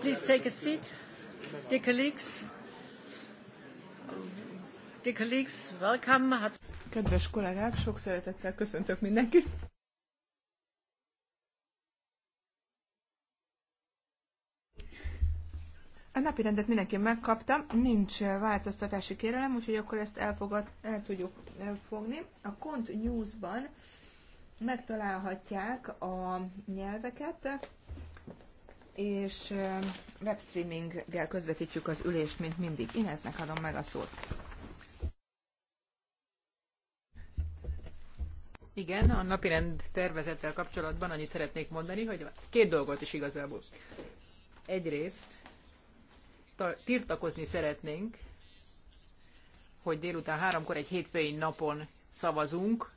Please take a seat. Dear colleagues, dear colleagues, welcome. Kedves kollégák, sok szeretettel köszöntök mindenkit. A napi rendet mindenki megkapta, nincs változtatási kérelem, úgyhogy akkor ezt elfogad, el tudjuk fogni. A Kont News-ban megtalálhatják a nyelveket, és webstreaminggel közvetítjük az ülést, mint mindig. Ineznek adom meg a szót. Igen, a napirend tervezettel kapcsolatban annyit szeretnék mondani, hogy két dolgot is igazából. Egyrészt tiltakozni szeretnénk, hogy délután háromkor egy hétfői napon szavazunk,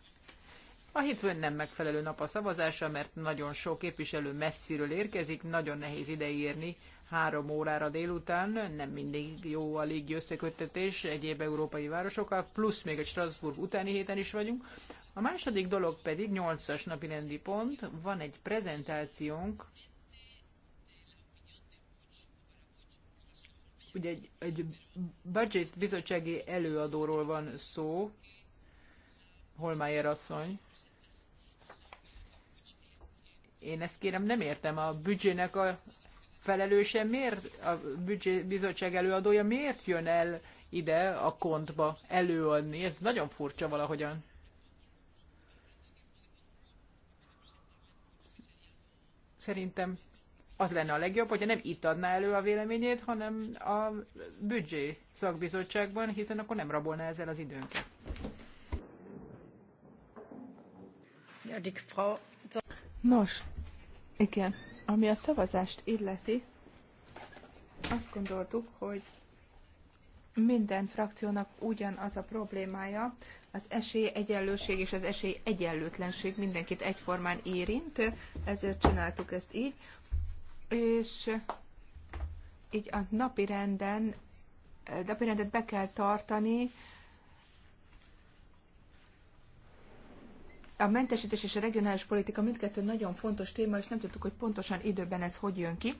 a hétfőn nem megfelelő nap a szavazása, mert nagyon sok képviselő messziről érkezik, nagyon nehéz ideírni három órára délután, nem mindig jó a légi összeköttetés egyéb európai városokkal, plusz még egy Strasbourg utáni héten is vagyunk. A második dolog pedig 8-as napi rendi pont, van egy prezentációnk, ugye egy, egy budget bizottsági előadóról van szó, Holmájer asszony. Én ezt kérem, nem értem a büdzsének a felelőse, miért a büdzsé bizottság előadója miért jön el ide a kontba előadni? Ez nagyon furcsa valahogyan. Szerintem az lenne a legjobb, hogyha nem itt adná elő a véleményét, hanem a büdzsé szakbizottságban, hiszen akkor nem rabolná ezzel az időnket. Nos, igen, ami a szavazást illeti, azt gondoltuk, hogy minden frakciónak ugyanaz a problémája, az esélyegyenlőség és az esélyegyenlőtlenség mindenkit egyformán érint, ezért csináltuk ezt így, és így a napi renden, napi be kell tartani, A mentesítés és a regionális politika mindkettő nagyon fontos téma, és nem tudtuk, hogy pontosan időben ez hogy jön ki.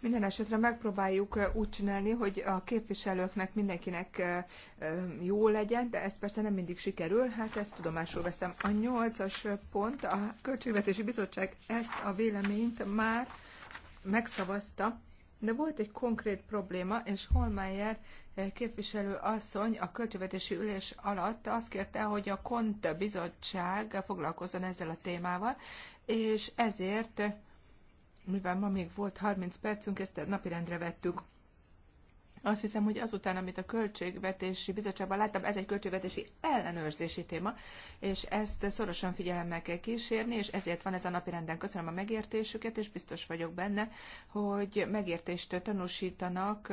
Minden esetre megpróbáljuk úgy csinálni, hogy a képviselőknek mindenkinek jó legyen, de ez persze nem mindig sikerül, hát ezt tudomásul veszem. A nyolcas pont, a Költségvetési Bizottság ezt a véleményt már megszavazta, de volt egy konkrét probléma, és Holmeyer képviselő asszony a költségvetési ülés alatt azt kérte, hogy a KONT bizottság foglalkozzon ezzel a témával, és ezért, mivel ma még volt 30 percünk, ezt napirendre vettük. Azt hiszem, hogy azután, amit a Költségvetési Bizottságban láttam, ez egy költségvetési ellenőrzési téma, és ezt szorosan figyelemmel kell kísérni, és ezért van ez a napi renden. Köszönöm a megértésüket, és biztos vagyok benne, hogy megértést tanúsítanak,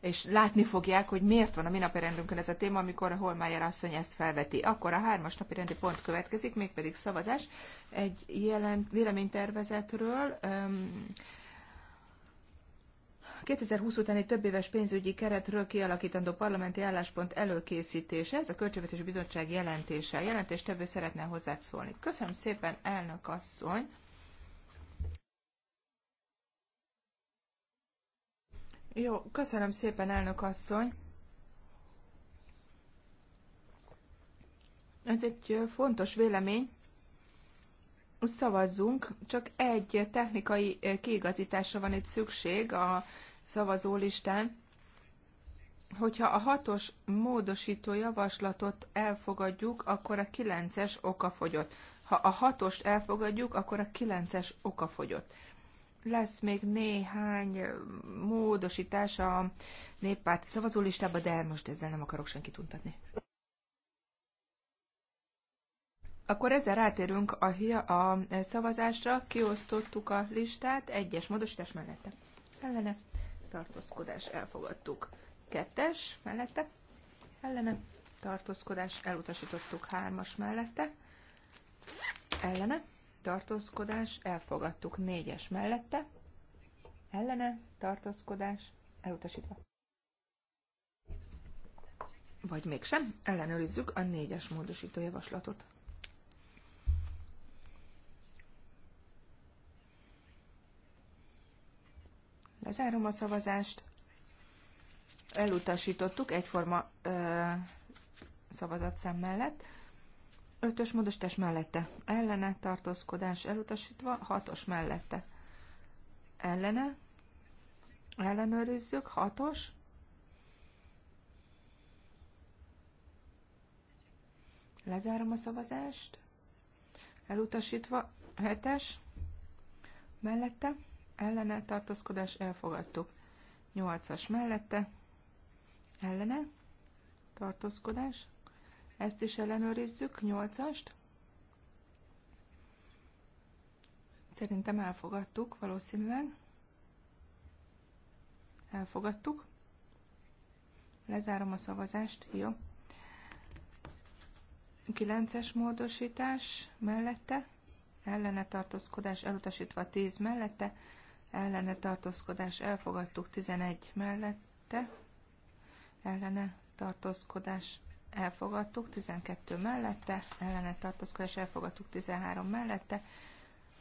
és látni fogják, hogy miért van a mi napi rendünkön ez a téma, amikor a Holmájer asszony ezt felveti. Akkor a hármas napi rendi pont következik, mégpedig szavazás egy jelent véleménytervezetről. Um, 2020 utáni több éves pénzügyi keretről kialakítandó parlamenti álláspont előkészítése, ez a Költségvetési Bizottság jelentése. A jelentéstevő szeretne hozzászólni. Köszönöm szépen, elnök asszony! Jó, köszönöm szépen, elnök asszony! Ez egy fontos vélemény. Szavazzunk, csak egy technikai kiigazításra van itt szükség a szavazólistán, hogyha a hatos módosító javaslatot elfogadjuk, akkor a kilences oka fogyott. Ha a hatost elfogadjuk, akkor a kilences oka fogyott. Lesz még néhány módosítás a néppárti szavazólistába, de most ezzel nem akarok senkit untatni. Akkor ezzel rátérünk a, a szavazásra, kiosztottuk a listát, egyes módosítás mellette. Ellene tartózkodás elfogadtuk. Kettes mellette, ellene, tartózkodás elutasítottuk. Hármas mellette, ellene, tartózkodás elfogadtuk. Négyes mellette, ellene, tartózkodás elutasítva. Vagy mégsem, ellenőrizzük a négyes módosító javaslatot. Lezárom a szavazást. Elutasítottuk egyforma ö, szavazatszám mellett. Ötös módosítás mellette. Ellene tartózkodás elutasítva. Hatos mellette. Ellene. Ellenőrizzük. Hatos. Lezárom a szavazást. Elutasítva. Hetes. Mellette ellene tartózkodás elfogadtuk. 8-as mellette ellene tartózkodás. Ezt is ellenőrizzük, 8-ast. Szerintem elfogadtuk, valószínűleg. Elfogadtuk. Lezárom a szavazást. Jó. 9-es módosítás mellette, ellene tartózkodás elutasítva 10 mellette, ellene tartózkodás elfogadtuk 11 mellette, ellene tartózkodás elfogadtuk 12 mellette, ellene tartózkodás elfogadtuk 13 mellette,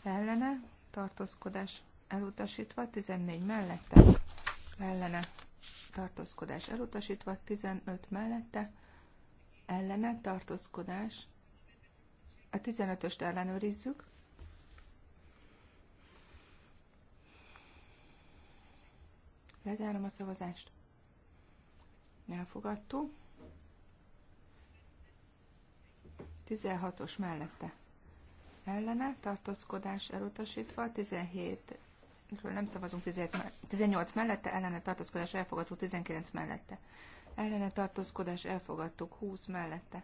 ellene tartózkodás elutasítva 14 mellette, ellene tartózkodás elutasítva 15 mellette, ellene tartózkodás a 15-öst ellenőrizzük, Lezárom a szavazást. Elfogadtuk. 16-os mellette ellene, tartózkodás elutasítva, 17 ről nem szavazunk 18 mellette, ellene tartózkodás elfogadtuk 19 mellette. Ellene tartózkodás elfogadtuk 20 mellette.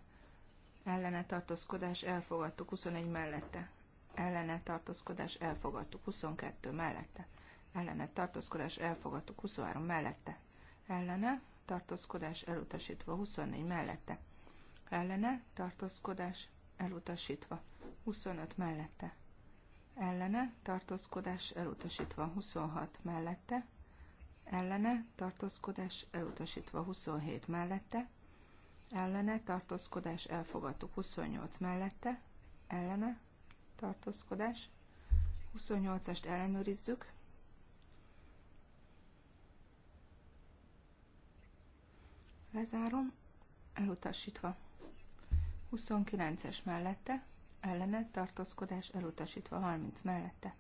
Ellene tartózkodás elfogadtuk 21 mellette. Ellene tartózkodás elfogadtuk 22 mellette ellene tartózkodás elfogadtuk 23 mellette, ellene tartózkodás elutasítva 24 mellette, ellene tartózkodás elutasítva 25 mellette, ellene tartózkodás elutasítva 26 mellette, ellene tartózkodás elutasítva 27 mellette, ellene tartózkodás elfogadtuk 28 mellette, ellene tartózkodás 28 est ellenőrizzük, Lezárom. Elutasítva. 29-es mellette. Ellene tartózkodás elutasítva. 30 mellette.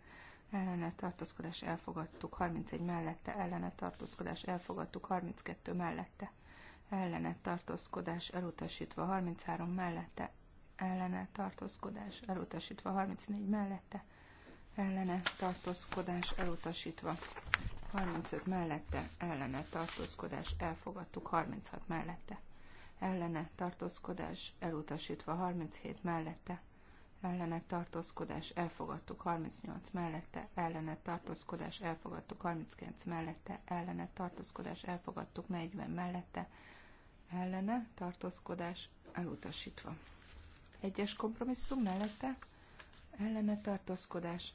Ellene tartózkodás elfogadtuk. 31 mellette. Ellene tartózkodás elfogadtuk. 32 mellette. Ellene tartózkodás elutasítva. 33 mellette. Ellene tartózkodás elutasítva. 34 mellette ellene tartózkodás elutasítva. 35 mellette ellene tartózkodás elfogadtuk, 36 mellette ellene tartózkodás elutasítva, 37 mellette ellene tartózkodás elfogadtuk, 38 mellette ellene tartózkodás elfogadtuk, 39 mellette ellene tartózkodás elfogadtuk, 40 mellette ellene tartózkodás elutasítva. Egyes kompromisszum mellette ellene tartózkodás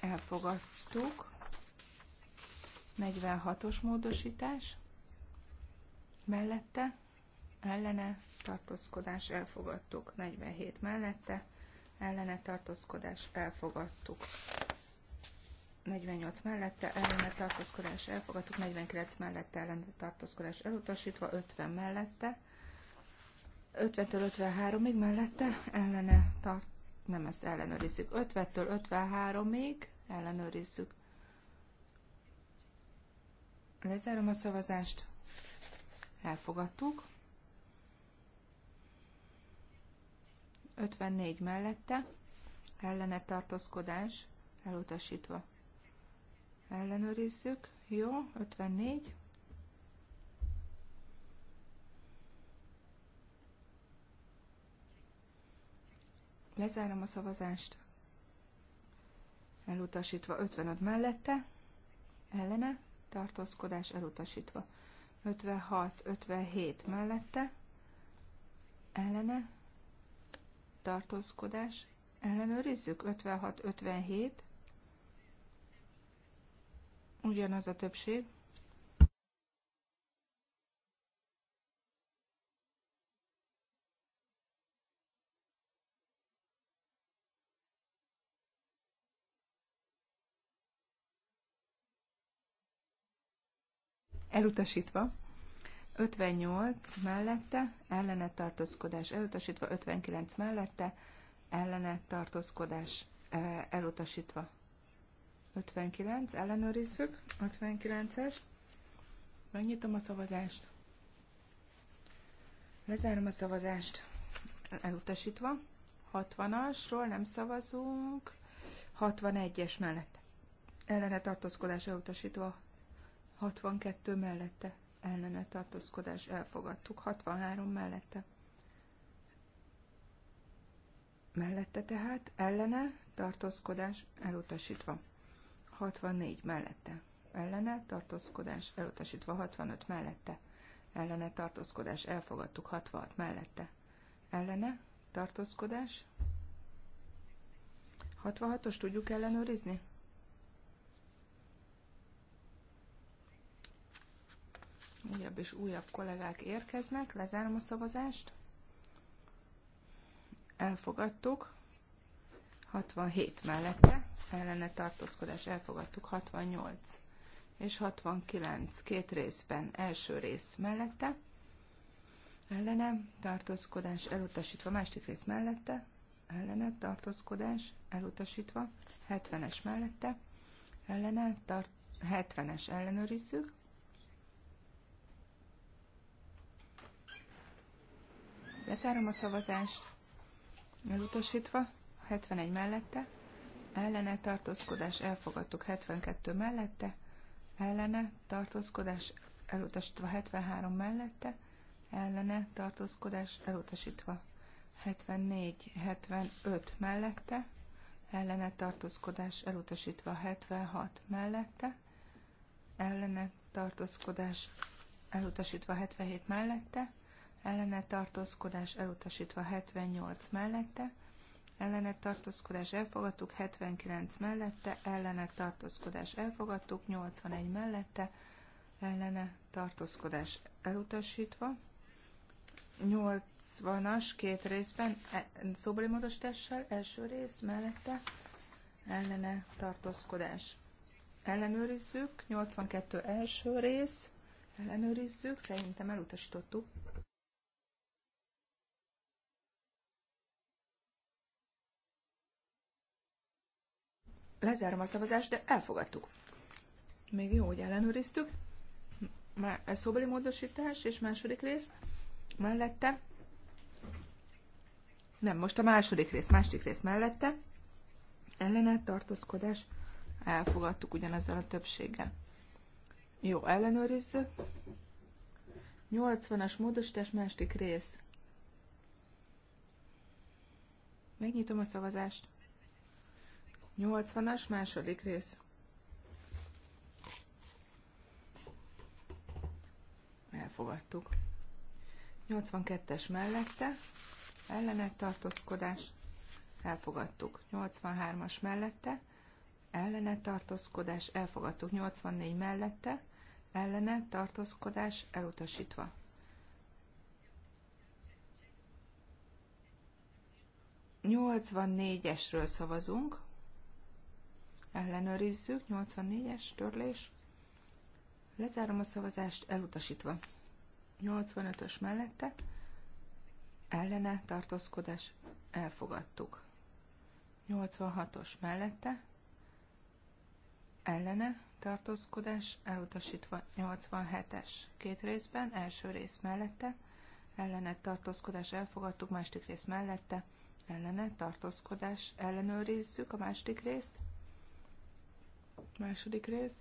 elfogadtuk, 46-os módosítás mellette, ellene tartózkodás elfogadtuk. 47 mellette, ellene tartózkodás elfogadtuk. 48 mellette, ellene tartózkodás elfogadtuk, 49 mellette, ellene tartózkodás elutasítva, 50 mellette, 50-től 53-ig mellette, ellene tart, nem ezt ellenőrizzük, 50-től 53-ig ellenőrizzük Lezárom a szavazást. Elfogadtuk. 54 mellette, ellene tartózkodás, elutasítva. Ellenőrizzük. Jó, 54. Lezárom a szavazást. Elutasítva 55 mellette, ellene, tartózkodás elutasítva. 56-57 mellette, ellene, tartózkodás, ellenőrizzük, 56-57, ugyanaz a többség, 56-57 elutasítva, 58 mellette, ellene tartózkodás elutasítva, 59 mellette, ellene tartózkodás eh, elutasítva. 59, ellenőrizzük, 59-es. Megnyitom a szavazást. Lezárom a szavazást. Elutasítva. 60-asról nem szavazunk. 61-es mellett. Ellene tartózkodás elutasítva. 62 mellette ellene tartózkodás elfogadtuk, 63 mellette. Mellette tehát ellene tartózkodás elutasítva. 64 mellette. Ellene tartózkodás elutasítva 65 mellette. Ellene tartózkodás elfogadtuk 66 mellette. Ellene tartózkodás 66-os tudjuk ellenőrizni? újabb és újabb kollégák érkeznek. Lezárom a szavazást. Elfogadtuk. 67 mellette, ellene tartózkodás elfogadtuk 68 és 69 két részben, első rész mellette, ellene tartózkodás elutasítva, másik rész mellette, ellene tartózkodás elutasítva, 70-es mellette, ellene tart, 70-es ellenőrizzük, Lezárom a szavazást. Elutasítva. 71 mellette. Ellene tartózkodás elfogadtuk 72 mellette. Ellene tartózkodás elutasítva 73 mellette. Ellene tartózkodás elutasítva 74-75 mellette. Ellene tartózkodás elutasítva 76 mellette. Ellene tartózkodás elutasítva 77 mellette ellene tartózkodás elutasítva 78 mellette, ellene tartózkodás elfogadtuk 79 mellette, ellene tartózkodás elfogadtuk 81 mellette, ellene tartózkodás elutasítva. 80-as két részben e, szóbeli módosítással, első rész mellette ellene tartózkodás. Ellenőrizzük, 82 első rész, ellenőrizzük, szerintem elutasítottuk. Lezárom a szavazást, de elfogadtuk. Még jó, hogy ellenőriztük. Már szóbeli módosítás és második rész mellette. Nem, most a második rész, második rész mellette. Ellene tartózkodás elfogadtuk ugyanezzel a többséggel. Jó, ellenőrizzük. 80-as módosítás második rész. Megnyitom a szavazást. 80-as második rész. Elfogadtuk. 82-es mellette, ellenet tartózkodás, elfogadtuk. 83-as mellette, ellenet tartózkodás, elfogadtuk. 84 mellette, ellenet tartózkodás, elutasítva. Nyolcvan négyesről szavazunk, ellenőrizzük, 84-es törlés, lezárom a szavazást, elutasítva. 85-ös mellette, ellene tartózkodás, elfogadtuk. 86-os mellette, ellene tartózkodás, elutasítva 87-es két részben, első rész mellette, ellene tartózkodás, elfogadtuk, második rész mellette, ellene tartózkodás, ellenőrizzük a második részt, Második rész.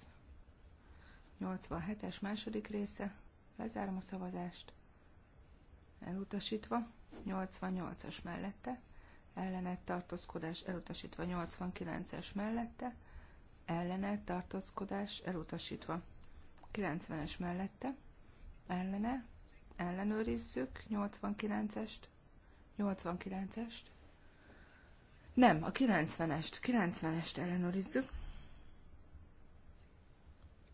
87-es második része. Lezárom a szavazást. Elutasítva. 88-as mellette. Ellenet tartózkodás elutasítva. 89-es mellette. Ellene tartózkodás elutasítva. 90-es mellette. Ellene. Ellenőrizzük. 89-est. 89-est. Nem, a 90-est. 90-est ellenőrizzük.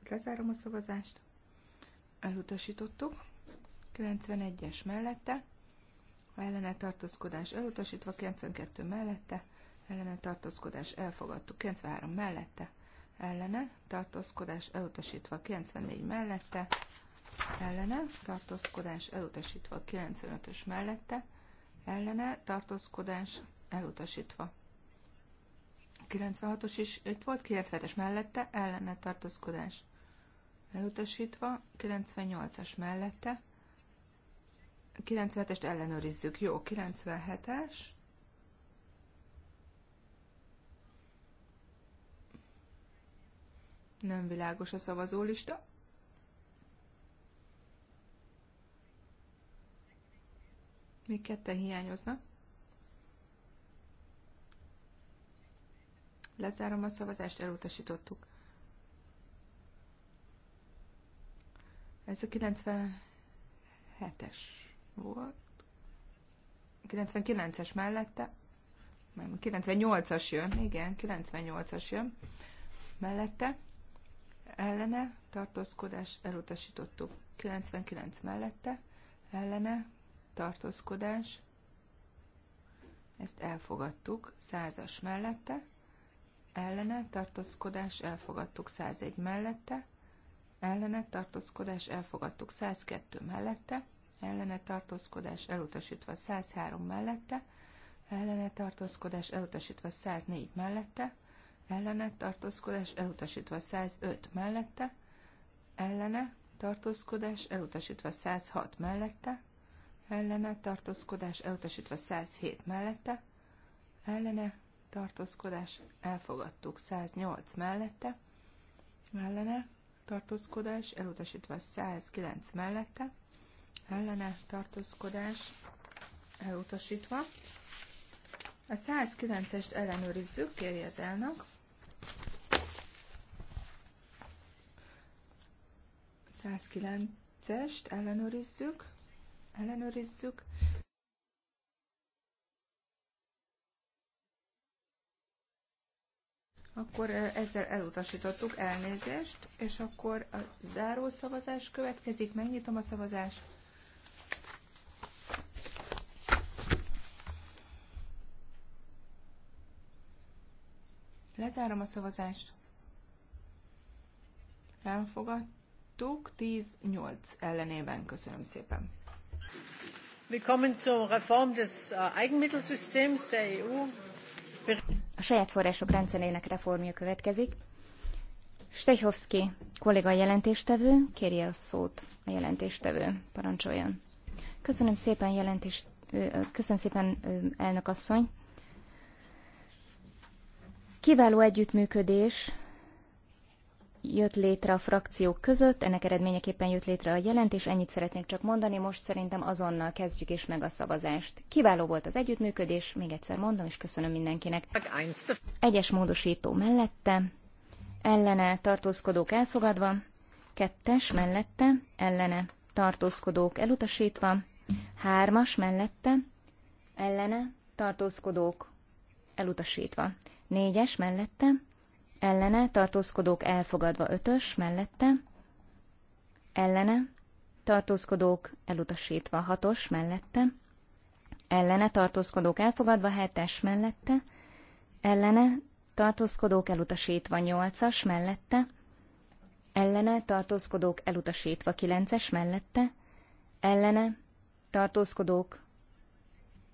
Lezárom a szavazást. Elutasítottuk. 91-es mellette. Ellene tartózkodás elutasítva. 92 mellette. Ellene tartózkodás elfogadtuk. 93 mellette. Ellene tartózkodás elutasítva. 94 mellette. Ellene tartózkodás elutasítva. 95-ös mellette. Ellene tartózkodás elutasítva. 96-os is itt volt, 97-es mellette ellene tartózkodás elutasítva, 98-as mellette, 97-est ellenőrizzük, jó, 97-es, nem világos a szavazólista, még ketten hiányoznak, lezárom a szavazást, elutasítottuk. Ez a 97-es volt. 99-es mellette. Nem, 98-as jön. Igen, 98-as jön. Mellette. Ellene. Tartózkodás elutasítottuk. 99 mellette. Ellene. Tartózkodás. Ezt elfogadtuk. 100-as mellette. Ellene. Tartózkodás. Elfogadtuk. 101 mellette ellene tartózkodás elfogadtuk 102 mellette, ellene tartózkodás elutasítva 103 mellette, ellene tartózkodás elutasítva 104 mellette, ellene tartózkodás elutasítva 105 mellette, ellene tartózkodás elutasítva 106 mellette, ellene tartózkodás elutasítva 107 mellette, ellene tartózkodás elfogadtuk 108 mellette, ellene tartózkodás, elutasítva 109 mellette, ellene tartózkodás, elutasítva. A 109-est ellenőrizzük, kéri az elnök. 109-est ellenőrizzük, ellenőrizzük, Akkor ezzel elutasítottuk, elnézést, és akkor a záró szavazás következik, megnyitom a szavazást. Lezárom a szavazást. Elfogadtuk 10-8 ellenében. Köszönöm szépen. Willkommen zur Reform des äh, Eigenmittelsystems der EU saját források rendszerének reformja következik. Stechowski kolléga jelentéstevő, kérje a szót a jelentéstevő, parancsoljon. Köszönöm szépen jelentést, köszönöm szépen elnök asszony. Kiváló együttműködés jött létre a frakciók között, ennek eredményeképpen jött létre a jelentés, ennyit szeretnék csak mondani, most szerintem azonnal kezdjük is meg a szavazást. Kiváló volt az együttműködés, még egyszer mondom, és köszönöm mindenkinek. Egyes módosító mellette, ellene tartózkodók elfogadva, kettes mellette, ellene tartózkodók elutasítva, hármas mellette, ellene tartózkodók elutasítva, négyes mellette, ellene, tartózkodók elfogadva ötös, mellette, ellene, tartózkodók elutasítva hatos, mellette, ellene, tartózkodók elfogadva hetes, mellette, ellene, tartózkodók elutasítva nyolcas, mellette, ellene, tartózkodók elutasítva kilences, mellette, ellene, tartózkodók,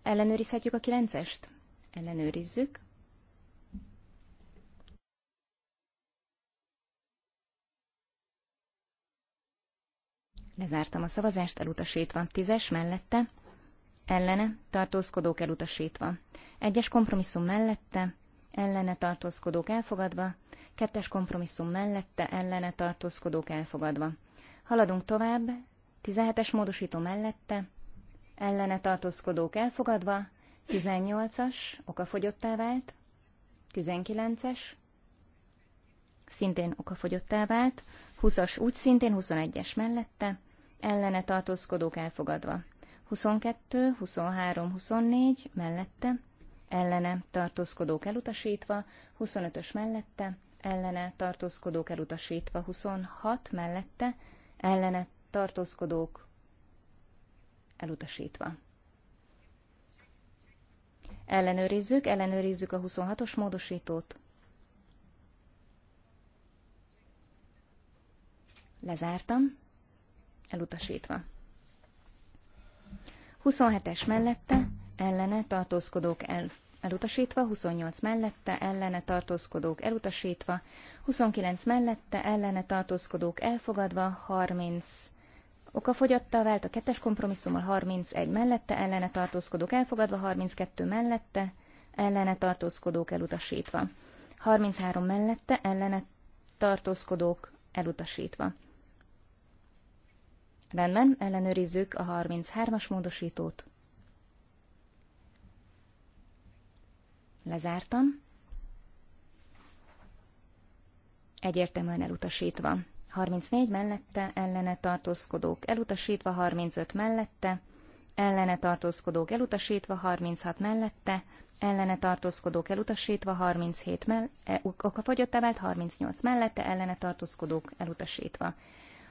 ellenőrizhetjük a kilencest? Ellenőrizzük. Lezártam a szavazást, elutasítva. Tízes mellette, ellene, tartózkodók elutasítva. Egyes kompromisszum mellette, ellene tartózkodók elfogadva, kettes kompromisszum mellette, ellene tartózkodók elfogadva. Haladunk tovább, 17-es módosító mellette, ellene tartózkodók elfogadva, 18-as, okafogyottá vált, 19-es, szintén okafogyottá vált, 20-as úgy szintén, 21-es mellette, ellene tartózkodók elfogadva. 22, 23, 24 mellette, ellene tartózkodók elutasítva, 25-ös mellette, ellene tartózkodók elutasítva, 26 mellette, ellene tartózkodók elutasítva. Ellenőrizzük, ellenőrizzük a 26-os módosítót. Lezártam elutasítva. 27-es mellette, ellene tartózkodók el, elutasítva, 28 mellette, ellene tartózkodók elutasítva, 29 mellette, ellene tartózkodók elfogadva, 30 okafogyatta vált a kettes kompromisszummal, 31 mellette, ellene tartózkodók elfogadva, 32 mellette, ellene tartózkodók elutasítva, 33 mellette, ellene tartózkodók elutasítva. Rendben, ellenőrizzük a 33-as módosítót. Lezártam. Egyértelműen elutasítva. 34 mellette, ellene tartózkodók elutasítva, 35 mellette, ellene tartózkodók elutasítva, 36 mellette, ellene tartózkodók elutasítva, 37 mellette, e, okafogyottá vált, 38 mellette, ellene tartózkodók elutasítva.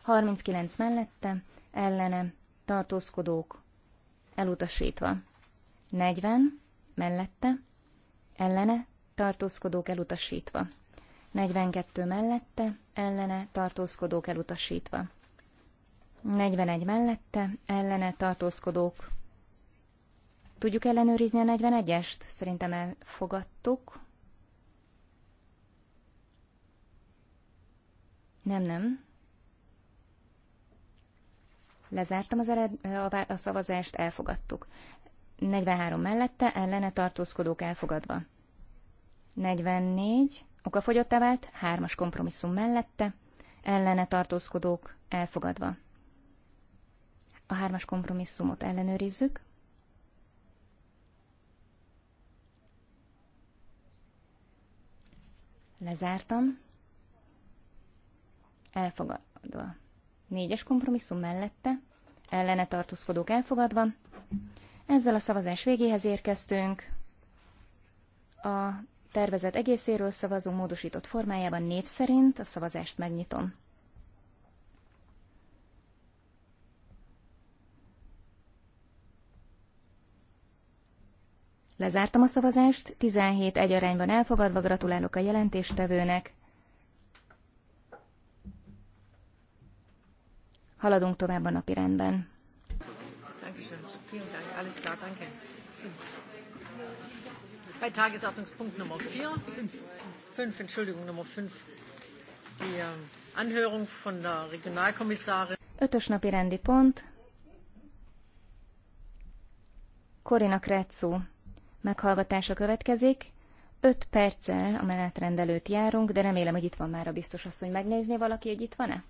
39 mellette, ellene, tartózkodók, elutasítva. 40 mellette, ellene, tartózkodók elutasítva. 42 mellette, ellene, tartózkodók elutasítva. 41 mellette, ellene, tartózkodók. Tudjuk ellenőrizni a 41-est? Szerintem elfogadtuk. Nem, nem. Lezártam az ered, a, a szavazást, elfogadtuk. 43 mellette, ellene tartózkodók elfogadva. 44, okafogyottá vált, hármas kompromisszum mellette, ellene tartózkodók elfogadva. A hármas kompromisszumot ellenőrizzük. Lezártam. Elfogadva. Négyes kompromisszum mellette, ellene tartózkodók elfogadva. Ezzel a szavazás végéhez érkeztünk. A tervezet egészéről szavazó módosított formájában név szerint a szavazást megnyitom. Lezártam a szavazást, 17 egy arányban elfogadva gratulálok a jelentéstevőnek. Haladunk tovább a napi rendben. Bei Tagesordnungspunkt Nummer 5, Entschuldigung, Nummer 5, die ähm, Anhörung von der Regionalkommissarin. Ötös napi rendi pont. Korina Kretszó meghallgatása következik. Öt perccel a menetrendelőt járunk, de remélem, hogy itt van már a biztos asszony. Megnézni valaki, hogy itt van-e?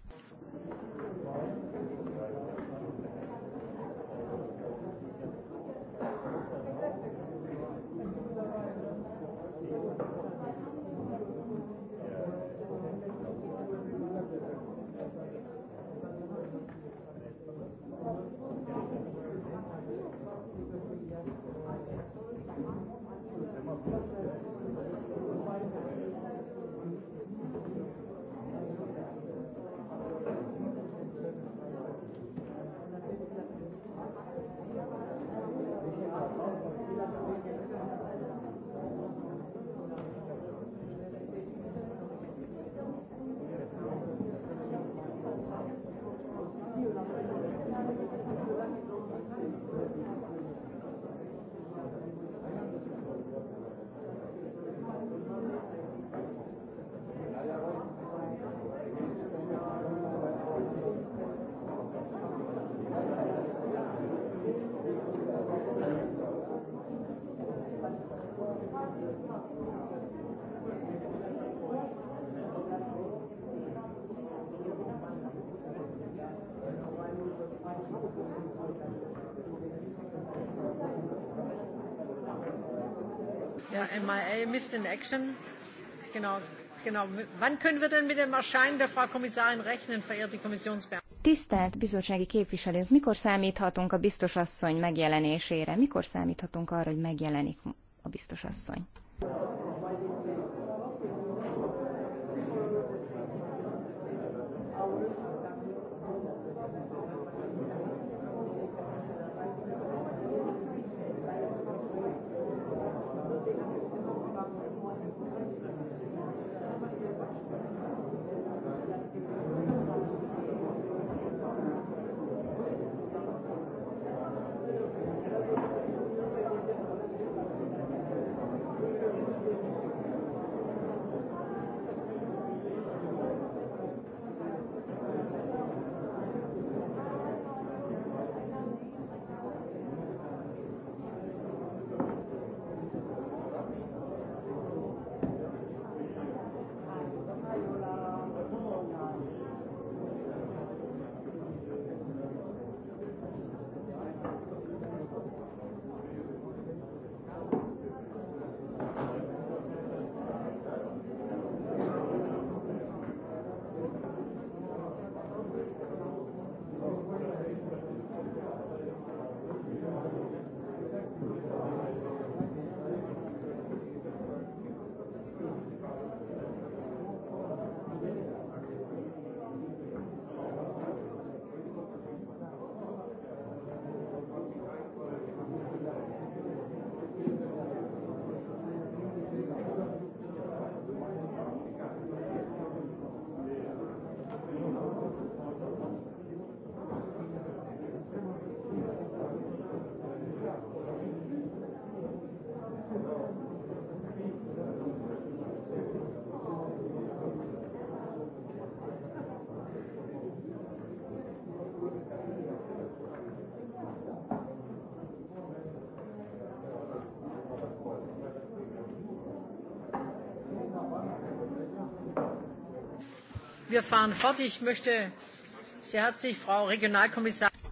MIA, Missed in Action. Genau, genau. Wann können wir denn mit dem Erscheinen der Frau Kommissarin rechnen, verehrte Kommissionsbeamte? Tisztelt bizottsági képviselők, mikor számíthatunk a biztosasszony megjelenésére? Mikor számíthatunk arra, hogy megjelenik a biztosasszony?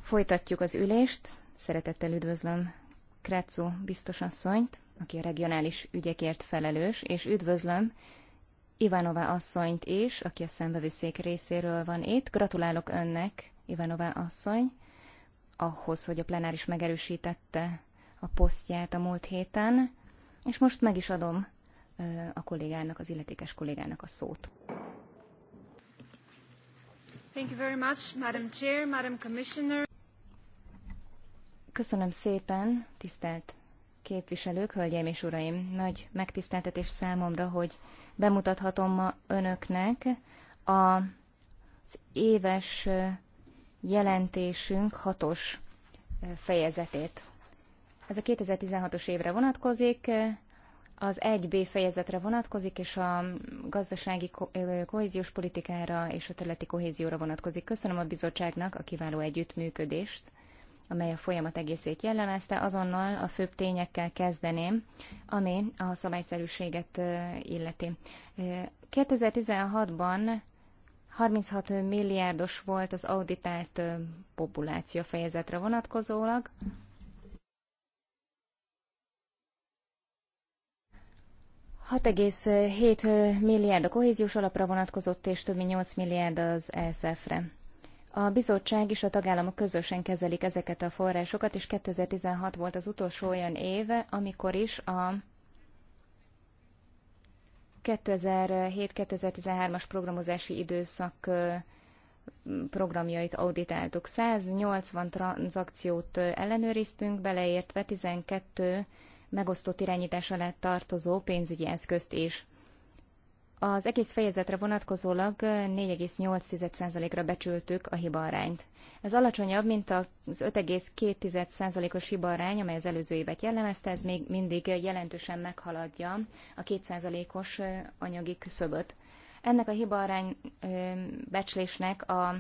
Folytatjuk az ülést. Szeretettel üdvözlöm Kretszó biztosasszonyt, aki a regionális ügyekért felelős, és üdvözlöm Ivanová asszonyt is, aki a szembevőszék részéről van itt. Gratulálok önnek, Ivanová asszony, ahhoz, hogy a plenáris megerősítette a posztját a múlt héten, és most meg is adom a kollégának, az illetékes kollégának a szót. Thank you very much, Madam Chair, Madam Commissioner. Köszönöm szépen, tisztelt képviselők, hölgyeim és uraim! Nagy megtiszteltetés számomra, hogy bemutathatom ma önöknek a, az éves jelentésünk hatos fejezetét. Ez a 2016-os évre vonatkozik, az 1B fejezetre vonatkozik, és a gazdasági kohéziós politikára és a területi kohézióra vonatkozik. Köszönöm a bizottságnak a kiváló együttműködést, amely a folyamat egészét jellemezte. Azonnal a főbb tényekkel kezdeném, ami a szabályszerűséget illeti. 2016-ban 36 milliárdos volt az auditált populáció fejezetre vonatkozólag, 6,7 milliárd a kohéziós alapra vonatkozott, és több mint 8 milliárd az ESF-re. A bizottság és a tagállamok közösen kezelik ezeket a forrásokat, és 2016 volt az utolsó olyan éve, amikor is a 2007-2013-as programozási időszak programjait auditáltuk. 180 tranzakciót ellenőriztünk, beleértve 12 megosztott irányítás alá tartozó pénzügyi eszközt is. Az egész fejezetre vonatkozólag 4,8%-ra becsültük a hibaarányt. Ez alacsonyabb, mint az 5,2%-os hibaarány, amely az előző évet jellemezte, ez még mindig jelentősen meghaladja a 2%-os anyagi küszöböt. Ennek a hibaarány becslésnek a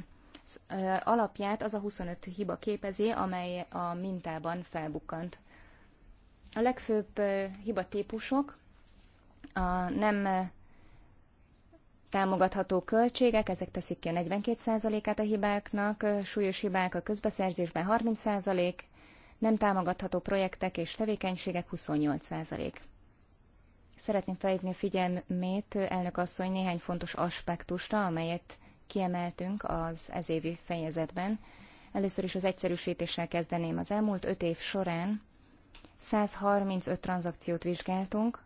alapját az a 25 hiba képezi, amely a mintában felbukkant. A legfőbb hibatípusok a nem támogatható költségek, ezek teszik ki a 42%-át a hibáknak, súlyos hibák a közbeszerzésben 30%, nem támogatható projektek és tevékenységek 28%. Szeretném felhívni a figyelmét elnök asszony néhány fontos aspektusra, amelyet kiemeltünk az ezévi fejezetben. Először is az egyszerűsítéssel kezdeném. Az elmúlt öt év során 135 tranzakciót vizsgáltunk.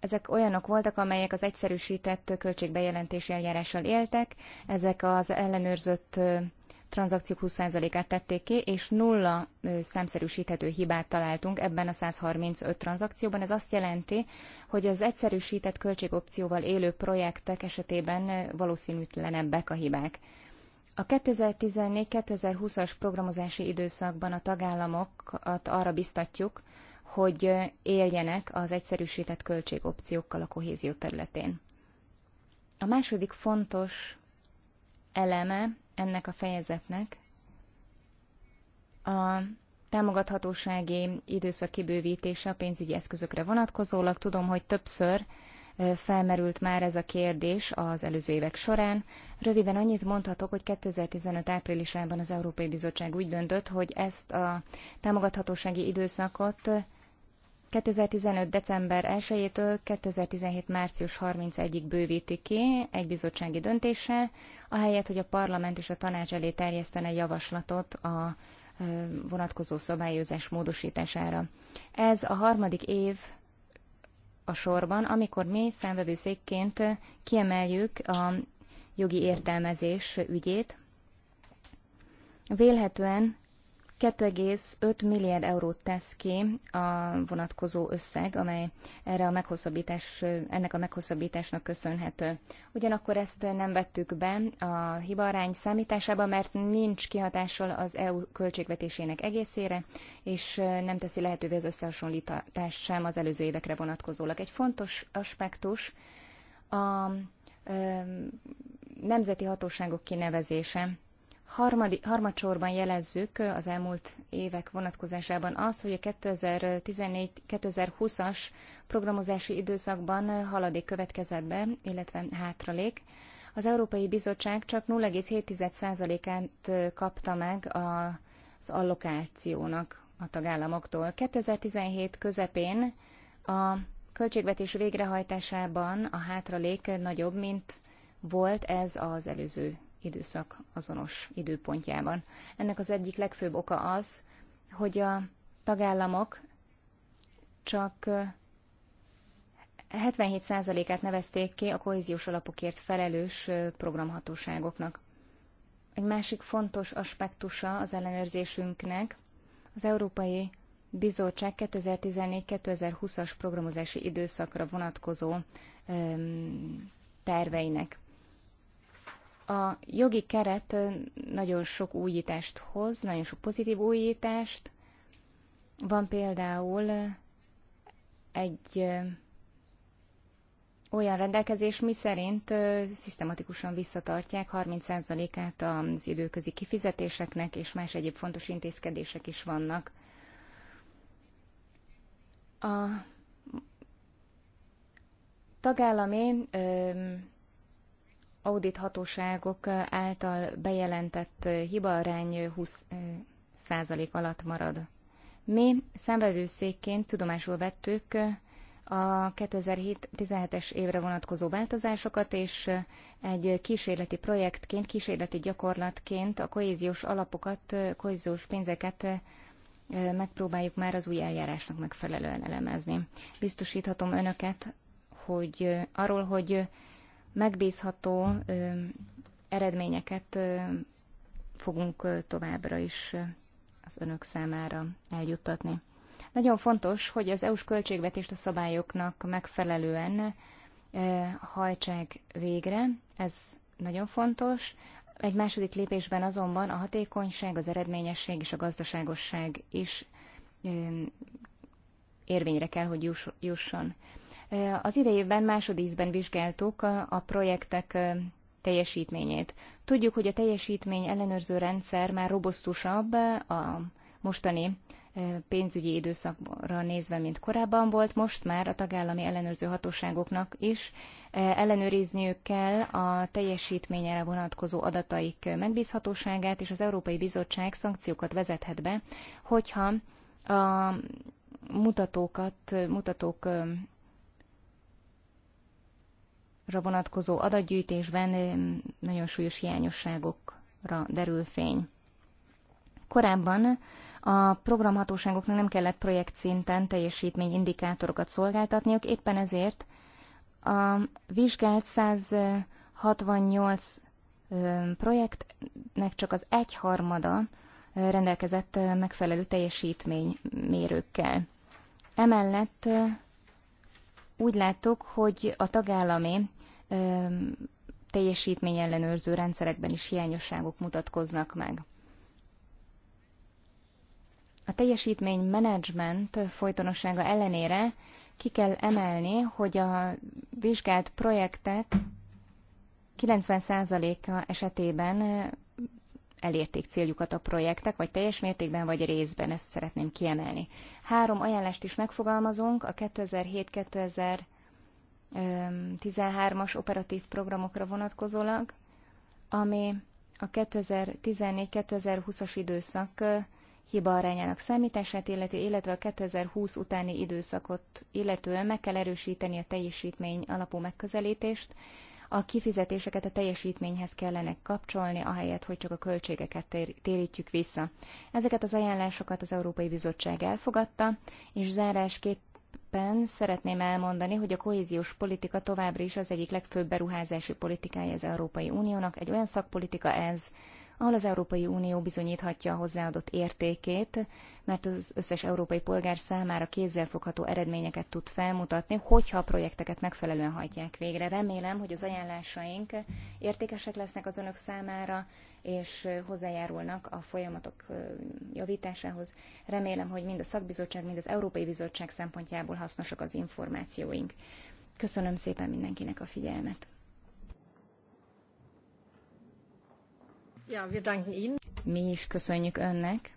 Ezek olyanok voltak, amelyek az egyszerűsített költségbejelentési eljárással éltek, ezek az ellenőrzött tranzakciók 20%-át tették ki, és nulla számszerűsíthető hibát találtunk ebben a 135 tranzakcióban. Ez azt jelenti, hogy az egyszerűsített költségopcióval élő projektek esetében valószínűtlenebbek a hibák. A 2014-2020-as programozási időszakban a tagállamokat arra biztatjuk, hogy éljenek az egyszerűsített költségopciókkal a kohézió területén. A második fontos eleme ennek a fejezetnek a támogathatósági időszak kibővítése a pénzügyi eszközökre vonatkozólag. Tudom, hogy többször felmerült már ez a kérdés az előző évek során. Röviden annyit mondhatok, hogy 2015 áprilisában az Európai Bizottság úgy döntött, hogy ezt a támogathatósági időszakot 2015. december 1-től 2017. március 31-ig bővíti ki egy bizottsági döntéssel, ahelyett, hogy a parlament és a tanács elé terjesztene javaslatot a vonatkozó szabályozás módosítására. Ez a harmadik év a sorban, amikor mi számvevőszékként kiemeljük a jogi értelmezés ügyét. Vélhetően 2,5 milliárd eurót tesz ki a vonatkozó összeg, amely erre a meghosszabbítás, ennek a meghosszabbításnak köszönhető. Ugyanakkor ezt nem vettük be a hibarány számításába, mert nincs kihatással az EU költségvetésének egészére, és nem teszi lehetővé az összehasonlítás sem az előző évekre vonatkozólag. Egy fontos aspektus a nemzeti hatóságok kinevezése. Harmadi, harmadsorban jelezzük az elmúlt évek vonatkozásában azt, hogy a 2014-2020-as programozási időszakban haladék következett be, illetve hátralék. Az Európai Bizottság csak 0,7%-át kapta meg az allokációnak a tagállamoktól. 2017 közepén a költségvetés végrehajtásában a hátralék nagyobb, mint volt ez az előző időszak azonos időpontjában. Ennek az egyik legfőbb oka az, hogy a tagállamok csak 77%-át nevezték ki a kohéziós alapokért felelős programhatóságoknak. Egy másik fontos aspektusa az ellenőrzésünknek az Európai Bizottság 2014-2020-as programozási időszakra vonatkozó terveinek a jogi keret nagyon sok újítást hoz, nagyon sok pozitív újítást. Van például egy olyan rendelkezés, mi szerint szisztematikusan visszatartják 30%-át az időközi kifizetéseknek, és más egyéb fontos intézkedések is vannak. A tagállami Audit hatóságok által bejelentett hibaarány 20 százalék alatt marad. Mi szenvedőszékként tudomásul vettük a 2017-es évre vonatkozó változásokat, és egy kísérleti projektként, kísérleti gyakorlatként a kohéziós alapokat, kohéziós pénzeket megpróbáljuk már az új eljárásnak megfelelően elemezni. Biztosíthatom önöket, hogy arról, hogy megbízható eredményeket fogunk továbbra is az önök számára eljuttatni. Nagyon fontos, hogy az EU-s költségvetést a szabályoknak megfelelően hajtsák végre, ez nagyon fontos. Egy második lépésben azonban a hatékonyság, az eredményesség és a gazdaságosság is érvényre kell, hogy jusson. Az idejében másodízben vizsgáltuk a projektek teljesítményét. Tudjuk, hogy a teljesítmény ellenőrző rendszer már robosztusabb a mostani pénzügyi időszakra nézve, mint korábban volt, most már a tagállami ellenőrző hatóságoknak is ellenőrizniük kell a teljesítményre vonatkozó adataik megbízhatóságát, és az Európai Bizottság szankciókat vezethet be, hogyha a mutatókat, mutatók vonatkozó adatgyűjtésben nagyon súlyos hiányosságokra derül fény. Korábban a programhatóságoknak nem kellett projekt szinten teljesítményindikátorokat szolgáltatniuk, éppen ezért a vizsgált 168 projektnek csak az egyharmada rendelkezett megfelelő teljesítménymérőkkel. Emellett úgy láttuk, hogy a tagállami ellenőrző rendszerekben is hiányosságok mutatkoznak meg. A teljesítmény menedzsment folytonossága ellenére ki kell emelni, hogy a vizsgált projektek 90%-a esetében elérték céljukat a projektek, vagy teljes mértékben, vagy részben, ezt szeretném kiemelni. Három ajánlást is megfogalmazunk, a 2007-2000 13-as operatív programokra vonatkozólag, ami a 2014-2020-as időszak hiba arányának számítását illeti, illetve a 2020 utáni időszakot illetően meg kell erősíteni a teljesítmény alapú megközelítést, a kifizetéseket a teljesítményhez kellene kapcsolni, ahelyett, hogy csak a költségeket térítjük vissza. Ezeket az ajánlásokat az Európai Bizottság elfogadta, és zárásképp Mindenképpen szeretném elmondani, hogy a kohéziós politika továbbra is az egyik legfőbb beruházási politikája az Európai Uniónak. Egy olyan szakpolitika ez, ahol az Európai Unió bizonyíthatja a hozzáadott értékét, mert az összes európai polgár számára kézzelfogható eredményeket tud felmutatni, hogyha a projekteket megfelelően hajtják végre. Remélem, hogy az ajánlásaink értékesek lesznek az önök számára, és hozzájárulnak a folyamatok javításához. Remélem, hogy mind a szakbizottság, mind az Európai Bizottság szempontjából hasznosak az információink. Köszönöm szépen mindenkinek a figyelmet! Mi is köszönjük önnek.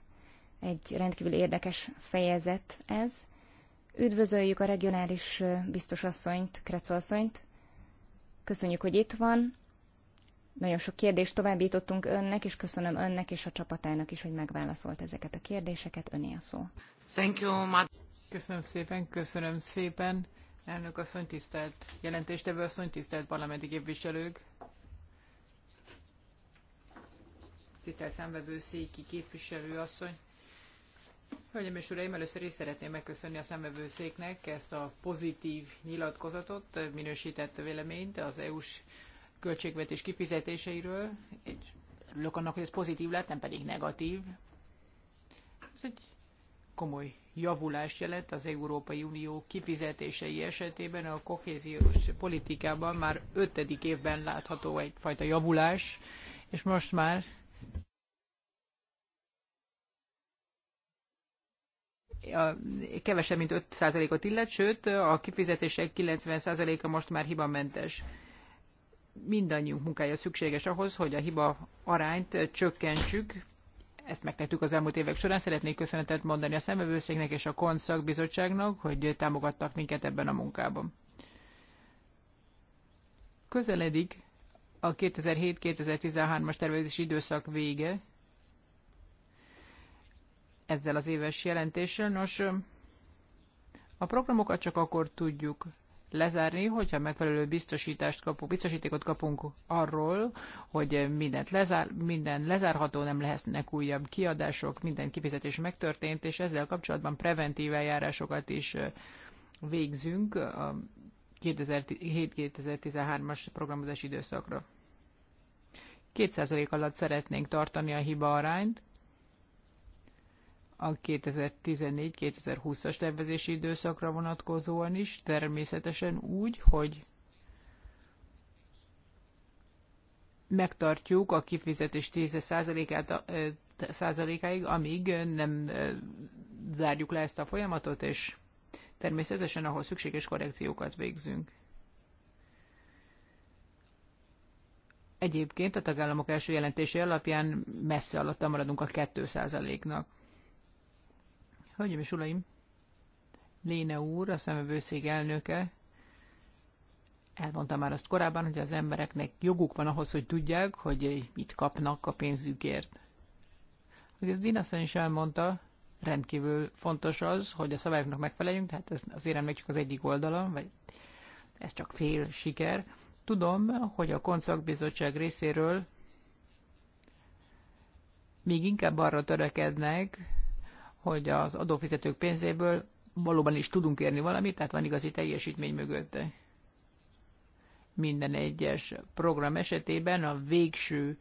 Egy rendkívül érdekes fejezet ez. Üdvözöljük a regionális biztosasszonyt, Krecolszonyt. Köszönjük, hogy itt van. Nagyon sok kérdést továbbítottunk önnek, és köszönöm önnek és a csapatának is, hogy megválaszolt ezeket a kérdéseket. Öné a szó. Thank you, Köszönöm szépen, köszönöm szépen. Elnök asszony, tisztelt jelentéstevő asszony, tisztelt parlamenti képviselők. tisztelt szembevőszéki képviselő asszony. Hölgyeim és Uraim, először is szeretném megköszönni a szembevőszéknek ezt a pozitív nyilatkozatot, minősített véleményt az EU-s költségvetés kifizetéseiről. És örülök annak, hogy ez pozitív lett, nem pedig negatív. Ez egy komoly javulást jelent az Európai Unió kifizetései esetében, a kohéziós politikában már ötödik évben látható egyfajta javulás, és most már kevesebb, mint 5%-ot illet, sőt a kifizetések 90%-a most már hibamentes. Mindannyiunk munkája szükséges ahhoz, hogy a hiba arányt csökkentsük, ezt megtettük az elmúlt évek során. Szeretnék köszönetet mondani a szemvevőszéknek és a Konszak bizottságnak, hogy támogattak minket ebben a munkában. Közeledik a 2007-2013-as tervezési időszak vége, ezzel az éves jelentéssel. Nos, a programokat csak akkor tudjuk lezárni, hogyha megfelelő biztosítást kapunk, biztosítékot kapunk arról, hogy mindent lezár, minden lezárható, nem lehetnek újabb kiadások, minden kifizetés megtörtént, és ezzel kapcsolatban preventív eljárásokat is végzünk a 2007-2013-as programozási időszakra. 2% alatt szeretnénk tartani a hiba arányt, a 2014-2020-as tervezési időszakra vonatkozóan is, természetesen úgy, hogy megtartjuk a kifizetés 10%-áig, amíg nem zárjuk le ezt a folyamatot, és természetesen ahol szükséges korrekciókat végzünk. Egyébként a tagállamok első jelentése alapján messze alatta maradunk a 2%-nak. Hölgyeim és Uraim, Léne úr, a szemövőszék elnöke, elmondta már azt korábban, hogy az embereknek joguk van ahhoz, hogy tudják, hogy mit kapnak a pénzükért. Hogy ez Dinaszen is elmondta, rendkívül fontos az, hogy a szabályoknak megfeleljünk, tehát ez azért még csak az egyik oldala, vagy ez csak fél siker. Tudom, hogy a koncertbizottság részéről még inkább arra törekednek, hogy az adófizetők pénzéből valóban is tudunk érni valamit, tehát van igazi teljesítmény mögötte. Minden egyes program esetében a végső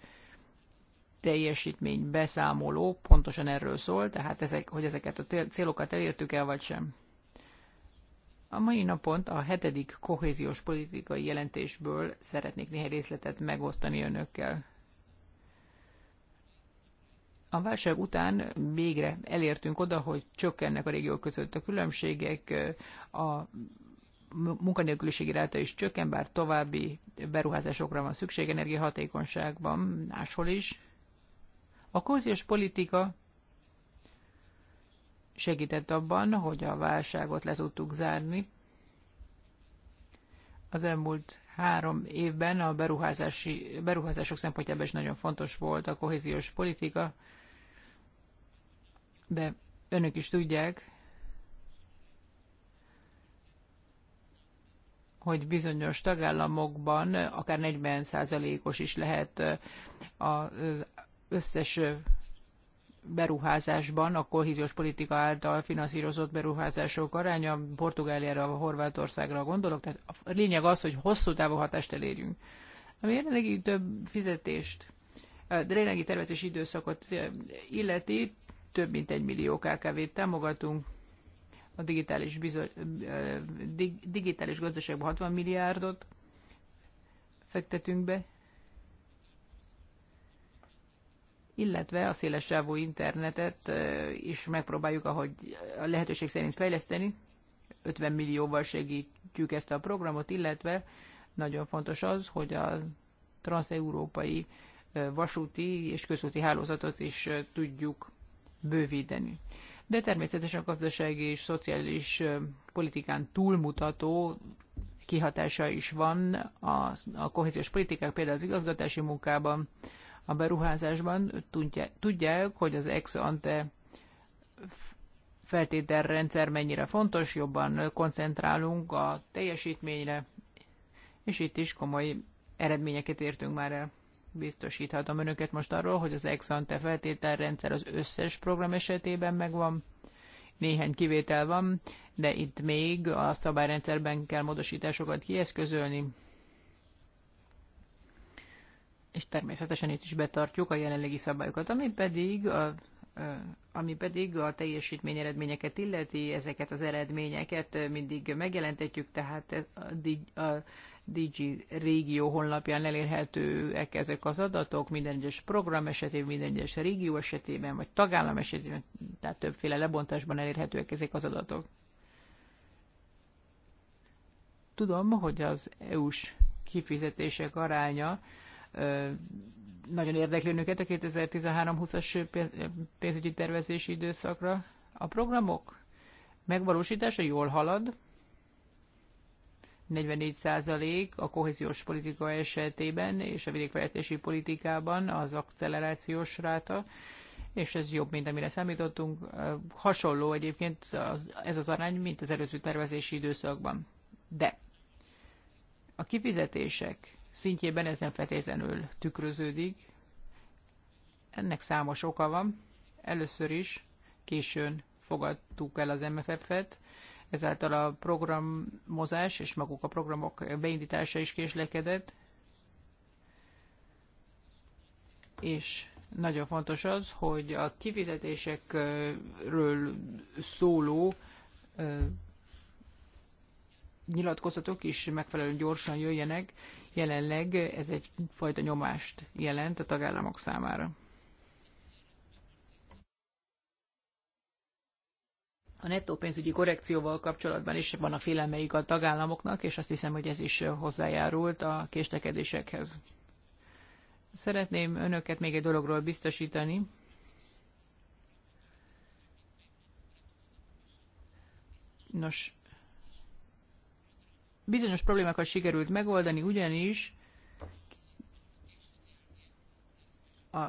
teljesítmény beszámoló pontosan erről szól, tehát ezek, hogy ezeket a célokat elértük el, vagy sem. A mai napon a hetedik kohéziós politikai jelentésből szeretnék néhány részletet megosztani önökkel a válság után végre elértünk oda, hogy csökkennek a régiók között a különbségek, a munkanélküliségi ráta is csökken, bár további beruházásokra van szükség energiahatékonyságban, máshol is. A kóziós politika segített abban, hogy a válságot le tudtuk zárni. Az elmúlt három évben a beruházási, beruházások szempontjából is nagyon fontos volt a kohéziós politika, de önök is tudják, hogy bizonyos tagállamokban akár 40%-os is lehet az összes beruházásban, a kohéziós politika által finanszírozott beruházások aránya, Portugáliára, Horvátországra gondolok, tehát a lényeg az, hogy hosszú távú hatást elérjünk. Ami jelenlegi több fizetést, de jelenlegi tervezési időszakot illeti, több mint egy millió KKV-t támogatunk, a digitális, bizony, digitális gazdaságban 60 milliárdot fektetünk be, illetve a széles sávú internetet is megpróbáljuk, ahogy a lehetőség szerint fejleszteni. 50 millióval segítjük ezt a programot, illetve nagyon fontos az, hogy a transeurópai vasúti és közúti hálózatot is tudjuk bővíteni. De természetesen a gazdasági és szociális politikán túlmutató kihatása is van a, a kohéziós politikák, például az igazgatási munkában, a beruházásban. Tudják, hogy az ex-ante feltételrendszer mennyire fontos, jobban koncentrálunk a teljesítményre, és itt is komoly eredményeket értünk már el biztosíthatom önöket most arról, hogy az ex-ante feltételrendszer az összes program esetében megvan. Néhány kivétel van, de itt még a szabályrendszerben kell módosításokat kieszközölni. És természetesen itt is betartjuk a jelenlegi szabályokat, ami pedig a ami pedig a teljesítmény eredményeket illeti, ezeket az eredményeket mindig megjelentetjük, tehát a, a DG régió honlapján elérhetőek ezek az adatok, minden egyes program esetében, minden egyes régió esetében, vagy tagállam esetében, tehát többféle lebontásban elérhetőek ezek az adatok. Tudom, hogy az EU-s kifizetések aránya nagyon érdekli önöket a 2013-20-as pénzügyi tervezési időszakra. A programok megvalósítása jól halad, 44 százalék a kohéziós politika esetében és a vidékfejlesztési politikában az akcelerációs ráta, és ez jobb, mint amire számítottunk. Hasonló egyébként az, ez az arány, mint az előző tervezési időszakban. De a kifizetések szintjében ez nem feltétlenül tükröződik. Ennek számos oka van. Először is későn fogadtuk el az MFF-et, ezáltal a programozás és maguk a programok beindítása is késlekedett, és nagyon fontos az, hogy a kifizetésekről szóló nyilatkozatok is megfelelően gyorsan jöjjenek. Jelenleg ez egyfajta nyomást jelent a tagállamok számára. A nettó pénzügyi korrekcióval kapcsolatban is van a félelmeik a tagállamoknak, és azt hiszem, hogy ez is hozzájárult a késtekedésekhez. Szeretném önöket még egy dologról biztosítani. Nos, bizonyos problémákat sikerült megoldani, ugyanis a,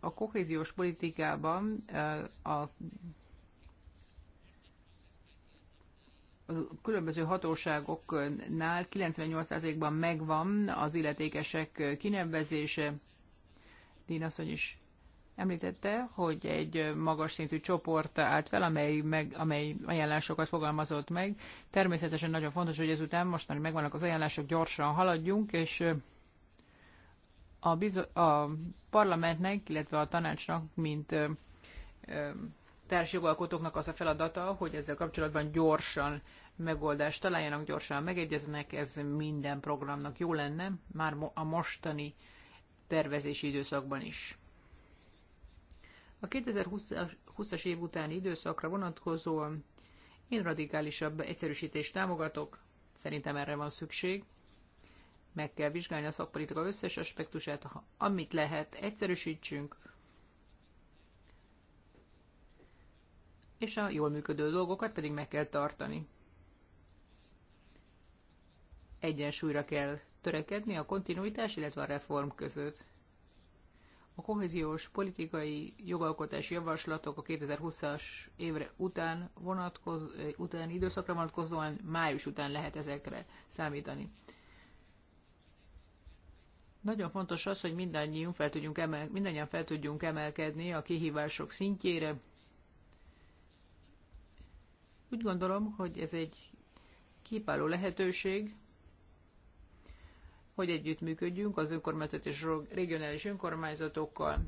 a kohéziós politikában eh, a a különböző hatóságoknál 98%-ban megvan az illetékesek kinevezése. Dina asszony is említette, hogy egy magas szintű csoport állt fel, amely, meg, amely ajánlásokat fogalmazott meg. Természetesen nagyon fontos, hogy ezután már megvannak az ajánlások, gyorsan haladjunk, és a, bizo- a parlamentnek, illetve a tanácsnak, mint ö, ö, társjogalkotóknak az a feladata, hogy ezzel kapcsolatban gyorsan megoldást találjanak, gyorsan megegyeznek, ez minden programnak jó lenne, már a mostani tervezési időszakban is. A 2020-as év utáni időszakra vonatkozóan én radikálisabb egyszerűsítést támogatok, szerintem erre van szükség. Meg kell vizsgálni a szakpolitika összes aspektusát, amit lehet, egyszerűsítsünk, és a jól működő dolgokat pedig meg kell tartani. Egyensúlyra kell törekedni a kontinuitás, illetve a reform között. A kohéziós politikai jogalkotási javaslatok a 2020-as évre után, vonatkoz, után időszakra vonatkozóan május után lehet ezekre számítani. Nagyon fontos az, hogy mindannyian fel tudjunk, emel, mindannyian fel tudjunk emelkedni a kihívások szintjére, úgy gondolom, hogy ez egy kiváló lehetőség, hogy együttműködjünk az önkormányzat és regionális önkormányzatokkal.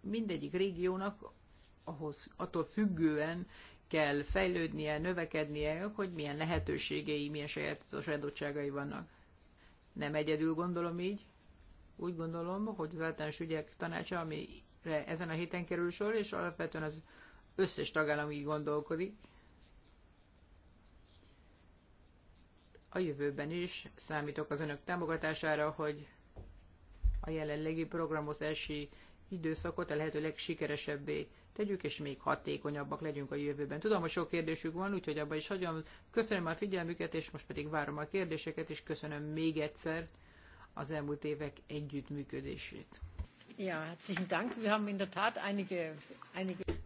Mindegyik régiónak ahhoz, attól függően kell fejlődnie, növekednie, hogy milyen lehetőségei, milyen sajátos adottságai vannak. Nem egyedül gondolom így. Úgy gondolom, hogy az általános ügyek tanácsa, ami ezen a héten kerül sor, és alapvetően az összes tagállam így gondolkodik. A jövőben is számítok az önök támogatására, hogy a jelenlegi programozási időszakot a lehető legsikeresebbé tegyük, és még hatékonyabbak legyünk a jövőben. Tudom, hogy sok kérdésük van, úgyhogy abban is hagyom. Köszönöm a figyelmüket, és most pedig várom a kérdéseket, és köszönöm még egyszer az elmúlt évek együttműködését.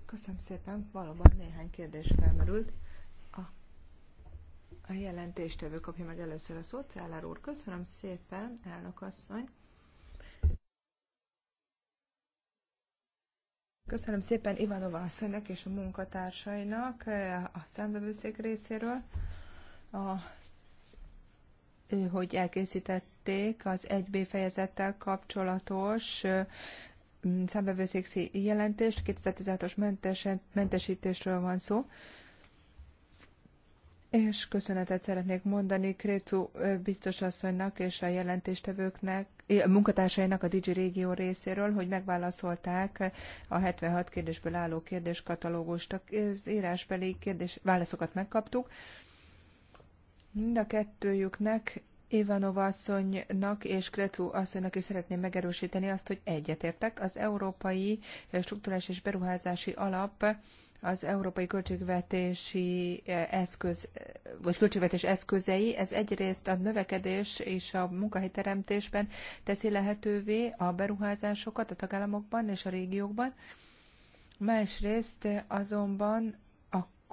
Köszönöm szépen. Valóban néhány kérdés felmerült. A, a jelentéstevő kapja meg először a szót. Szállár úr, köszönöm szépen, elnök asszony. Köszönöm szépen Ivanova asszonynak és a munkatársainak eh, a szembevőszék részéről a hogy elkészítették az 1B fejezettel kapcsolatos számbevőszéksi jelentést, 2016-os mentesítésről van szó. És köszönetet szeretnék mondani Krécu biztos asszonynak és a jelentéstevőknek, a munkatársainak a Digi Régió részéről, hogy megválaszolták a 76 kérdésből álló kérdéskatalógust. Az írásbeli kérdés, válaszokat megkaptuk. Mind a kettőjüknek, Ivanova asszonynak és Kretu asszonynak is szeretném megerősíteni azt, hogy egyetértek. Az Európai Strukturális és Beruházási Alap az európai költségvetési eh, eszköz, eh, vagy költségvetés eszközei, ez egyrészt a növekedés és a munkahelyteremtésben teszi lehetővé a beruházásokat a tagállamokban és a régiókban, másrészt azonban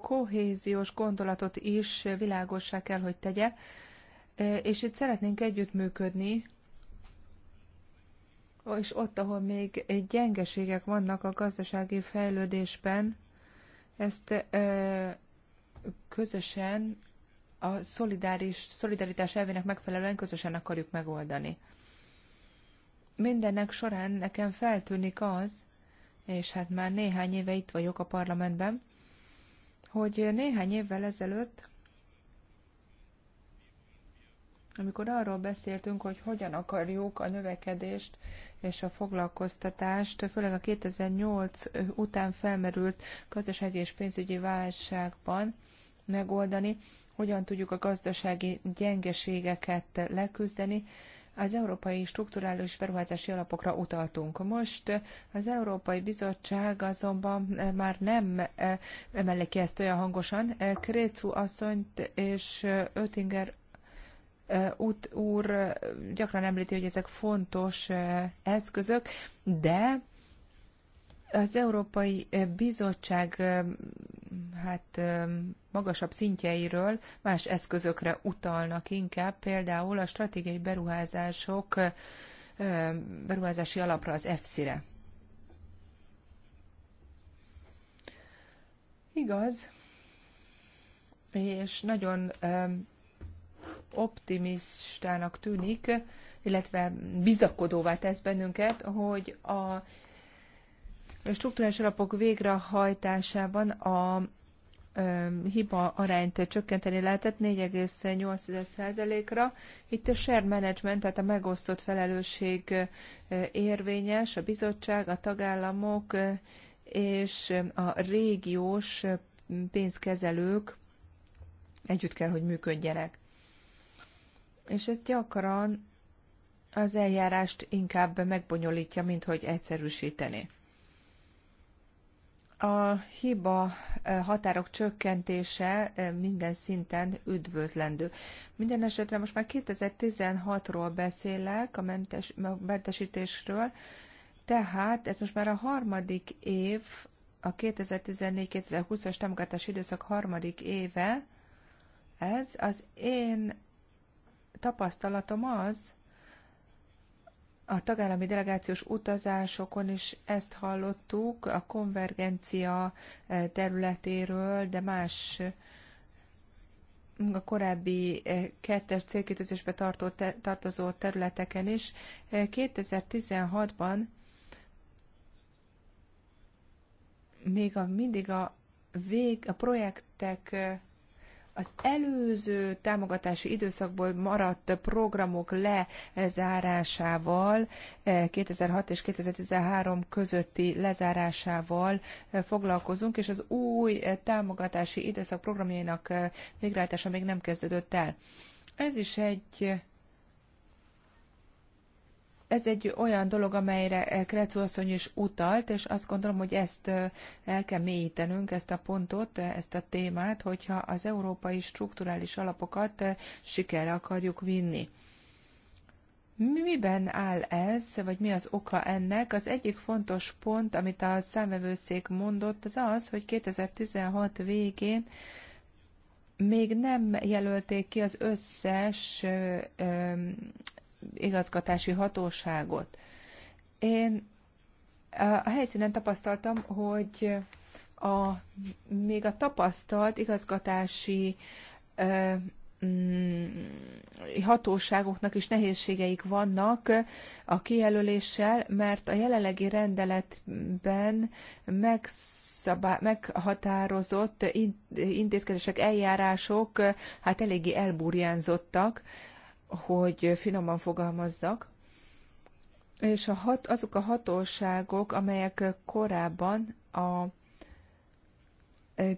kohéziós gondolatot is világossá kell, hogy tegye, e, és itt szeretnénk együttműködni, és ott, ahol még gyengeségek vannak a gazdasági fejlődésben, ezt e, közösen a szolidáris, szolidaritás elvének megfelelően közösen akarjuk megoldani. Mindennek során nekem feltűnik az, és hát már néhány éve itt vagyok a parlamentben, hogy néhány évvel ezelőtt, amikor arról beszéltünk, hogy hogyan akarjuk a növekedést és a foglalkoztatást, főleg a 2008 után felmerült gazdasági és pénzügyi válságban megoldani, hogyan tudjuk a gazdasági gyengeségeket leküzdeni, az Európai Strukturális Beruházási Alapokra utaltunk. Most az Európai Bizottság azonban eh, már nem eh, emeli ki ezt olyan hangosan. Eh, Krécu asszonyt és Ötinger út úr gyakran említi, hogy ezek fontos eszközök, de az Európai Bizottság hát magasabb szintjeiről más eszközökre utalnak inkább, például a stratégiai beruházások beruházási alapra, az EFSI-re. Igaz, és nagyon optimistának tűnik, illetve bizakodóvá tesz bennünket, hogy a struktúrás alapok végrehajtásában a hiba arányt csökkenteni lehetett 4,8%-ra. Itt a shared management, tehát a megosztott felelősség érvényes, a bizottság, a tagállamok és a régiós pénzkezelők együtt kell, hogy működjenek. És ez gyakran az eljárást inkább megbonyolítja, mint hogy egyszerűsíteni. A hiba eh, határok csökkentése eh, minden szinten üdvözlendő. Minden esetre most már 2016-ról beszélek, a, mentes, a mentesítésről, tehát ez most már a harmadik év, a 2014-2020-as támogatási időszak harmadik éve, ez az én tapasztalatom az, a tagállami delegációs utazásokon is ezt hallottuk a konvergencia eh, területéről, de más mm, a korábbi eh, kettes célkitűzésbe tartozó területeken is. 2016-ban eh, még a, mindig a, vég, a projektek az előző támogatási időszakból maradt programok lezárásával, 2006 eh, és 2013 közötti lezárásával eh, foglalkozunk, és az új eh, támogatási időszak programjainak végrehajtása még nem kezdődött el. Ez is egy ez egy olyan dolog, amelyre eh, Krecu asszony is utalt, és azt gondolom, hogy ezt eh, el kell mélyítenünk, ezt a pontot, eh, ezt a témát, hogyha az európai strukturális alapokat sikerre akarjuk vinni. Miben áll ez, vagy mi az oka ennek? Az egyik fontos pont, amit a számvevőszék mondott, az az, hogy 2016 végén még nem jelölték ki az összes igazgatási hatóságot. Én a helyszínen tapasztaltam, hogy a, még a tapasztalt igazgatási mm, hatóságoknak is nehézségeik vannak a kijelöléssel, mert a jelenlegi rendeletben megszabá, meghatározott intézkedések, eljárások hát eléggé elburjánzottak, hogy finoman fogalmazzak, és a hat, azok a hatóságok, amelyek korábban a eh,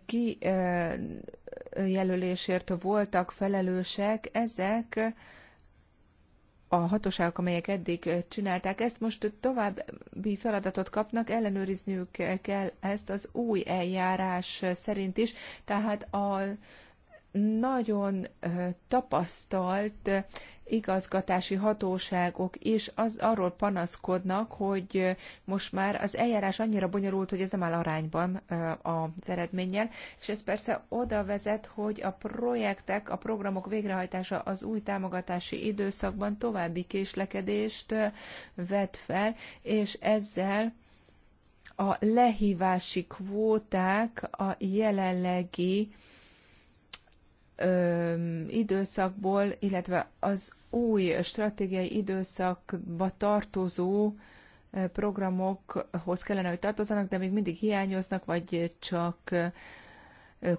kijelölésért eh, voltak felelősek, ezek a hatóságok, amelyek eddig csinálták ezt, most további feladatot kapnak, ellenőrizniük kell ezt az új eljárás szerint is, tehát a, nagyon tapasztalt igazgatási hatóságok is az, arról panaszkodnak, hogy most már az eljárás annyira bonyolult, hogy ez nem áll arányban az eredménnyel, és ez persze oda vezet, hogy a projektek, a programok végrehajtása az új támogatási időszakban további késlekedést vet fel, és ezzel a lehívási kvóták a jelenlegi időszakból, illetve az új stratégiai időszakba tartozó programokhoz kellene, hogy tartozanak, de még mindig hiányoznak, vagy csak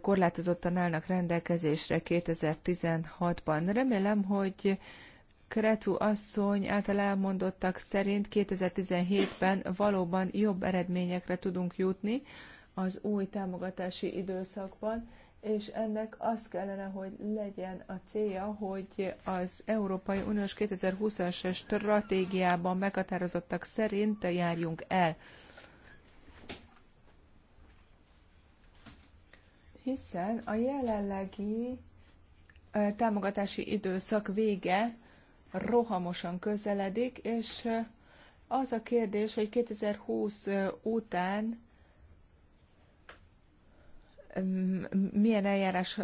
korlátozottan állnak rendelkezésre 2016-ban. Remélem, hogy Kretu asszony által elmondottak szerint 2017-ben valóban jobb eredményekre tudunk jutni az új támogatási időszakban és ennek az kellene, hogy legyen a célja, hogy az Európai Uniós 2020-as stratégiában meghatározottak szerint járjunk el. Hiszen a jelenlegi támogatási időszak vége rohamosan közeledik, és az a kérdés, hogy 2020 után milyen eljárás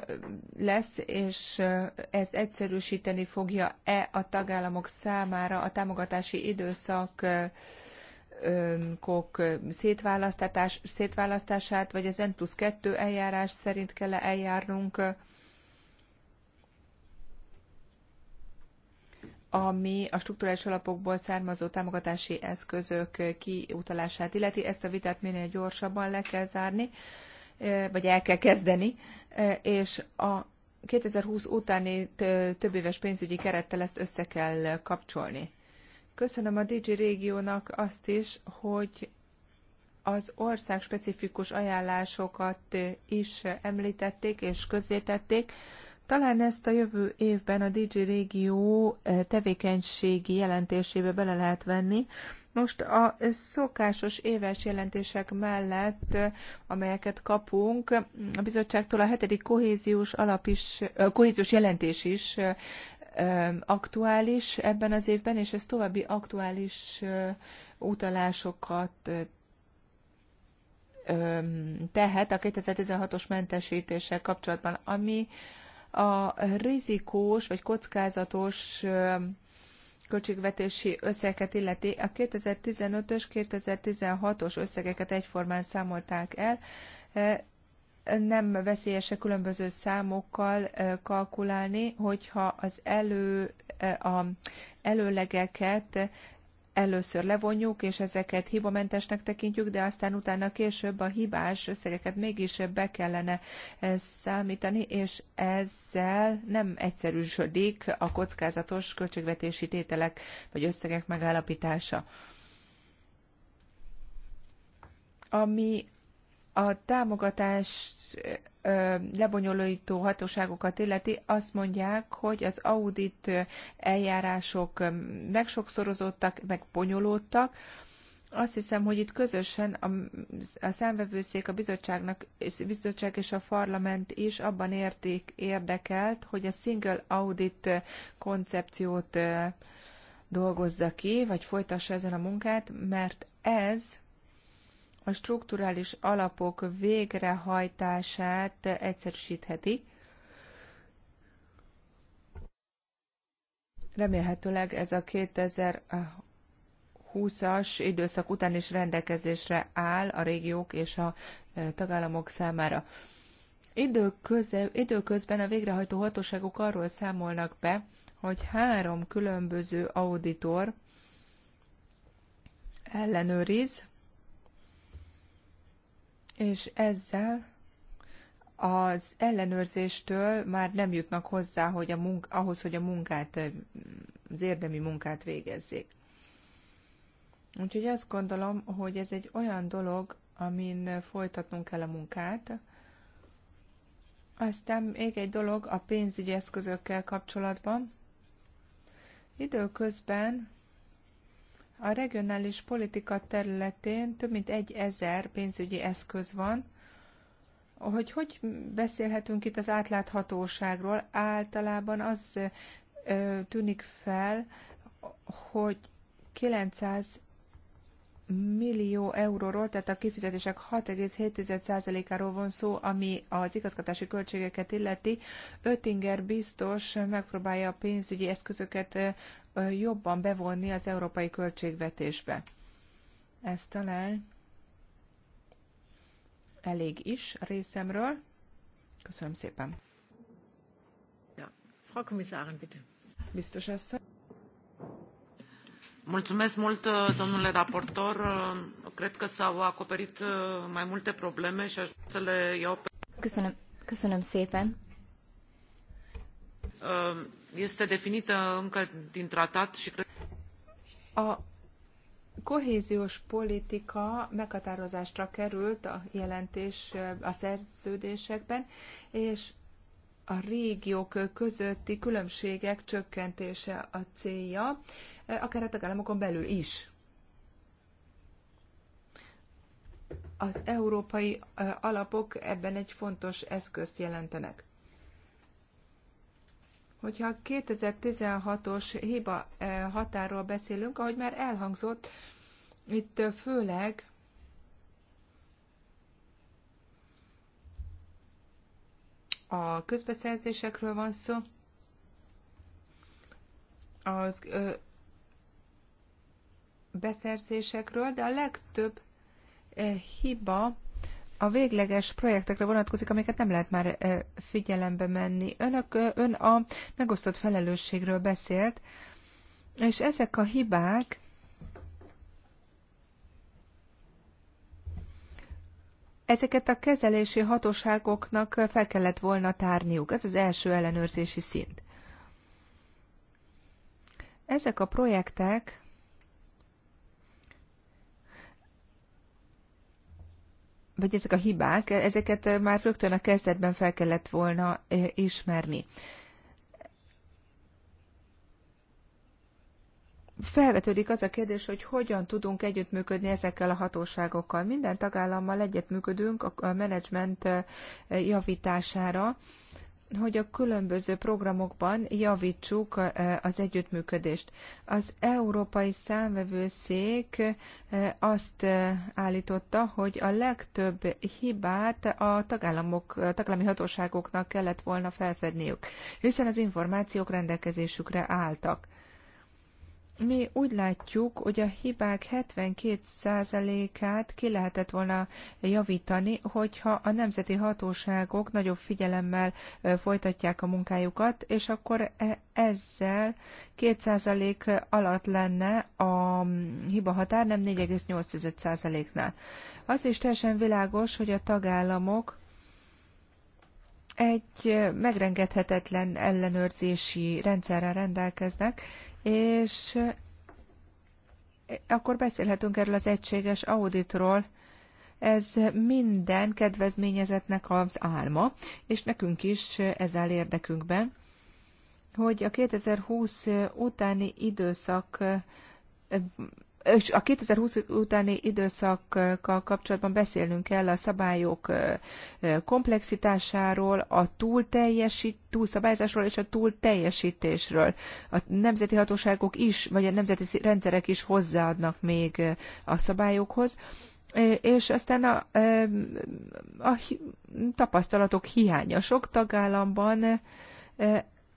lesz, és ez egyszerűsíteni fogja-e a tagállamok számára a támogatási időszak kok szétválasztatás, szétválasztását, vagy az N plusz 2 eljárás szerint kell -e eljárnunk, ami a strukturális alapokból származó támogatási eszközök kiutalását illeti. Ezt a vitát minél gyorsabban le kell zárni vagy el kell kezdeni, és a 2020 utáni több éves pénzügyi kerettel ezt össze kell kapcsolni. Köszönöm a DG régiónak azt is, hogy az ország specifikus ajánlásokat is említették és közzétették. Talán ezt a jövő évben a DG régió tevékenységi jelentésébe bele lehet venni, most a szokásos éves jelentések mellett, amelyeket kapunk, a bizottságtól a hetedik kohéziós, alap is, kohéziós jelentés is aktuális ebben az évben, és ez további aktuális utalásokat tehet a 2016-os mentesítéssel kapcsolatban, ami a rizikós vagy kockázatos költségvetési összegeket illeti, a 2015-ös, 2016-os összegeket egyformán számolták el, e, nem veszélyese különböző számokkal e, kalkulálni, hogyha az elő, e, a előlegeket először levonjuk, és ezeket hibamentesnek tekintjük, de aztán utána később a hibás összegeket mégis be kellene eh, számítani, és ezzel nem egyszerűsödik a kockázatos költségvetési tételek vagy összegek megállapítása. Ami a támogatás lebonyolító hatóságokat illeti, azt mondják, hogy az audit eljárások meg bonyolódtak. azt hiszem, hogy itt közösen a, a számvevőszék, a bizottságnak, bizottság és a parlament is abban érték, érdekelt, hogy a single audit koncepciót dolgozza ki, vagy folytassa ezen a munkát, mert ez a strukturális alapok végrehajtását egyszerűsítheti. Remélhetőleg ez a 2020-as időszak után is rendelkezésre áll a régiók és a e, tagállamok számára. időközben a végrehajtó hatóságok arról számolnak be, hogy három különböző auditor ellenőriz és ezzel az ellenőrzéstől már nem jutnak hozzá, hogy a munk- ahhoz, hogy a munkát, az érdemi munkát végezzék. Úgyhogy azt gondolom, hogy ez egy olyan dolog, amin folytatnunk kell a munkát. Aztán még egy dolog a pénzügyi eszközökkel kapcsolatban. Időközben a regionális politika területén több mint egy ezer pénzügyi eszköz van, hogy hogy beszélhetünk itt az átláthatóságról? Általában az tűnik fel, hogy 900 millió euróról, tehát a kifizetések 6,7%-áról van szó, ami az igazgatási költségeket illeti. Öttinger biztos megpróbálja a pénzügyi eszközöket jobban bevonni az európai költségvetésbe. Ez talán elég is a részemről. Köszönöm szépen. Ja. Frau Kommissarin, bitte. Biztos asszony. Mulțumesc mult, uh, domnule raportor. Uh, cred că s-au acoperit uh, mai multe probleme și aș să le iau pe... szépen. Este definită încă din tratat și cred... A kohéziós politika meghatározásra került a jelentés a szerződésekben, és a régiók közötti különbségek csökkentése a célja Eh, akár a tagállamokon belül is. Az európai eh, alapok ebben egy fontos eszközt jelentenek. Hogyha a 2016-os hiba eh, határól beszélünk, ahogy már elhangzott, itt főleg a közbeszerzésekről van szó, az beszerzésekről, de a legtöbb eh, hiba a végleges projektekre vonatkozik, amiket nem lehet már eh, figyelembe menni. Önök, eh, ön a megosztott felelősségről beszélt, és ezek a hibák ezeket a kezelési hatóságoknak fel kellett volna tárniuk. Ez az első ellenőrzési szint. Ezek a projektek vagy ezek a hibák, ezeket eh, már rögtön a kezdetben fel kellett volna eh, ismerni. felvetődik az a kérdés, hogy hogyan tudunk együttműködni ezekkel a hatóságokkal. Minden tagállammal együttműködünk a menedzsment eh, javítására, hogy a különböző programokban javítsuk az együttműködést. Az Európai Számvevőszék azt állította, hogy a legtöbb hibát a tagállamok, tagállami hatóságoknak kellett volna felfedniük, hiszen az információk rendelkezésükre álltak mi úgy látjuk, hogy a hibák 72%-át ki lehetett volna javítani, hogyha a nemzeti hatóságok nagyobb figyelemmel folytatják a munkájukat, és akkor e, ezzel 2% alatt lenne a mm, hiba határ, nem 4,8%-nál. Az is teljesen világos, hogy a tagállamok egy megrengethetetlen ellenőrzési rendszerrel rendelkeznek, és eh, akkor beszélhetünk erről az egységes auditról. Ez minden kedvezményezetnek az álma, és nekünk is ez áll érdekünkben, hogy a 2020 utáni időszak eh, és a 2020 utáni időszakkal kapcsolatban beszélnünk kell a szabályok komplexitásáról, a túlteljesít, túlszabályzásról és a túlteljesítésről. A nemzeti hatóságok is, vagy a nemzeti rendszerek is hozzáadnak még a szabályokhoz és aztán a, a tapasztalatok hiánya sok tagállamban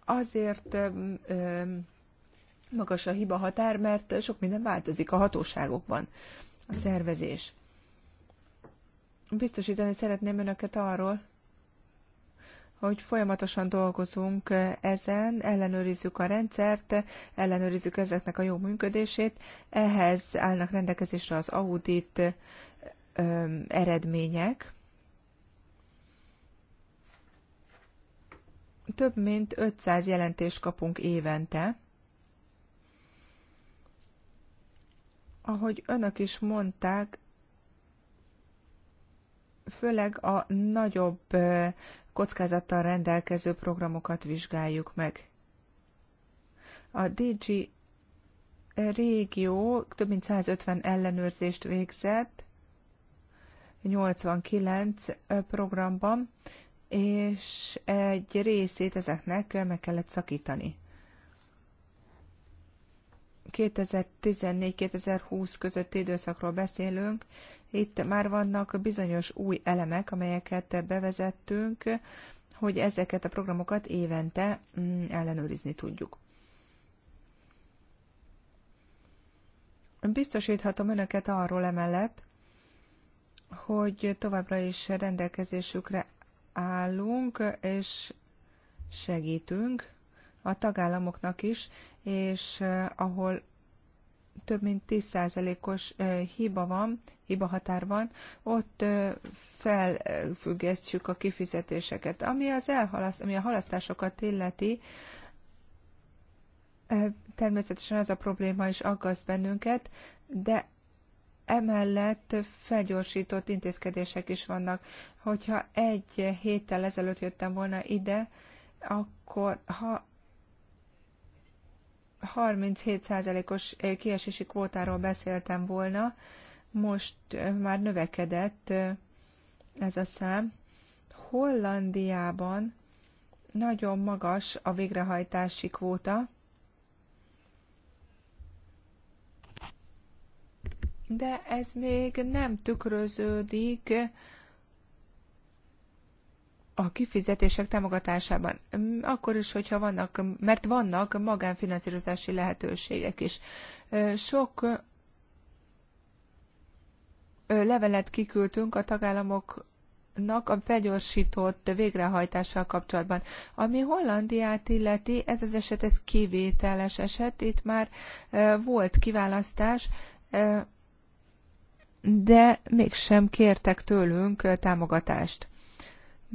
azért magas a hiba határ, mert sok minden változik a hatóságokban, a szervezés. Biztosítani szeretném önöket arról, hogy folyamatosan dolgozunk ezen, ellenőrizzük a rendszert, ellenőrizzük ezeknek a jó működését, ehhez állnak rendelkezésre az audit ö, eredmények. Több mint 500 jelentést kapunk évente Ahogy önök is mondták, főleg a nagyobb kockázattal rendelkező programokat vizsgáljuk meg. A DG régió több mint 150 ellenőrzést végzett 89 programban, és egy részét ezeknek meg kellett szakítani. 2014-2020 közötti időszakról beszélünk. Itt már vannak bizonyos új elemek, amelyeket bevezettünk, hogy ezeket a programokat évente mm, ellenőrizni tudjuk. Biztosíthatom önöket arról emellett, hogy továbbra is rendelkezésükre állunk, és segítünk a tagállamoknak is, és ahol több mint 10%-os hiba van, hiba határ van, ott felfüggesztjük a kifizetéseket. Ami, az elhalaszt, ami a halasztásokat illeti, természetesen ez a probléma is aggaszt bennünket, de emellett felgyorsított intézkedések is vannak. Hogyha egy héttel ezelőtt jöttem volna ide, akkor ha 37%-os eh, kiesési kvótáról beszéltem volna, most eh, már növekedett eh, ez a szám. Hollandiában nagyon magas a végrehajtási kvóta, de ez még nem tükröződik a kifizetések támogatásában, akkor is, hogyha vannak, mert vannak magánfinanszírozási lehetőségek is. Sok levelet kiküldtünk a tagállamoknak a felgyorsított végrehajtással kapcsolatban. Ami Hollandiát illeti, ez az eset, ez kivételes eset, itt már volt kiválasztás, de mégsem kértek tőlünk támogatást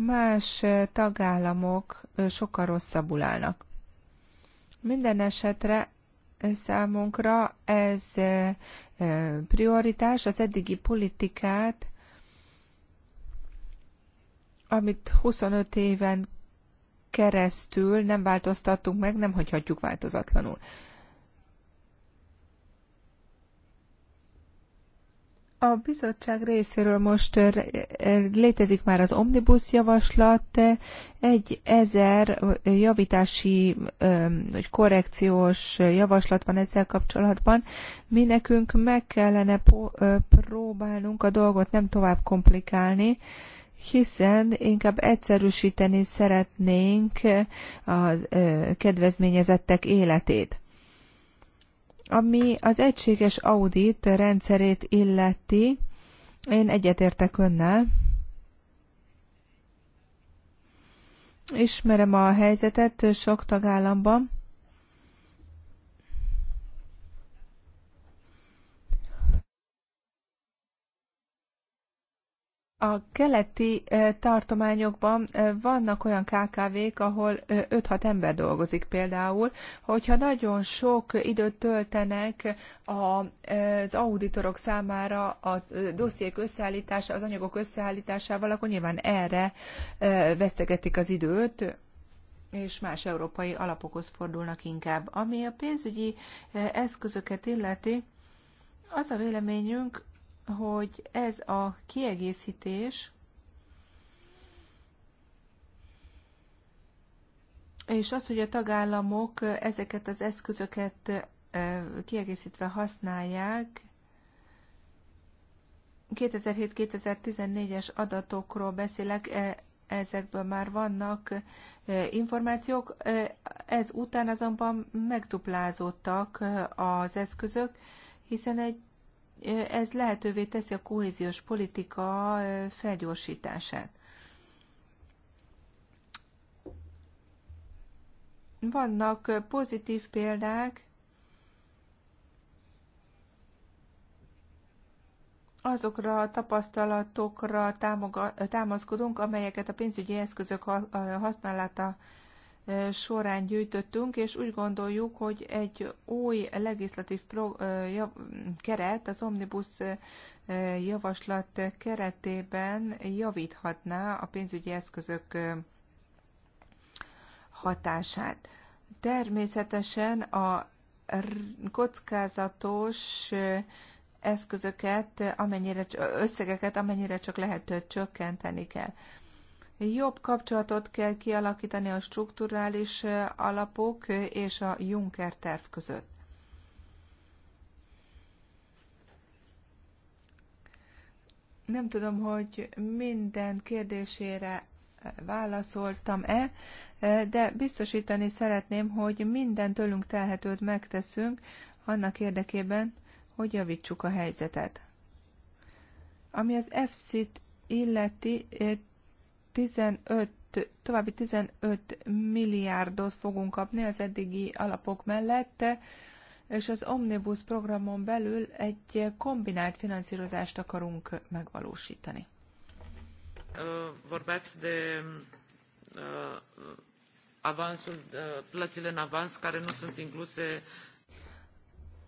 más tagállamok sokkal rosszabbul állnak. Minden esetre számunkra ez prioritás, az eddigi politikát, amit 25 éven keresztül nem változtattunk meg, nem hagyhatjuk változatlanul. A bizottság részéről most létezik már az omnibus javaslat, egy ezer javítási vagy korrekciós javaslat van ezzel kapcsolatban. Mi nekünk meg kellene próbálnunk a dolgot nem tovább komplikálni, hiszen inkább egyszerűsíteni szeretnénk a kedvezményezettek életét. Ami az egységes audit rendszerét illeti, én egyetértek önnel. Ismerem a helyzetet sok tagállamban. A keleti tartományokban vannak olyan KKV-k, ahol 5-6 ember dolgozik például. Hogyha nagyon sok időt töltenek az auditorok számára a dossziék összeállítása, az anyagok összeállításával, akkor nyilván erre vesztegetik az időt, és más európai alapokhoz fordulnak inkább. Ami a pénzügyi eszközöket illeti, az a véleményünk, hogy ez a kiegészítés és az, hogy a tagállamok ezeket az eszközöket kiegészítve használják, 2007-2014-es adatokról beszélek, e, ezekből már vannak információk, ez után azonban megduplázódtak az eszközök, hiszen egy ez lehetővé teszi a kohéziós politika felgyorsítását. Vannak pozitív példák, azokra a tapasztalatokra támaszkodunk, amelyeket a pénzügyi eszközök használata során gyűjtöttünk, és úgy gondoljuk, hogy egy új legislatív pro- keret, az Omnibus javaslat keretében javíthatná a pénzügyi eszközök hatását. Természetesen a kockázatos eszközöket, amennyire, összegeket amennyire csak lehet csökkenteni kell. Jobb kapcsolatot kell kialakítani a strukturális alapok és a Juncker terv között. Nem tudom, hogy minden kérdésére válaszoltam-e, de biztosítani szeretném, hogy minden tőlünk telhetőt megteszünk annak érdekében, hogy javítsuk a helyzetet. Ami az EFSZ-t illeti, 15, további 15 milliárdot fogunk kapni az eddigi alapok mellett, és az Omnibus programon belül egy kombinált finanszírozást akarunk megvalósítani. Uh, Vorbeați de uh, avansul, uh, plățile în avans care nu sunt incluse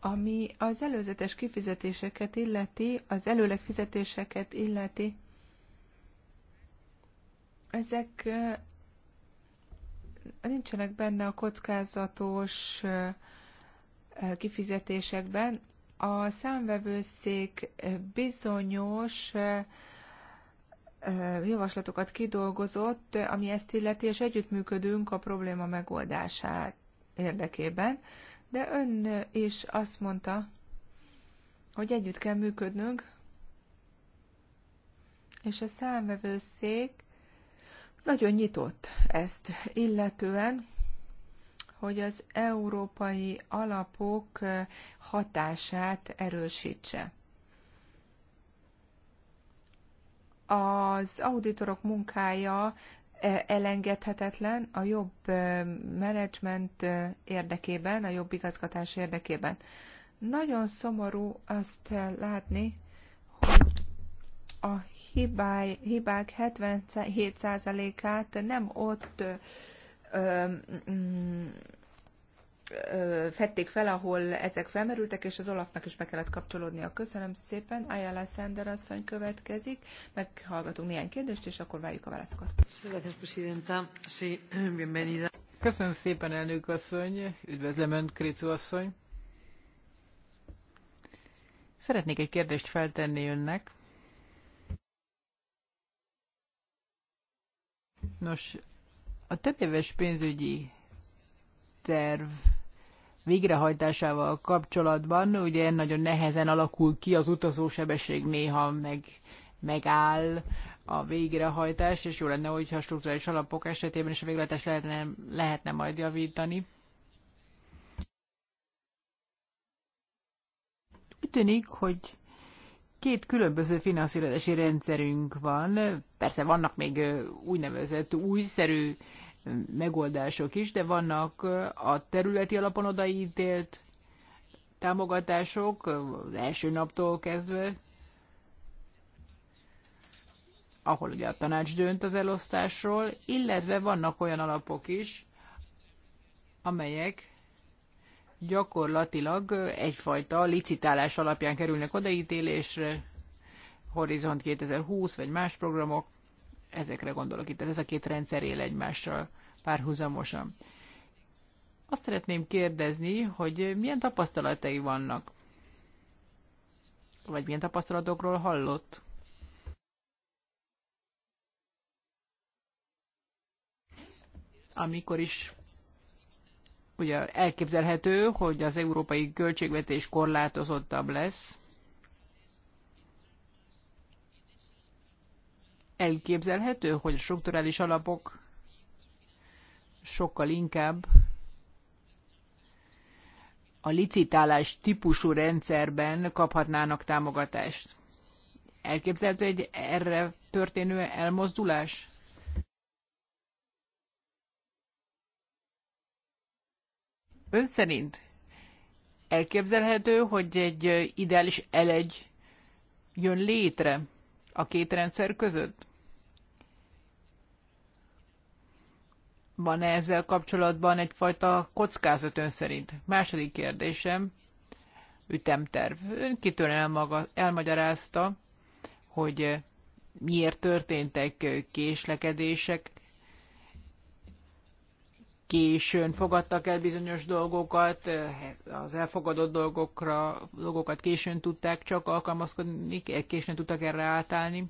ami az előzetes kifizetéseket illeti, az előleg fizetéseket illeti, ezek nincsenek benne a kockázatos kifizetésekben. A számvevőszék bizonyos javaslatokat kidolgozott, ami ezt illeti, és együttműködünk a probléma megoldását érdekében, de ön is azt mondta, hogy együtt kell működnünk, és a számvevőszék nagyon nyitott ezt illetően, hogy az európai alapok hatását erősítse. Az auditorok munkája elengedhetetlen a jobb menedzsment érdekében, a jobb igazgatás érdekében. Nagyon szomorú azt látni, hogy a hibáj, hibák 77%-át nem ott ö, ö, fették fel, ahol ezek felmerültek, és az Olafnak is be kellett kapcsolódnia. Köszönöm szépen. Ayala Sender asszony következik. Meghallgatunk néhány kérdést, és akkor várjuk a válaszokat. Köszönöm szépen, elnök asszony. Üdvözlöm Önt, Krécu asszony. Szeretnék egy kérdést feltenni önnek. Nos, a több éves pénzügyi terv végrehajtásával kapcsolatban ugye nagyon nehezen alakul ki az utazósebesség, néha meg, megáll a végrehajtás, és jó lenne, hogyha struktúrális alapok esetében is a végrehajtást lehetne, lehetne majd javítani. Úgy tűnik, hogy két különböző finanszírozási rendszerünk van. Persze vannak még úgynevezett újszerű megoldások is, de vannak a területi alapon odaítélt támogatások az első naptól kezdve, ahol ugye a tanács dönt az elosztásról, illetve vannak olyan alapok is, amelyek gyakorlatilag egyfajta licitálás alapján kerülnek odaítélésre, Horizont 2020 vagy más programok, ezekre gondolok itt. Tehát ez a két rendszer él egymással párhuzamosan. Azt szeretném kérdezni, hogy milyen tapasztalatai vannak? Vagy milyen tapasztalatokról hallott? Amikor is ugye elképzelhető, hogy az európai költségvetés korlátozottabb lesz. Elképzelhető, hogy a strukturális alapok sokkal inkább a licitálás típusú rendszerben kaphatnának támogatást. Elképzelhető egy erre történő elmozdulás? Ön szerint elképzelhető, hogy egy ideális elegy jön létre a két rendszer között? Van-e ezzel kapcsolatban egyfajta kockázat ön szerint? Második kérdésem, ütemterv. Ön kitől elmaga, elmagyarázta, hogy miért történtek késlekedések későn fogadtak el bizonyos dolgokat, az elfogadott dolgokra, dolgokat későn tudták csak alkalmazkodni, későn tudtak erre átállni.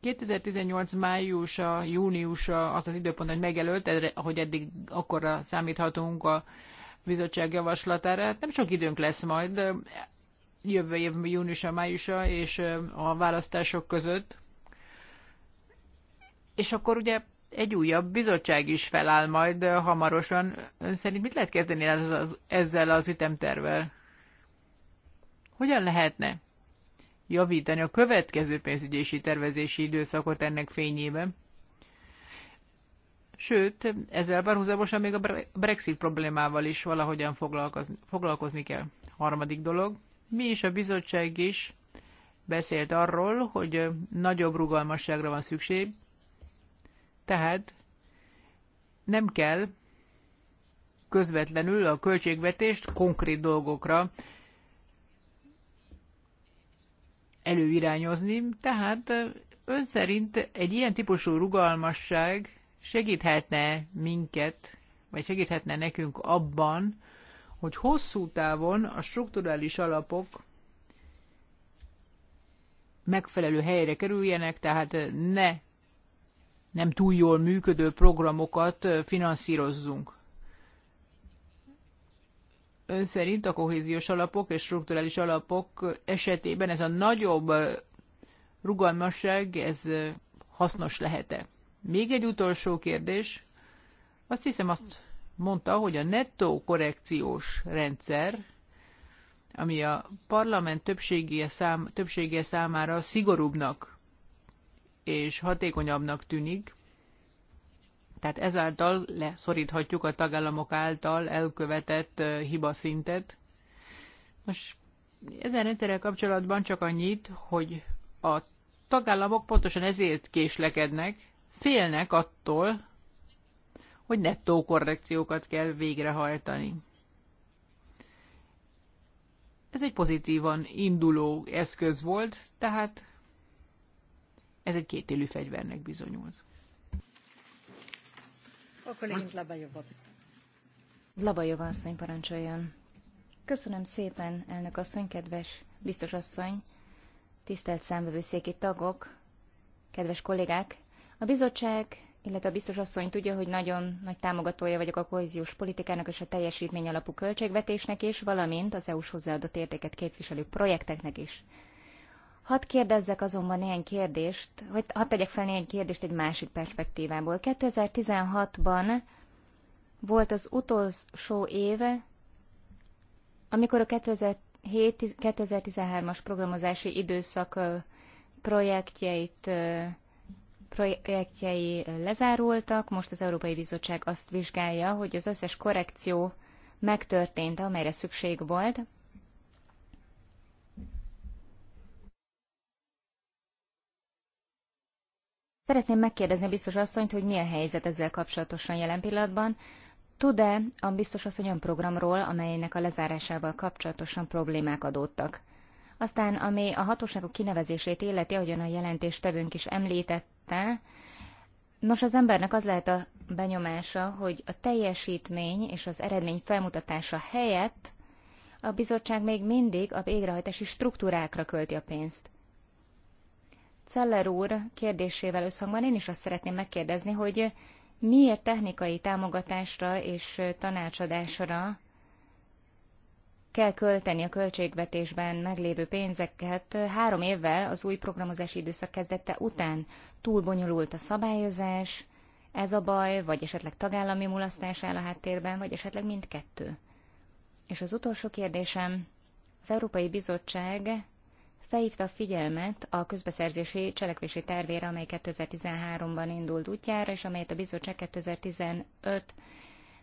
2018 májusa, júniusa az az időpont, hogy megelőtt, hogy eddig akkorra számíthatunk a bizottság javaslatára. Nem sok időnk lesz majd jövő év júniusa, májusa és a választások között. És akkor ugye egy újabb bizottság is feláll majd hamarosan. Ön szerint mit lehet kezdeni ezzel az, ezzel az ütemtervel? Hogyan lehetne javítani a következő pénzügyési tervezési időszakot ennek fényében? Sőt, ezzel párhuzamosan még a Brexit problémával is valahogyan foglalkozni, foglalkozni kell. Harmadik dolog, mi is a bizottság is beszélt arról, hogy nagyobb rugalmasságra van szükség, tehát nem kell közvetlenül a költségvetést konkrét dolgokra előirányozni, tehát ön szerint egy ilyen típusú rugalmasság segíthetne minket, vagy segíthetne nekünk abban, hogy hosszú távon a strukturális alapok megfelelő helyre kerüljenek, tehát ne nem túl jól működő programokat finanszírozzunk. Ön szerint a kohéziós alapok és strukturális alapok esetében ez a nagyobb rugalmasság, ez hasznos lehet-e? Még egy utolsó kérdés. Azt hiszem, azt mondta, hogy a nettó korrekciós rendszer, ami a parlament többsége, szám, többsége számára szigorúbbnak és hatékonyabbnak tűnik, tehát ezáltal leszoríthatjuk a tagállamok által elkövetett hibaszintet. Most ezen rendszerrel kapcsolatban csak annyit, hogy a tagállamok pontosan ezért késlekednek, félnek attól, hogy nettó korrekciókat kell végrehajtani. Ez egy pozitívan induló eszköz volt, tehát ez egy kétélű fegyvernek bizonyult. Labajova asszony parancsoljon. Köszönöm szépen, elnök asszony, kedves biztos asszony, tisztelt számbevőszéki tagok, kedves kollégák. A bizottság, illetve a biztos asszony tudja, hogy nagyon nagy támogatója vagyok a kohéziós politikának és a teljesítmény alapú költségvetésnek is, valamint az EU-s hozzáadott értéket képviselő projekteknek is. Hadd kérdezzek azonban néhány kérdést, hogy hadd tegyek fel néhány kérdést egy másik perspektívából. 2016-ban volt az utolsó éve, amikor a 2007-2013-as programozási időszak projektjeit projektjei lezárultak, most az Európai Bizottság azt vizsgálja, hogy az összes korrekció megtörtént, amelyre szükség volt, Szeretném megkérdezni biztos asszonyt, hogy mi a helyzet ezzel kapcsolatosan jelen pillanatban. Tud-e a biztos asszony olyan programról, amelynek a lezárásával kapcsolatosan problémák adódtak? Aztán, ami a hatóságok kinevezését illeti, ahogyan a jelentéstevőnk is említette, nos, az embernek az lehet a benyomása, hogy a teljesítmény és az eredmény felmutatása helyett a bizottság még mindig a végrehajtási struktúrákra költi a pénzt. Celler úr kérdésével összhangban én is azt szeretném megkérdezni, hogy miért technikai támogatásra és tanácsadásra kell költeni a költségvetésben meglévő pénzeket három évvel az új programozási időszak kezdete után. Túl bonyolult a szabályozás, ez a baj, vagy esetleg tagállami mulasztás áll a háttérben, vagy esetleg mindkettő. És az utolsó kérdésem, az Európai Bizottság felhívta a figyelmet a közbeszerzési cselekvési tervére, amely 2013-ban indult útjára, és amelyet a bizottság 2015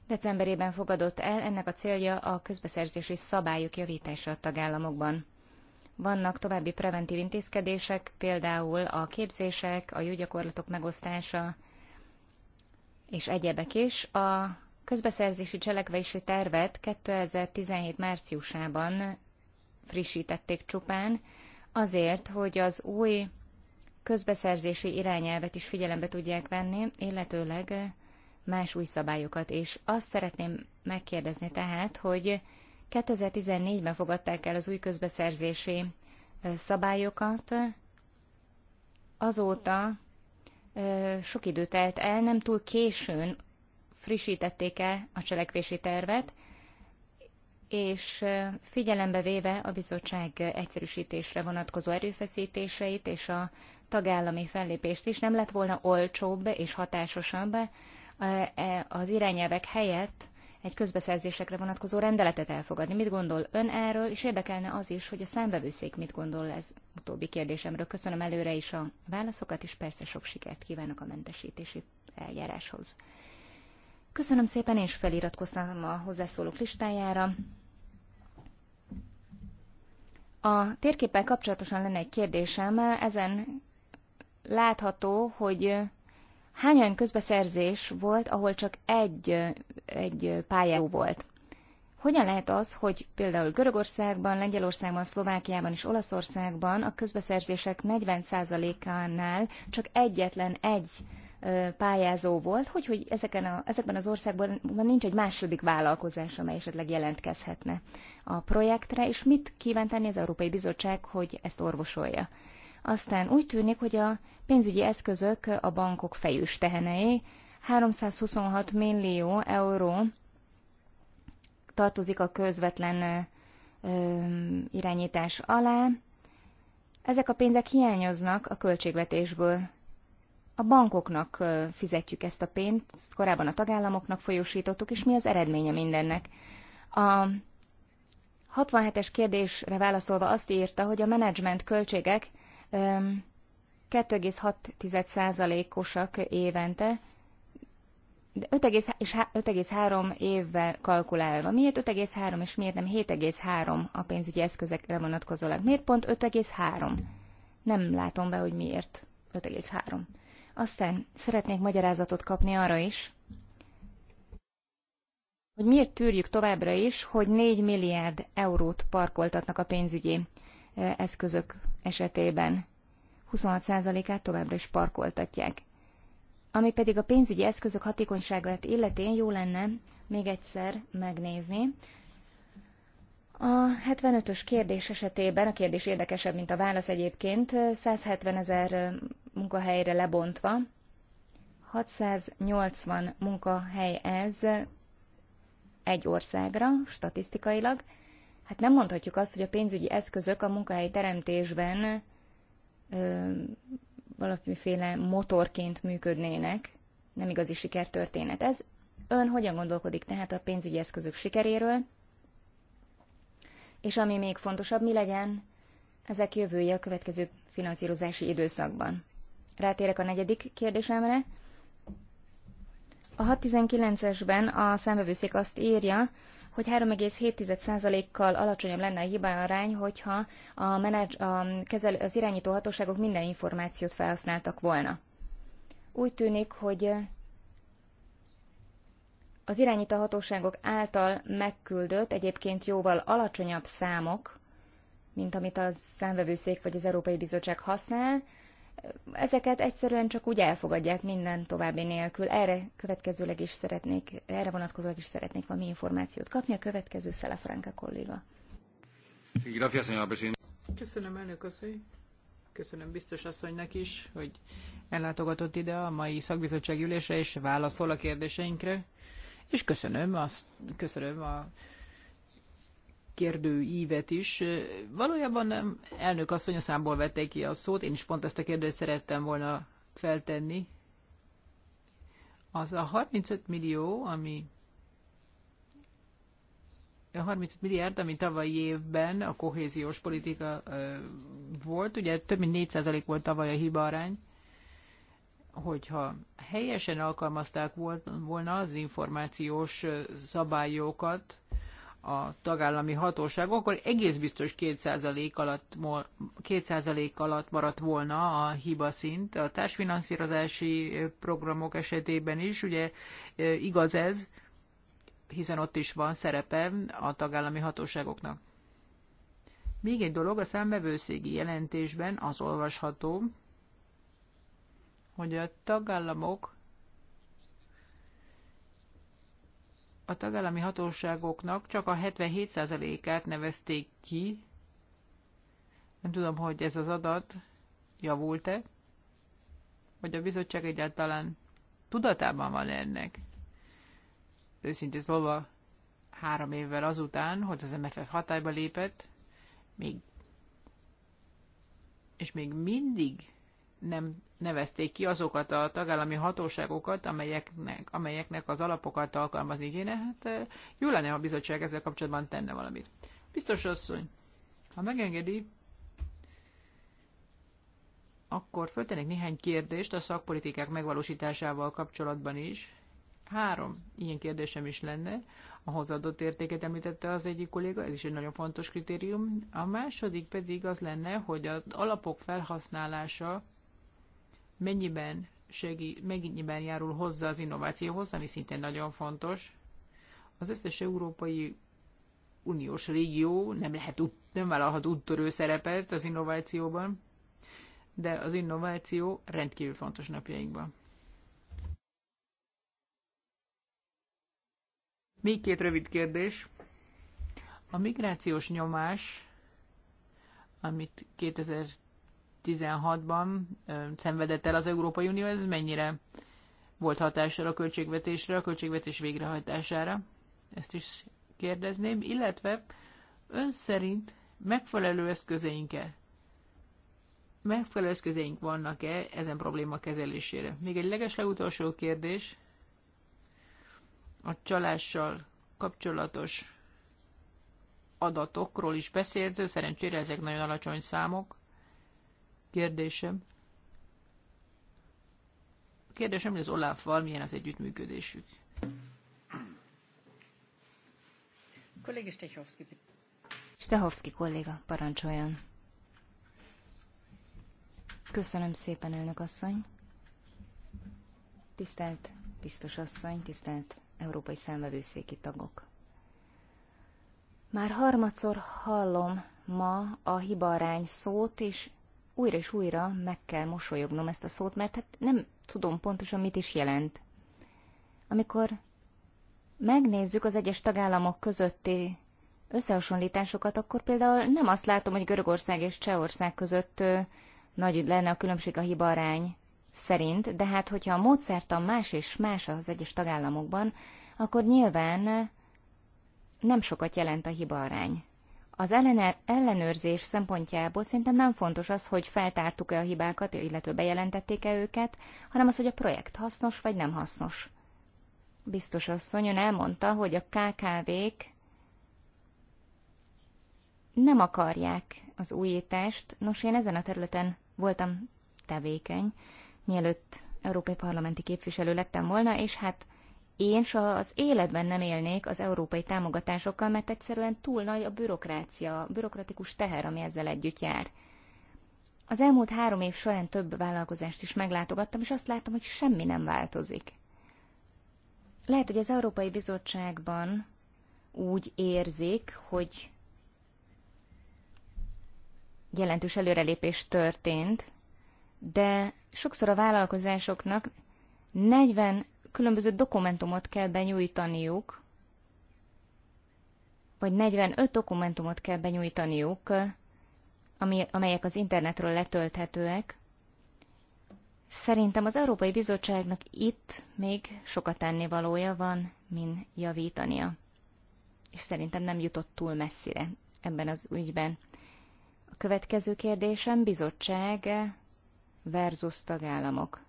decemberében fogadott el. Ennek a célja a közbeszerzési szabályok javítása a tagállamokban. Vannak további preventív intézkedések, például a képzések, a jó gyakorlatok megosztása és egyebek is. A közbeszerzési cselekvési tervet 2017 márciusában frissítették csupán, azért, hogy az új közbeszerzési irányelvet is figyelembe tudják venni, illetőleg más új szabályokat is. Azt szeretném megkérdezni tehát, hogy 2014-ben fogadták el az új közbeszerzési szabályokat, azóta sok idő telt el, nem túl későn frissítették e a cselekvési tervet, és figyelembe véve a bizottság egyszerűsítésre vonatkozó erőfeszítéseit és a tagállami fellépést is, nem lett volna olcsóbb és hatásosabb e, az irányelvek helyett egy közbeszerzésekre vonatkozó rendeletet elfogadni. Mit gondol ön erről, és érdekelne az is, hogy a számbevőszék mit gondol ez utóbbi kérdésemről. Köszönöm előre is a válaszokat, és persze sok sikert kívánok a mentesítési eljáráshoz. Köszönöm szépen, és feliratkoztam a hozzászólók listájára. A térképpel kapcsolatosan lenne egy kérdésem. Ezen látható, hogy hány olyan közbeszerzés volt, ahol csak egy, egy pályázó volt. Hogyan lehet az, hogy például Görögországban, Lengyelországban, Szlovákiában és Olaszországban a közbeszerzések 40%-ánál csak egyetlen egy pályázó volt, hogy, hogy ezeken a, ezekben az országban nincs egy második vállalkozás, amely esetleg jelentkezhetne a projektre, és mit kíván tenni az Európai Bizottság, hogy ezt orvosolja. Aztán úgy tűnik, hogy a pénzügyi eszközök a bankok fejűs tehenei, 326 millió euró tartozik a közvetlen ö, irányítás alá. Ezek a pénzek hiányoznak a költségvetésből a bankoknak fizetjük ezt a pénzt, korábban a tagállamoknak folyósítottuk, és mi az eredménye mindennek. A 67-es kérdésre válaszolva azt írta, hogy a menedzsment költségek 2,6%-osak évente, 5,3 évvel kalkulálva. Miért 5,3 és miért nem 7,3 a pénzügyi eszközekre vonatkozólag? Miért pont 5,3? Nem látom be, hogy miért 5,3. Aztán szeretnék magyarázatot kapni arra is, hogy miért tűrjük továbbra is, hogy 4 milliárd eurót parkoltatnak a pénzügyi eszközök esetében. 26%-át továbbra is parkoltatják. Ami pedig a pénzügyi eszközök hatékonyságát illetén jó lenne még egyszer megnézni. A 75-ös kérdés esetében, a kérdés érdekesebb, mint a válasz egyébként, 170 ezer munkahelyre lebontva. 680 munkahely ez egy országra, statisztikailag. Hát nem mondhatjuk azt, hogy a pénzügyi eszközök a munkahely teremtésben ö, valamiféle motorként működnének. Nem igazi sikertörténet ez. Ön hogyan gondolkodik tehát a pénzügyi eszközök sikeréről? És ami még fontosabb, mi legyen ezek jövője a következő finanszírozási időszakban? Rátérek a negyedik kérdésemre. A 619-esben a számbevőszék azt írja, hogy 3,7%-kal alacsonyabb lenne a arány, hogyha a menedz, a kezel, az irányító hatóságok minden információt felhasználtak volna. Úgy tűnik, hogy az irányító hatóságok által megküldött egyébként jóval alacsonyabb számok, mint amit a számvevőszék vagy az Európai Bizottság használ, ezeket egyszerűen csak úgy elfogadják minden további nélkül. Erre következőleg is szeretnék, erre vonatkozólag is szeretnék valami információt kapni. A következő Szelefranka kolléga. Köszönöm, elnök asszony. Köszönöm biztos asszonynak is, hogy ellátogatott ide a mai szakbizottság ülésre, és válaszol a kérdéseinkre. És köszönöm, azt, köszönöm a kérdőívet is. Valójában nem, elnök asszony a számból vette ki a szót, én is pont ezt a kérdést szerettem volna feltenni. Az a 35 millió, ami a 35 milliárd, ami tavalyi évben a kohéziós politika volt, ugye több mint 4% volt tavaly a hiba arány, hogyha helyesen alkalmazták volna az információs szabályokat, a tagállami hatóságok, akkor egész biztos 2% alatt, 2% alatt maradt volna a hiba szint. A társfinanszírozási programok esetében is, ugye igaz ez, hiszen ott is van szerepe a tagállami hatóságoknak. Még egy dolog, a számbevőszégi jelentésben az olvasható, hogy a tagállamok a tagállami hatóságoknak csak a 77%-át nevezték ki. Nem tudom, hogy ez az adat javult-e, vagy a bizottság egyáltalán tudatában van ennek. Őszintén szólva, három évvel azután, hogy az MFF hatályba lépett, még és még mindig nem nevezték ki azokat a tagállami hatóságokat, amelyeknek, amelyeknek az alapokat alkalmazni kéne. Hát jó lenne, ha a bizottság ezzel kapcsolatban tenne valamit. Biztos asszony, ha megengedi, akkor föltenek néhány kérdést a szakpolitikák megvalósításával kapcsolatban is. Három ilyen kérdésem is lenne. A hozzáadott értéket említette az egyik kolléga, ez is egy nagyon fontos kritérium. A második pedig az lenne, hogy az alapok felhasználása mennyiben, segít, mennyiben járul hozzá az innovációhoz, ami szintén nagyon fontos. Az összes európai uniós régió nem, lehet, nem vállalhat úttörő szerepet az innovációban, de az innováció rendkívül fontos napjainkban. Még két rövid kérdés. A migrációs nyomás, amit 2000 2016-ban szenvedett el az Európai Unió, ez mennyire volt hatással a költségvetésre, a költségvetés végrehajtására? Ezt is kérdezném, illetve ön szerint megfelelő eszközeink-e? Megfelelő eszközeink vannak-e ezen probléma kezelésére? Még egy legeslegutolsó kérdés. A csalással kapcsolatos adatokról is beszélt, szerencsére ezek nagyon alacsony számok kérdésem. A kérdésem, hogy az Olaf-val milyen az együttműködésük. Kollégi Stechowski, Stechowski kolléga, parancsoljon. Köszönöm szépen, elnök asszony. Tisztelt biztos asszony, tisztelt európai számvevőszéki tagok. Már harmadszor hallom ma a hibarány szót, és újra és újra meg kell mosolyognom ezt a szót, mert hát nem tudom pontosan, mit is jelent. Amikor megnézzük az egyes tagállamok közötti összehasonlításokat, akkor például nem azt látom, hogy Görögország és Csehország között nagy lenne a különbség a hiba arány szerint, de hát hogyha a módszertan más és más az egyes tagállamokban, akkor nyilván nem sokat jelent a hiba arány. Az ellenőrzés szempontjából szerintem nem fontos az, hogy feltártuk-e a hibákat, illetve bejelentették-e őket, hanem az, hogy a projekt hasznos vagy nem hasznos. Biztos asszony ön elmondta, hogy a KKV-k nem akarják az újítást. Nos, én ezen a területen voltam tevékeny, mielőtt európai parlamenti képviselő lettem volna, és hát én soha az életben nem élnék az európai támogatásokkal, mert egyszerűen túl nagy a bürokrácia, a bürokratikus teher, ami ezzel együtt jár. Az elmúlt három év során több vállalkozást is meglátogattam, és azt látom, hogy semmi nem változik. Lehet, hogy az Európai Bizottságban úgy érzik, hogy jelentős előrelépés történt, de sokszor a vállalkozásoknak 40 különböző dokumentumot kell benyújtaniuk, vagy 45 dokumentumot kell benyújtaniuk, ami, amelyek az internetről letölthetőek. Szerintem az Európai Bizottságnak itt még sokat tennivalója van, mint javítania. És szerintem nem jutott túl messzire ebben az ügyben. A következő kérdésem bizottság versus tagállamok.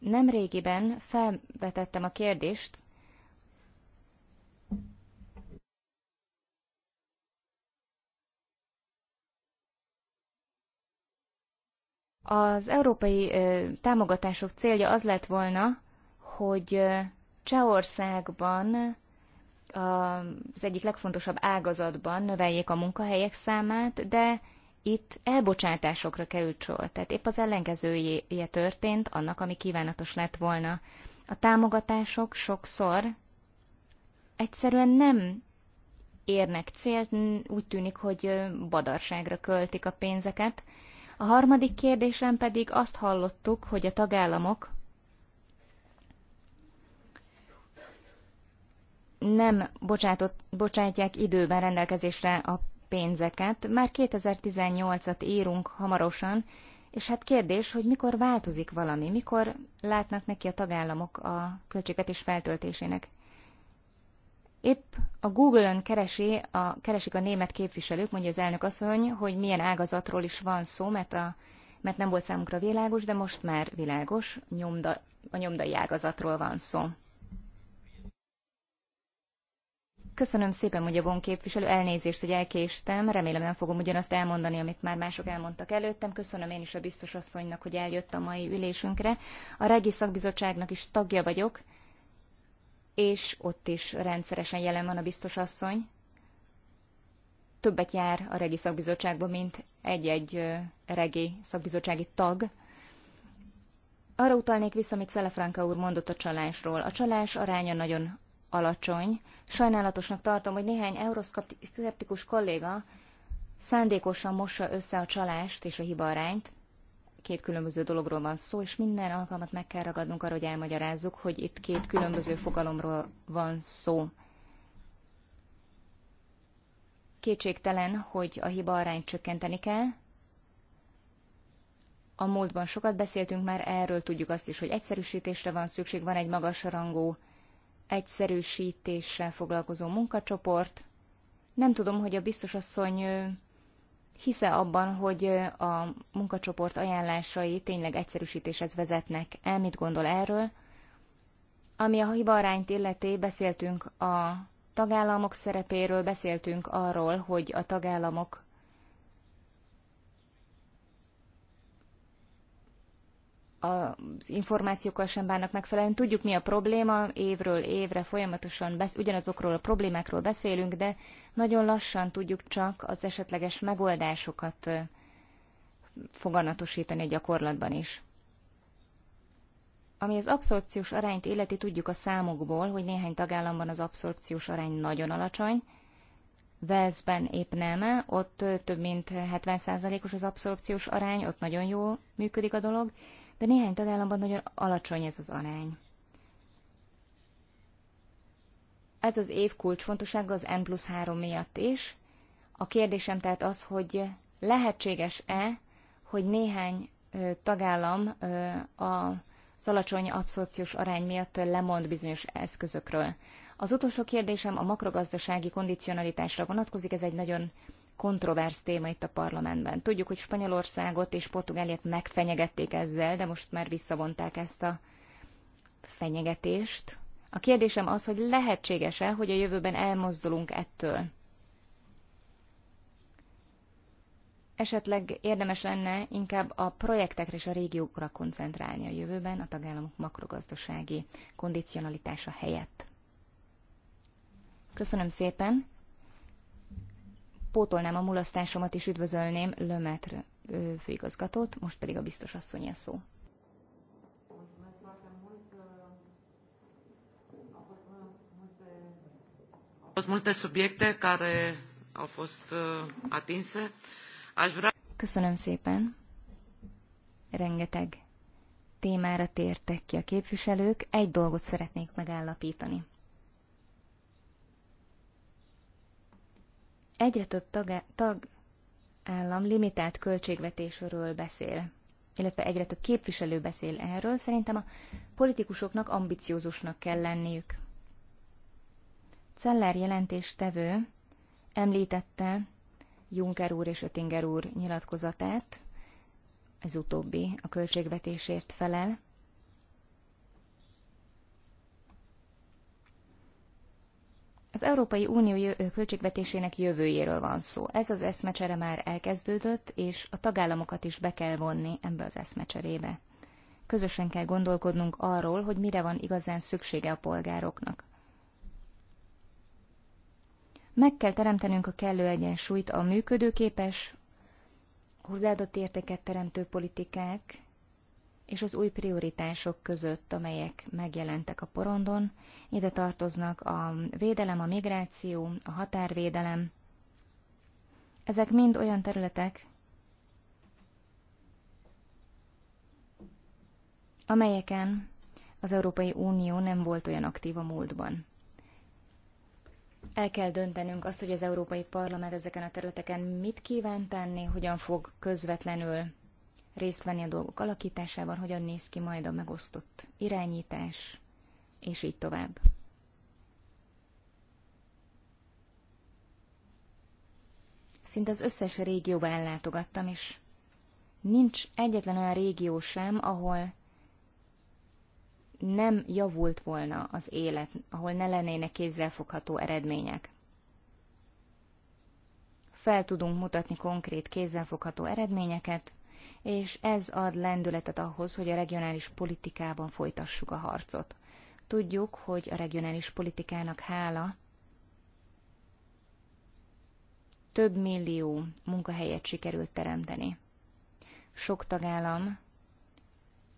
Nemrégiben felvetettem a kérdést, Az európai ö, támogatások célja az lett volna, hogy Csehországban az egyik legfontosabb ágazatban növeljék a munkahelyek számát, de itt elbocsátásokra került sor. Tehát épp az ellenkezője történt annak, ami kívánatos lett volna. A támogatások sokszor egyszerűen nem érnek célt, úgy tűnik, hogy badarságra költik a pénzeket. A harmadik kérdésem pedig azt hallottuk, hogy a tagállamok nem bocsátott, bocsátják időben rendelkezésre a pénzeket. Már 2018-at írunk hamarosan, és hát kérdés, hogy mikor változik valami, mikor látnak neki a tagállamok a költségvetés feltöltésének. Épp a Google-ön keresi a, keresik a német képviselők, mondja az elnök asszony, hogy milyen ágazatról is van szó, mert, a, mert nem volt számunkra világos, de most már világos, nyomda, a nyomdai ágazatról van szó. Köszönöm szépen, mondja Bon képviselő, elnézést, hogy elkéstem. Remélem nem fogom ugyanazt elmondani, amit már mások elmondtak előttem. Köszönöm én is a biztos asszonynak, hogy eljött a mai ülésünkre. A Regi Szakbizottságnak is tagja vagyok, és ott is rendszeresen jelen van a biztos asszony. Többet jár a Regi Szakbizottságban, mint egy-egy Regi Szakbizottsági tag. Arra utalnék vissza, amit Szelefranka úr mondott a csalásról. A csalás aránya nagyon alacsony. Sajnálatosnak tartom, hogy néhány euroszkeptikus kolléga szándékosan mossa össze a csalást és a arányt. Két különböző dologról van szó, és minden alkalmat meg kell ragadnunk arra, hogy elmagyarázzuk, hogy itt két különböző fogalomról van szó. Kétségtelen, hogy a hiba arányt csökkenteni kell. A múltban sokat beszéltünk már erről, tudjuk azt is, hogy egyszerűsítésre van szükség, van egy magas rangú egyszerűsítéssel foglalkozó munkacsoport. Nem tudom, hogy a biztos asszony hisze abban, hogy a munkacsoport ajánlásai tényleg egyszerűsítéshez vezetnek el, mit gondol erről. Ami a arányt illeti, beszéltünk a tagállamok szerepéről, beszéltünk arról, hogy a tagállamok az információkkal sem bánnak megfelelően. Tudjuk, mi a probléma, évről évre folyamatosan besz- ugyanazokról a problémákról beszélünk, de nagyon lassan tudjuk csak az esetleges megoldásokat foganatosítani a gyakorlatban is. Ami az abszorpciós arányt illeti, tudjuk a számokból, hogy néhány tagállamban az abszorpciós arány nagyon alacsony, Velszben épp nem, ott több mint 70%-os az abszorpciós arány, ott nagyon jól működik a dolog, de néhány tagállamban nagyon alacsony ez az arány. Ez az év kulcsfontossága az N plusz 3 miatt is. A kérdésem tehát az, hogy lehetséges-e, hogy néhány tagállam a alacsony abszorpciós arány miatt lemond bizonyos eszközökről. Az utolsó kérdésem a makrogazdasági kondicionalitásra vonatkozik, ez egy nagyon kontroversz téma itt a parlamentben. Tudjuk, hogy Spanyolországot és Portugáliát megfenyegették ezzel, de most már visszavonták ezt a fenyegetést. A kérdésem az, hogy lehetséges-e, hogy a jövőben elmozdulunk ettől? Esetleg érdemes lenne inkább a projektekre és a régiókra koncentrálni a jövőben a tagállamok makrogazdasági kondicionalitása helyett. Köszönöm szépen! pótolnám a mulasztásomat és üdvözölném Lömetre főigazgatót, most pedig a biztos asszony a szó. Uh, Köszönöm szépen. Rengeteg témára tértek ki a képviselők. Egy dolgot szeretnék megállapítani. egyre több tag, tagállam limitált költségvetésről beszél, illetve egyre több képviselő beszél erről, szerintem a politikusoknak ambiciózusnak kell lenniük. Celler jelentéstevő említette Juncker úr és Ötinger úr nyilatkozatát, ez utóbbi a költségvetésért felel, Az Európai Unió költségvetésének jövőjéről van szó. Ez az eszmecsere már elkezdődött, és a tagállamokat is be kell vonni ebbe az eszmecserébe. Közösen kell gondolkodnunk arról, hogy mire van igazán szüksége a polgároknak. Meg kell teremtenünk a kellő egyensúlyt a működőképes, hozzáadott értéket teremtő politikák és az új prioritások között, amelyek megjelentek a porondon. Ide tartoznak a védelem, a migráció, a határvédelem. Ezek mind olyan területek, amelyeken az Európai Unió nem volt olyan aktív a múltban. El kell döntenünk azt, hogy az Európai Parlament ezeken a területeken mit kíván tenni, hogyan fog közvetlenül részt venni a dolgok alakításában, hogyan néz ki majd a megosztott irányítás, és így tovább. Szinte az összes régióba ellátogattam, és nincs egyetlen olyan régió sem, ahol nem javult volna az élet, ahol ne lennének kézzelfogható eredmények. Fel tudunk mutatni konkrét kézzelfogható eredményeket, és ez ad lendületet ahhoz, hogy a regionális politikában folytassuk a harcot. Tudjuk, hogy a regionális politikának hála több millió munkahelyet sikerült teremteni. Sok tagállam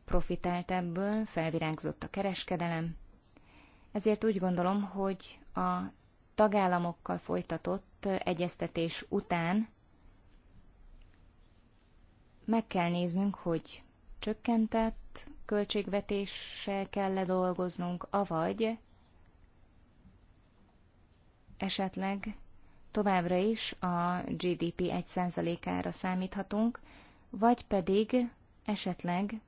profitált ebből, felvirágzott a kereskedelem, ezért úgy gondolom, hogy a tagállamokkal folytatott egyeztetés után meg kell néznünk, hogy csökkentett költségvetéssel kell -e dolgoznunk, avagy esetleg továbbra is a GDP 1%-ára számíthatunk, vagy pedig esetleg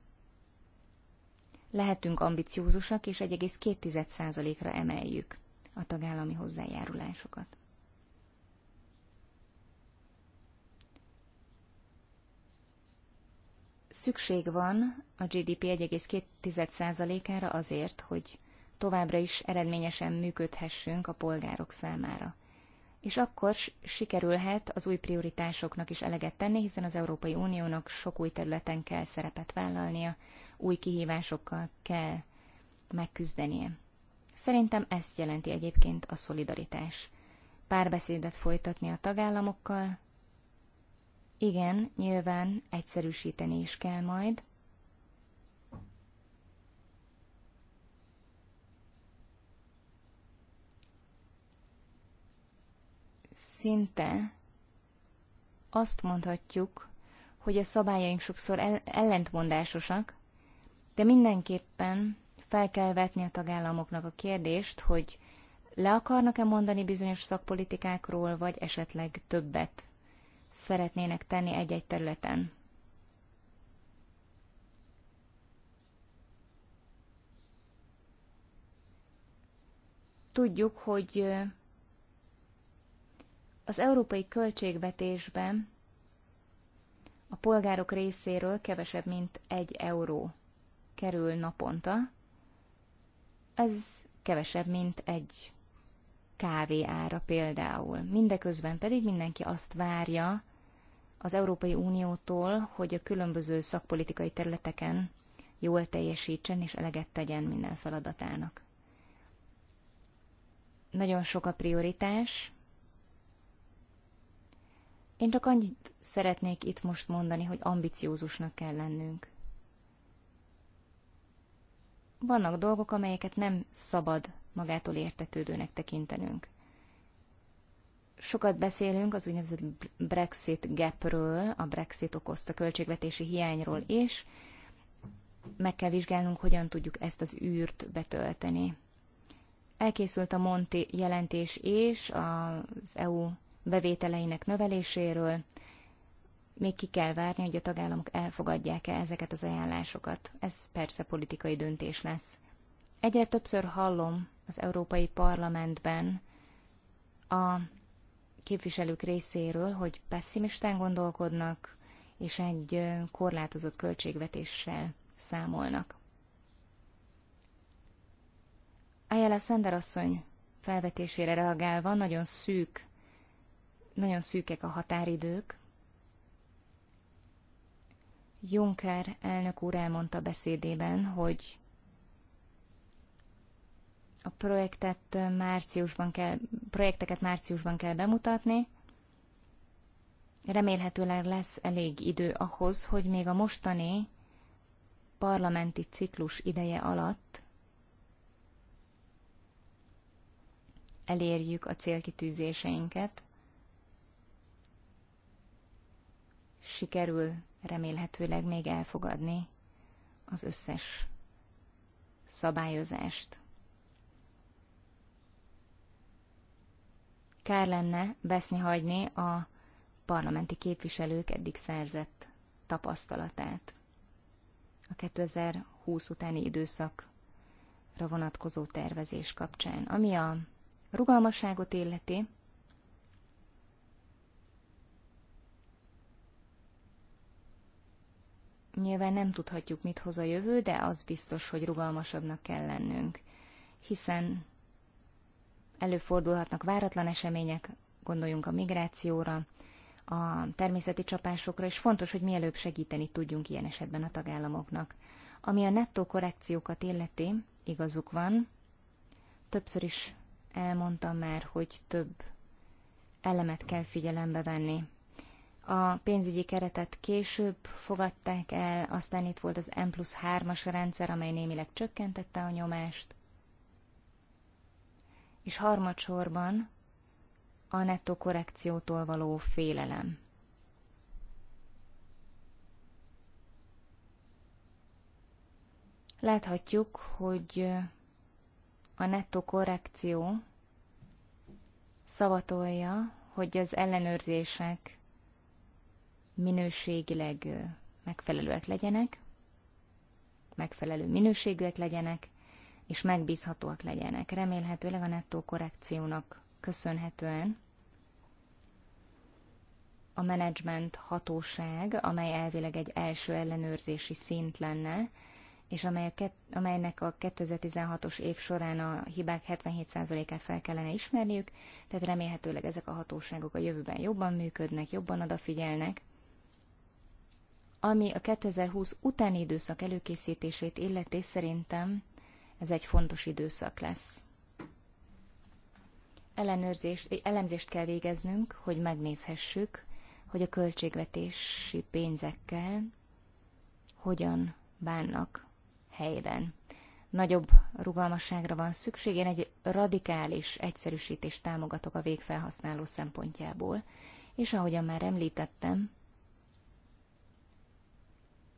lehetünk ambiciózusak, és 1,2%-ra emeljük a tagállami hozzájárulásokat. szükség van a GDP 1,2%-ára azért, hogy továbbra is eredményesen működhessünk a polgárok számára. És akkor sikerülhet az új prioritásoknak is eleget tenni, hiszen az Európai Uniónak sok új területen kell szerepet vállalnia, új kihívásokkal kell megküzdenie. Szerintem ezt jelenti egyébként a szolidaritás. Párbeszédet folytatni a tagállamokkal, igen, nyilván egyszerűsíteni is kell majd. Szinte azt mondhatjuk, hogy a szabályaink sokszor ellentmondásosak, de mindenképpen fel kell vetni a tagállamoknak a kérdést, hogy le akarnak-e mondani bizonyos szakpolitikákról, vagy esetleg többet szeretnének tenni egy-egy területen. Tudjuk, hogy az európai költségvetésben a polgárok részéről kevesebb, mint egy euró kerül naponta. Ez kevesebb, mint egy kávé ára például. Mindeközben pedig mindenki azt várja az Európai Uniótól, hogy a különböző szakpolitikai területeken jól teljesítsen és eleget tegyen minden feladatának. Nagyon sok a prioritás. Én csak annyit szeretnék itt most mondani, hogy ambiciózusnak kell lennünk vannak dolgok, amelyeket nem szabad magától értetődőnek tekintenünk. Sokat beszélünk az úgynevezett Brexit gapről, a Brexit okozta költségvetési hiányról is. Meg kell vizsgálnunk, hogyan tudjuk ezt az űrt betölteni. Elkészült a Monti jelentés és az EU bevételeinek növeléséről még ki kell várni, hogy a tagállamok elfogadják-e ezeket az ajánlásokat. Ez persze politikai döntés lesz. Egyre többször hallom az Európai Parlamentben a képviselők részéről, hogy pessimistán gondolkodnak, és egy korlátozott költségvetéssel számolnak. Ayala Szender asszony felvetésére reagálva nagyon szűk, nagyon szűkek a határidők, Juncker elnök úr elmondta beszédében, hogy a projektet márciusban kell, projekteket márciusban kell bemutatni. Remélhetőleg lesz elég idő ahhoz, hogy még a mostani parlamenti ciklus ideje alatt elérjük a célkitűzéseinket, sikerül remélhetőleg még elfogadni az összes szabályozást. Kár lenne veszni hagyni a parlamenti képviselők eddig szerzett tapasztalatát. A 2020 utáni időszakra vonatkozó tervezés kapcsán, ami a rugalmasságot illeti, Nyilván nem tudhatjuk, mit hoz a jövő, de az biztos, hogy rugalmasabbnak kell lennünk, hiszen előfordulhatnak váratlan események, gondoljunk a migrációra, a természeti csapásokra, és fontos, hogy mielőbb segíteni tudjunk ilyen esetben a tagállamoknak. Ami a nettó korrekciókat illeti, igazuk van, többször is elmondtam már, hogy több elemet kell figyelembe venni a pénzügyi keretet később fogadták el, aztán itt volt az M plusz 3-as rendszer, amely némileg csökkentette a nyomást, és harmadsorban a nettó korrekciótól való félelem. Láthatjuk, hogy a nettó korrekció szavatolja, hogy az ellenőrzések minőségileg megfelelőek legyenek, megfelelő minőségűek legyenek, és megbízhatóak legyenek. Remélhetőleg a nettó korrekciónak köszönhetően a menedzsment hatóság, amely elvileg egy első ellenőrzési szint lenne, és amely a, amelynek a 2016-os év során a hibák 77%-át fel kellene ismerniük, tehát remélhetőleg ezek a hatóságok a jövőben jobban működnek, jobban odafigyelnek, ami a 2020 utáni időszak előkészítését illeti, szerintem ez egy fontos időszak lesz. Ellenőrzést, elemzést kell végeznünk, hogy megnézhessük, hogy a költségvetési pénzekkel hogyan bánnak helyben. Nagyobb rugalmasságra van szükség. Én egy radikális egyszerűsítést támogatok a végfelhasználó szempontjából, és ahogyan már említettem,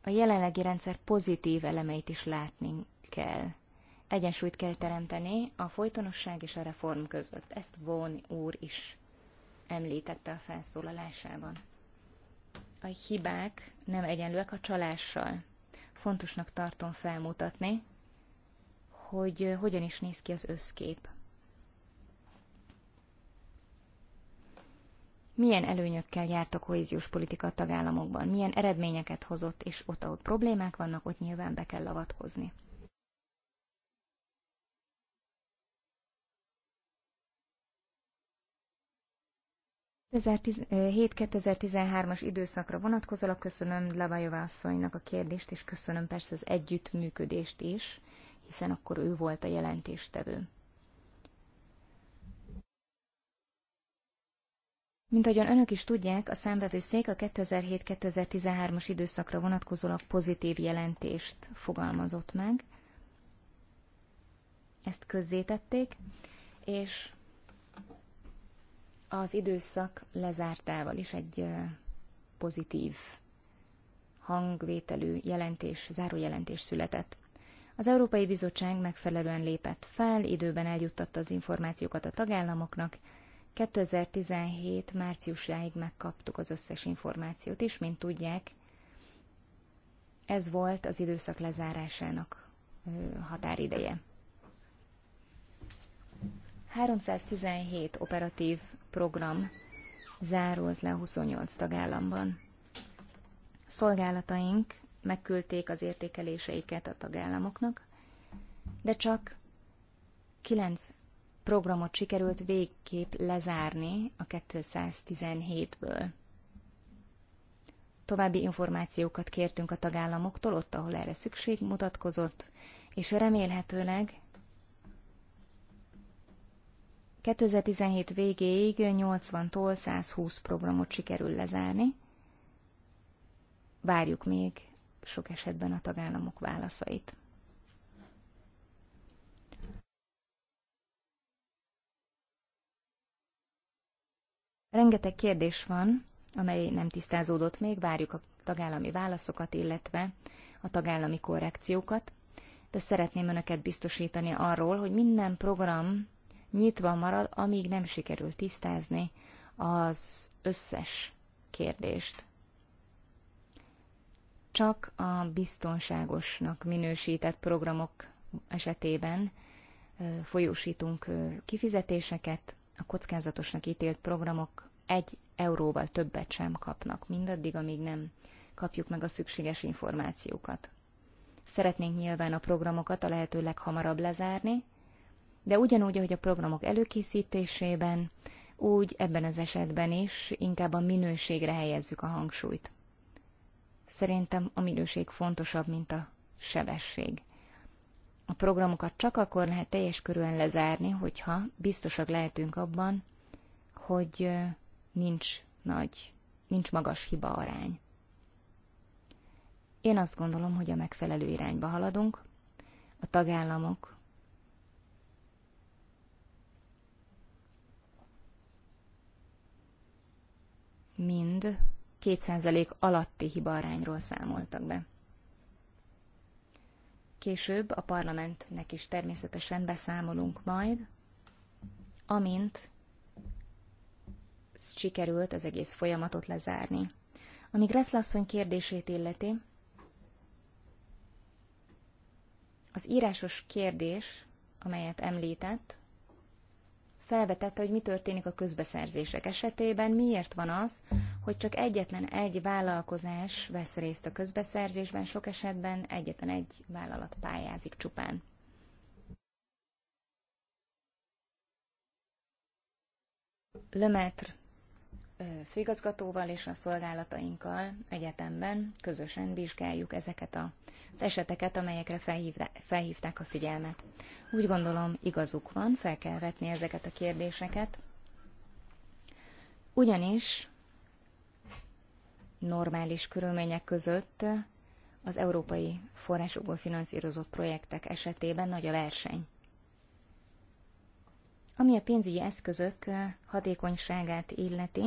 a jelenlegi rendszer pozitív elemeit is látni kell. Egyensúlyt kell teremteni a folytonosság és a reform között. Ezt Von úr is említette a felszólalásában. A hibák nem egyenlőek a csalással. Fontosnak tartom felmutatni, hogy hogyan is néz ki az összkép. milyen előnyökkel járt a kohéziós politika a tagállamokban, milyen eredményeket hozott, és ott, ahol problémák vannak, ott nyilván be kell avatkozni. ...2007-2013-as eh, időszakra vonatkozólag köszönöm Lavajová asszonynak a kérdést, és köszönöm persze az együttműködést is, hiszen akkor ő volt a jelentéstevő. Mint ahogyan önök is tudják, a számvevőszék a 2007-2013-as időszakra vonatkozólag pozitív jelentést fogalmazott meg. Ezt közzétették, és az időszak lezártával is egy pozitív hangvételű jelentés, zárójelentés született. Az Európai Bizottság megfelelően lépett fel, időben eljuttatta az információkat a tagállamoknak, 2017 márciusáig megkaptuk az összes információt is, mint tudják, ez volt az időszak lezárásának határideje. 317 operatív program zárult le 28 tagállamban. Szolgálataink megküldték az értékeléseiket a tagállamoknak, de csak 9 programot sikerült végképp lezárni a 217-ből. További információkat kértünk a tagállamoktól, ott, ahol erre szükség mutatkozott, és remélhetőleg 2017 végéig 80-tól 120 programot sikerül lezárni. Várjuk még sok esetben a tagállamok válaszait. Rengeteg kérdés van, amely nem tisztázódott még, várjuk a tagállami válaszokat, illetve a tagállami korrekciókat, de szeretném önöket biztosítani arról, hogy minden program nyitva marad, amíg nem sikerül tisztázni az összes kérdést. Csak a biztonságosnak minősített programok esetében folyósítunk kifizetéseket, a kockázatosnak ítélt programok egy euróval többet sem kapnak, mindaddig, amíg nem kapjuk meg a szükséges információkat. Szeretnénk nyilván a programokat a lehető leghamarabb lezárni, de ugyanúgy, ahogy a programok előkészítésében, úgy ebben az esetben is inkább a minőségre helyezzük a hangsúlyt. Szerintem a minőség fontosabb, mint a sebesség. A programokat csak akkor lehet teljes körülön lezárni, hogyha biztosak lehetünk abban, hogy nincs nagy, nincs magas hiba arány. Én azt gondolom, hogy a megfelelő irányba haladunk. A tagállamok mind 2% alatti hibaarányról számoltak be. Később a parlamentnek is természetesen beszámolunk majd, amint sikerült az egész folyamatot lezárni. Ami Reszlasszony kérdését illeti, az írásos kérdés, amelyet említett, felvetette, hogy mi történik a közbeszerzések esetében, miért van az, hogy csak egyetlen egy vállalkozás vesz részt a közbeszerzésben, sok esetben egyetlen egy vállalat pályázik csupán. Lemaitre főigazgatóval és a szolgálatainkkal egyetemben közösen vizsgáljuk ezeket az eseteket, amelyekre felhívták a figyelmet. Úgy gondolom, igazuk van, fel kell vetni ezeket a kérdéseket, ugyanis normális körülmények között az európai forrásokból finanszírozott projektek esetében nagy a verseny. Ami a pénzügyi eszközök hatékonyságát illeti,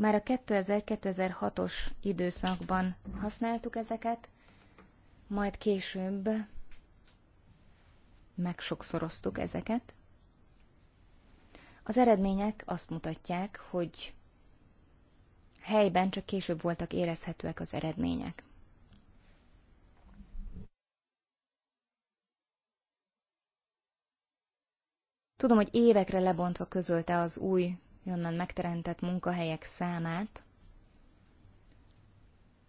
Már a 2000-2006-os időszakban használtuk ezeket, majd később megsokszoroztuk ezeket. Az eredmények azt mutatják, hogy helyben csak később voltak érezhetőek az eredmények. Tudom, hogy évekre lebontva közölte az új onnan megteremtett munkahelyek számát.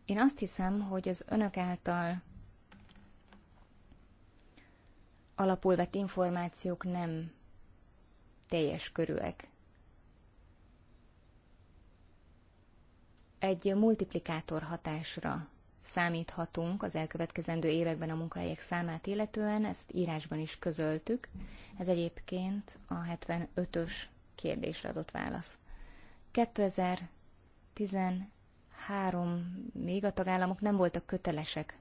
Én azt hiszem, hogy az önök által alapul vett információk nem teljes körűek. Egy multiplikátor hatásra számíthatunk az elkövetkezendő években a munkahelyek számát illetően, ezt írásban is közöltük. Ez egyébként a 75-ös kérdésre adott válasz. 2013 még a tagállamok nem voltak kötelesek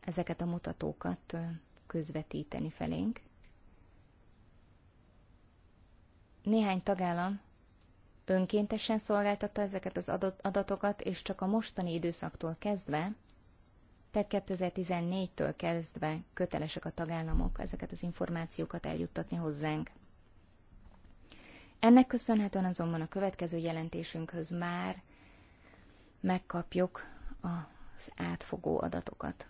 ezeket a mutatókat közvetíteni felénk. Néhány tagállam önkéntesen szolgáltatta ezeket az adatokat, és csak a mostani időszaktól kezdve, tehát 2014-től kezdve kötelesek a tagállamok ezeket az információkat eljuttatni hozzánk. Ennek köszönhetően azonban a következő jelentésünkhöz már megkapjuk az átfogó adatokat.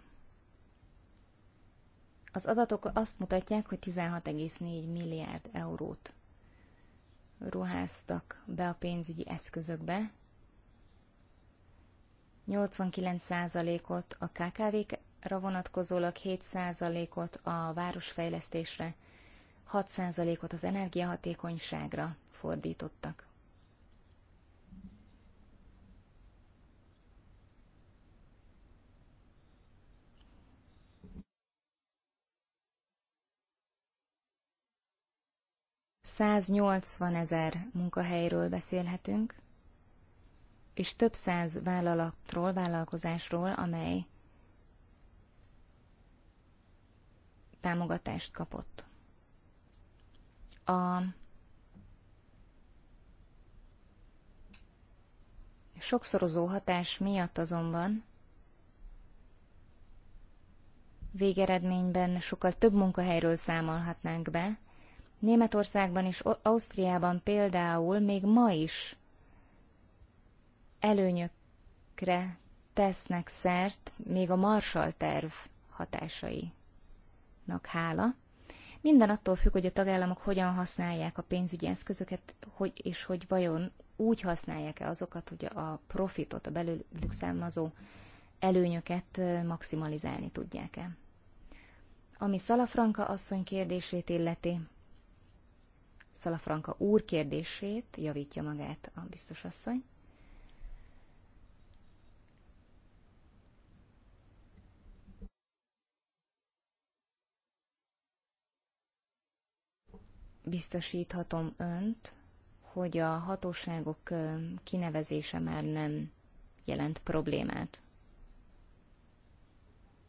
Az adatok azt mutatják, hogy 16,4 milliárd eurót ruháztak be a pénzügyi eszközökbe, 89%-ot a KKV-ra vonatkozólag, 7%-ot a városfejlesztésre, 6%-ot az energiahatékonyságra, fordítottak. Száznyolcvan ezer munkahelyről beszélhetünk, és több száz vállalatról, vállalkozásról, amely támogatást kapott. A sokszorozó hatás miatt azonban végeredményben sokkal több munkahelyről számolhatnánk be. Németországban és Ausztriában például még ma is előnyökre tesznek szert még a Marshall terv hatásainak hála. Minden attól függ, hogy a tagállamok hogyan használják a pénzügyi eszközöket, hogy, és hogy vajon úgy használják-e azokat, hogy a profitot, a belőlük származó előnyöket maximalizálni tudják-e. Ami Szalafranka asszony kérdését illeti, Szalafranka úr kérdését javítja magát a biztos asszony. Biztosíthatom önt, hogy a hatóságok kinevezése már nem jelent problémát.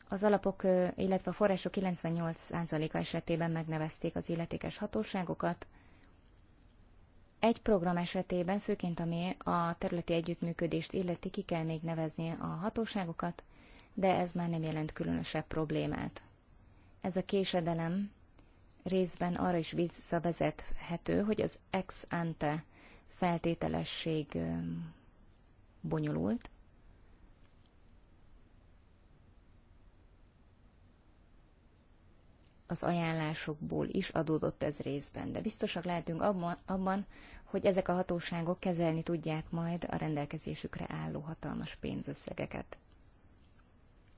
Az alapok, illetve a források 98%-a esetében megnevezték az illetékes hatóságokat. Egy program esetében, főként ami a területi együttműködést illeti, ki kell még nevezni a hatóságokat, de ez már nem jelent különösebb problémát. Ez a késedelem részben arra is visszavezethető, hogy az ex ante feltételesség bonyolult. Az ajánlásokból is adódott ez részben, de biztosak lehetünk abban, abban, hogy ezek a hatóságok kezelni tudják majd a rendelkezésükre álló hatalmas pénzösszegeket.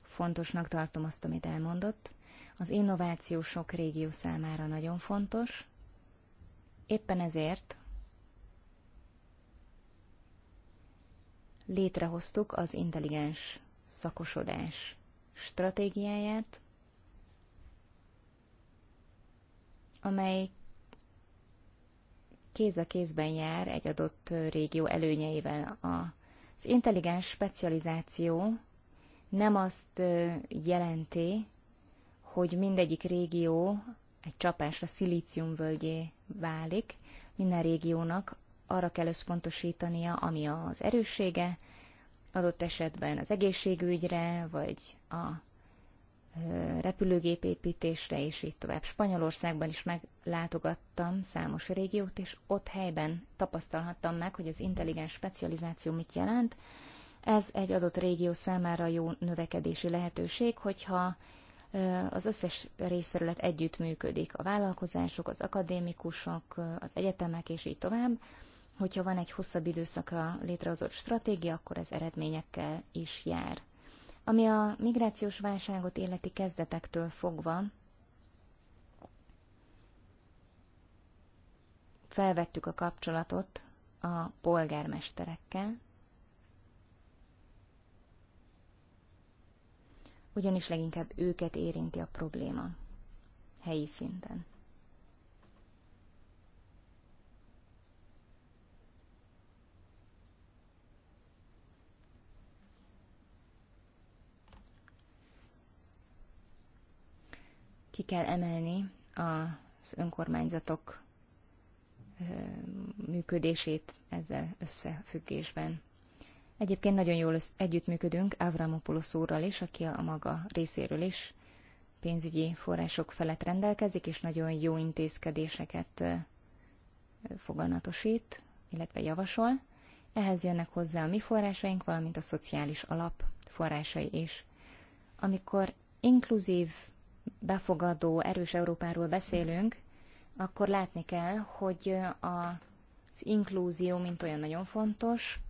Fontosnak tartom azt, amit elmondott, az innováció sok régió számára nagyon fontos. Éppen ezért létrehoztuk az intelligens szakosodás stratégiáját, amely kéz a kézben jár egy adott régió előnyeivel. Az intelligens specializáció nem azt jelenti, hogy mindegyik régió egy csapásra völgyé válik, minden régiónak arra kell összpontosítania, ami az erőssége, adott esetben az egészségügyre, vagy a repülőgépépítésre, és így tovább. Spanyolországban is meglátogattam számos régiót, és ott helyben tapasztalhattam meg, hogy az intelligens specializáció mit jelent. Ez egy adott régió számára jó növekedési lehetőség, hogyha az összes részterület együttműködik, a vállalkozások, az akadémikusok, az egyetemek és így tovább. Hogyha van egy hosszabb időszakra létrehozott stratégia, akkor ez eredményekkel is jár. Ami a migrációs válságot életi kezdetektől fogva felvettük a kapcsolatot a polgármesterekkel, ugyanis leginkább őket érinti a probléma helyi szinten. Ki kell emelni az önkormányzatok működését ezzel összefüggésben. Egyébként nagyon jól együttműködünk Avramopoulos úrral is, aki a maga részéről is pénzügyi források felett rendelkezik, és nagyon jó intézkedéseket foganatosít, illetve javasol. Ehhez jönnek hozzá a mi forrásaink, valamint a szociális alap forrásai is. Amikor inkluzív, befogadó, erős Európáról beszélünk, akkor látni kell, hogy az inklúzió mint olyan nagyon fontos,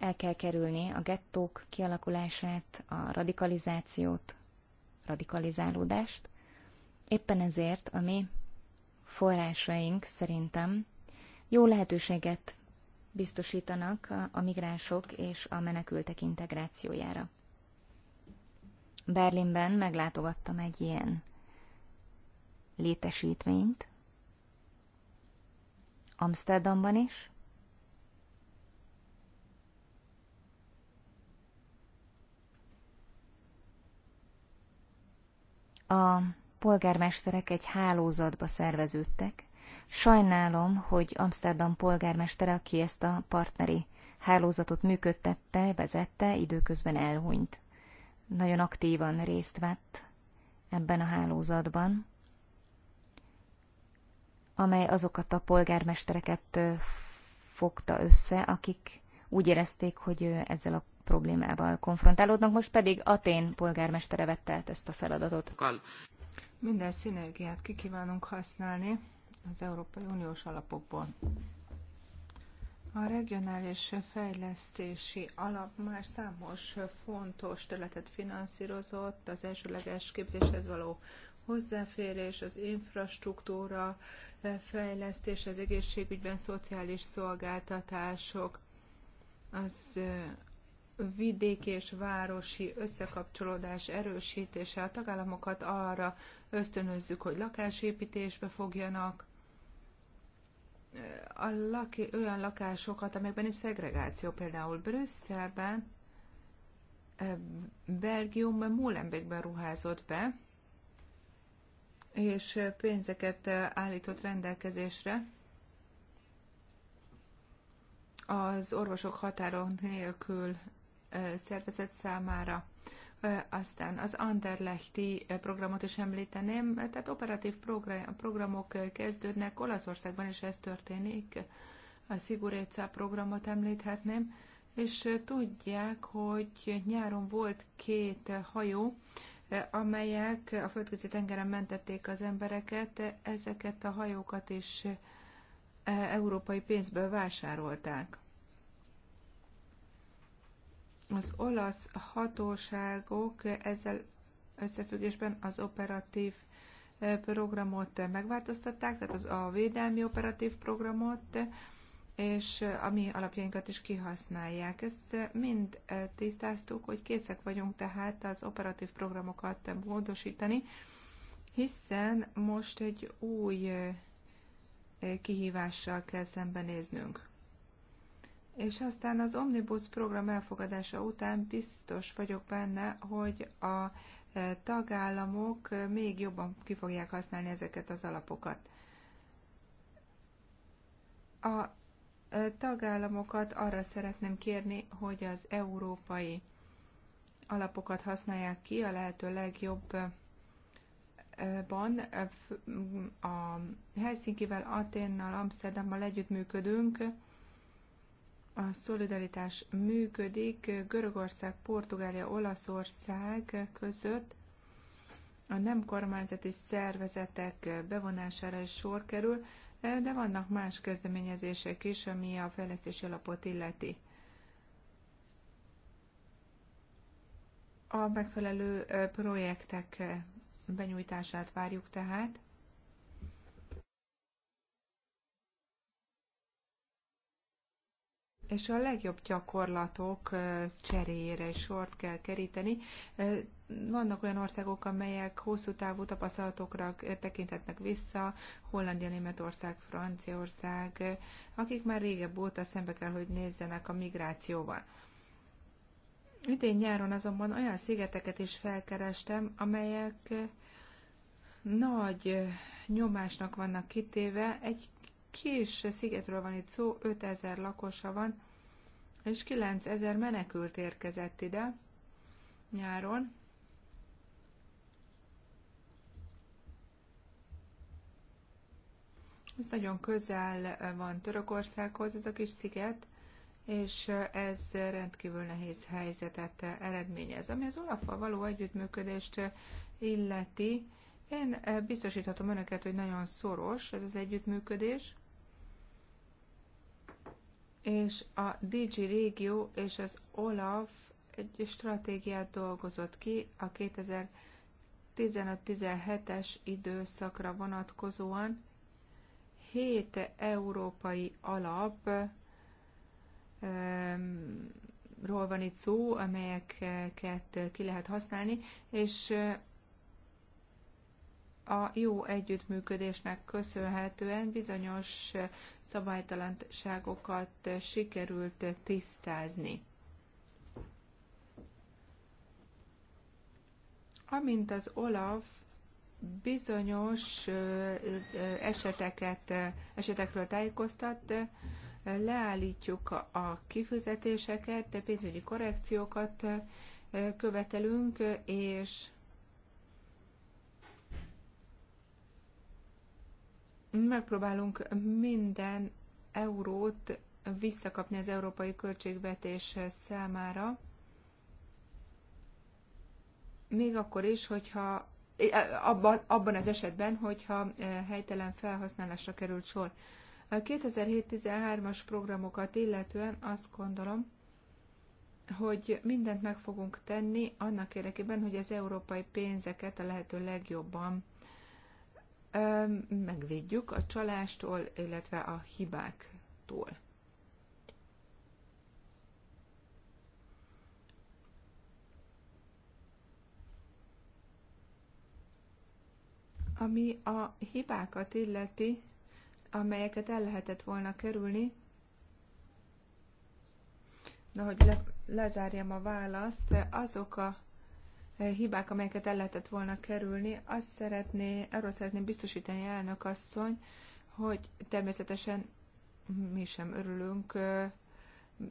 el kell kerülni a gettók kialakulását, a radikalizációt, radikalizálódást. Éppen ezért a mi forrásaink szerintem jó lehetőséget biztosítanak a migránsok és a menekültek integrációjára. Berlinben meglátogattam egy ilyen létesítményt, Amsterdamban is, a polgármesterek egy hálózatba szerveződtek. Sajnálom, hogy Amsterdam polgármestere, aki ezt a partneri hálózatot működtette, vezette, időközben elhunyt. Nagyon aktívan részt vett ebben a hálózatban, amely azokat a polgármestereket fogta össze, akik úgy érezték, hogy ezzel a problémával konfrontálódnak, most pedig Atén polgármestere vette át ezt a feladatot. Minden szinergiát kikívánunk használni az Európai Uniós alapokból. A regionális fejlesztési alap már számos fontos területet finanszírozott, az elsőleges képzéshez való hozzáférés, az infrastruktúra fejlesztés, az egészségügyben szociális szolgáltatások, az vidéki és városi összekapcsolódás erősítése, a tagállamokat arra ösztönözzük, hogy lakásépítésbe fogjanak, a laki, olyan lakásokat, amelyekben nincs szegregáció, például Brüsszelben, Belgiumban, mólembekben ruházott be, és pénzeket állított rendelkezésre az orvosok határon nélkül szervezet számára. Aztán az Anderlechti programot is említeném, tehát operatív programok kezdődnek Olaszországban, és ez történik. A Siguréca programot említhetném, és tudják, hogy nyáron volt két hajó, amelyek a földközi tengeren mentették az embereket, ezeket a hajókat is európai pénzből vásárolták. Az olasz hatóságok ezzel összefüggésben az operatív programot megváltoztatták, tehát az a védelmi operatív programot, és a mi alapjainkat is kihasználják. Ezt mind tisztáztuk, hogy készek vagyunk tehát az operatív programokat módosítani, hiszen most egy új kihívással kell szembenéznünk. És aztán az Omnibus program elfogadása után biztos vagyok benne, hogy a e, tagállamok e, még jobban ki fogják használni ezeket az alapokat. A e, tagállamokat arra szeretném kérni, hogy az európai alapokat használják ki a lehető legjobban. A Helsinki-vel, Aténnal, Amsterdammal együttműködünk, működünk a szolidaritás működik Görögország, Portugália, Olaszország között a nem kormányzati szervezetek bevonására is sor kerül, de vannak más kezdeményezések is, ami a fejlesztési alapot illeti. A megfelelő projektek benyújtását várjuk tehát. és a legjobb gyakorlatok cseréjére sort kell keríteni. Vannak olyan országok, amelyek hosszú távú tapasztalatokra tekintetnek vissza, Hollandia, Németország, Franciaország, akik már régebb óta szembe kell, hogy nézzenek a migrációval. Idén nyáron azonban olyan szigeteket is felkerestem, amelyek nagy nyomásnak vannak kitéve, egy kis szigetről van itt szó, 5000 lakosa van, és 9000 menekült érkezett ide nyáron. Ez nagyon közel van Törökországhoz, ez a kis sziget, és ez rendkívül nehéz helyzetet eredményez. Ami az olaf való együttműködést illeti, én biztosíthatom önöket, hogy nagyon szoros ez az együttműködés és a DG Régió és az OLAF egy stratégiát dolgozott ki a 2015-17-es időszakra vonatkozóan. 7 európai alap ról van itt szó, amelyeket ki lehet használni, és a jó együttműködésnek köszönhetően bizonyos szabálytalanságokat sikerült tisztázni. Amint az OLAF bizonyos eseteket, esetekről tájékoztat, leállítjuk a kifizetéseket, pénzügyi korrekciókat követelünk, és megpróbálunk minden eurót visszakapni az európai költségvetés számára, még akkor is, hogyha abban, abban az esetben, hogyha e, helytelen felhasználásra került sor. A 2007-13-as programokat illetően azt gondolom, hogy mindent meg fogunk tenni annak érdekében, hogy az európai pénzeket a lehető legjobban megvédjük a csalástól, illetve a hibáktól. Ami a hibákat illeti, amelyeket el lehetett volna kerülni, na, hogy le, lezárjam a választ, azok a hibák, amelyeket el lehetett volna kerülni. Azt szeretné, arról szeretném biztosítani elnök asszony, hogy természetesen mi sem örülünk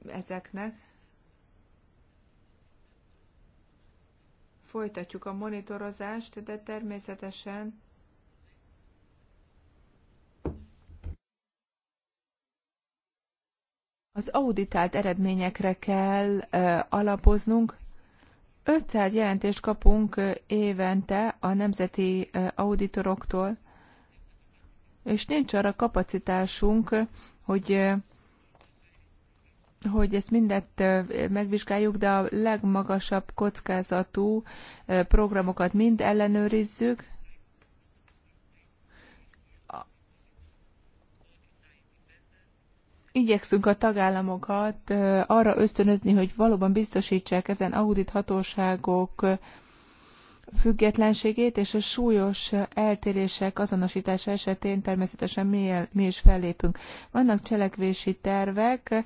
ezeknek. Folytatjuk a monitorozást, de természetesen az auditált eredményekre kell alapoznunk, 500 jelentést kapunk évente a nemzeti auditoroktól, és nincs arra kapacitásunk, hogy hogy ezt mindet megvizsgáljuk, de a legmagasabb kockázatú programokat mind ellenőrizzük, igyekszünk a tagállamokat arra ösztönözni, hogy valóban biztosítsák ezen audit hatóságok függetlenségét, és a súlyos eltérések azonosítása esetén természetesen mi, el, mi is fellépünk. Vannak cselekvési tervek,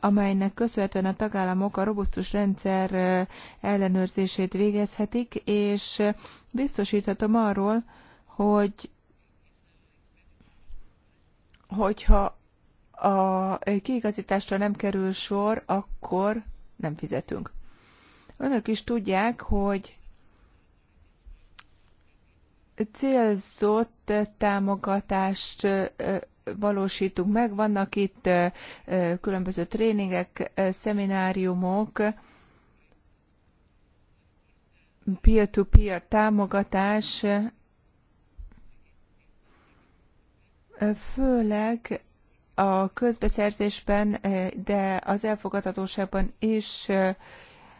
amelynek köszönhetően a tagállamok a robusztus rendszer ellenőrzését végezhetik, és biztosíthatom arról, hogy hogyha a kiigazításra nem kerül sor, akkor nem fizetünk. Önök is tudják, hogy célzott támogatást valósítunk meg. Vannak itt különböző tréningek, szemináriumok, peer-to-peer -peer támogatás, főleg a közbeszerzésben, eh, de az elfogadhatóságban is, eh,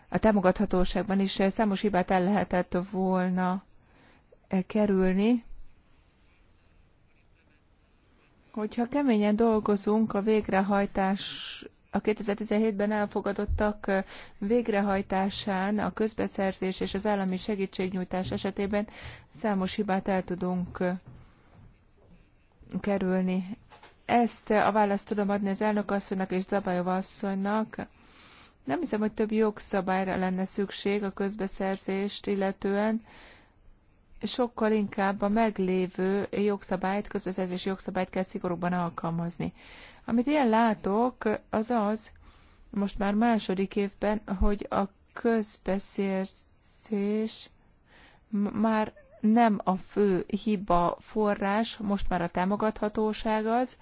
a támogathatóságban is eh, számos hibát el lehetett volna kerülni. Hogyha keményen dolgozunk a végrehajtás a 2017-ben elfogadottak végrehajtásán a közbeszerzés és az állami segítségnyújtás esetében számos hibát el tudunk kerülni. Ezt a választ tudom adni az elnök asszonynak és Zabajov asszonynak. Nem hiszem, hogy több jogszabályra lenne szükség a közbeszerzést illetően, sokkal inkább a meglévő jogszabályt, közbeszerzési jogszabályt kell szigorúban alkalmazni. Amit én látok, az az, most már második évben, hogy a közbeszerzés már nem a fő hiba forrás, most már a támogathatóság az,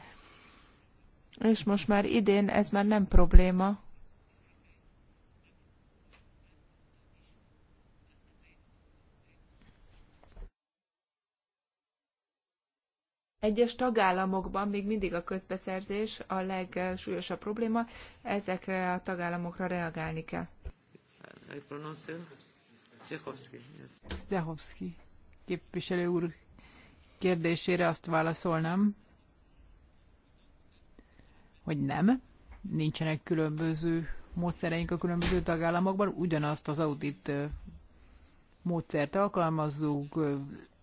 és most már idén ez már nem probléma. Egyes tagállamokban még mindig a közbeszerzés a legsúlyosabb probléma, ezekre a tagállamokra reagálni kell. I képviselő úr kérdésére azt válaszolnám, hogy nem, nincsenek különböző módszereink a különböző tagállamokban, ugyanazt az audit módszert alkalmazzuk,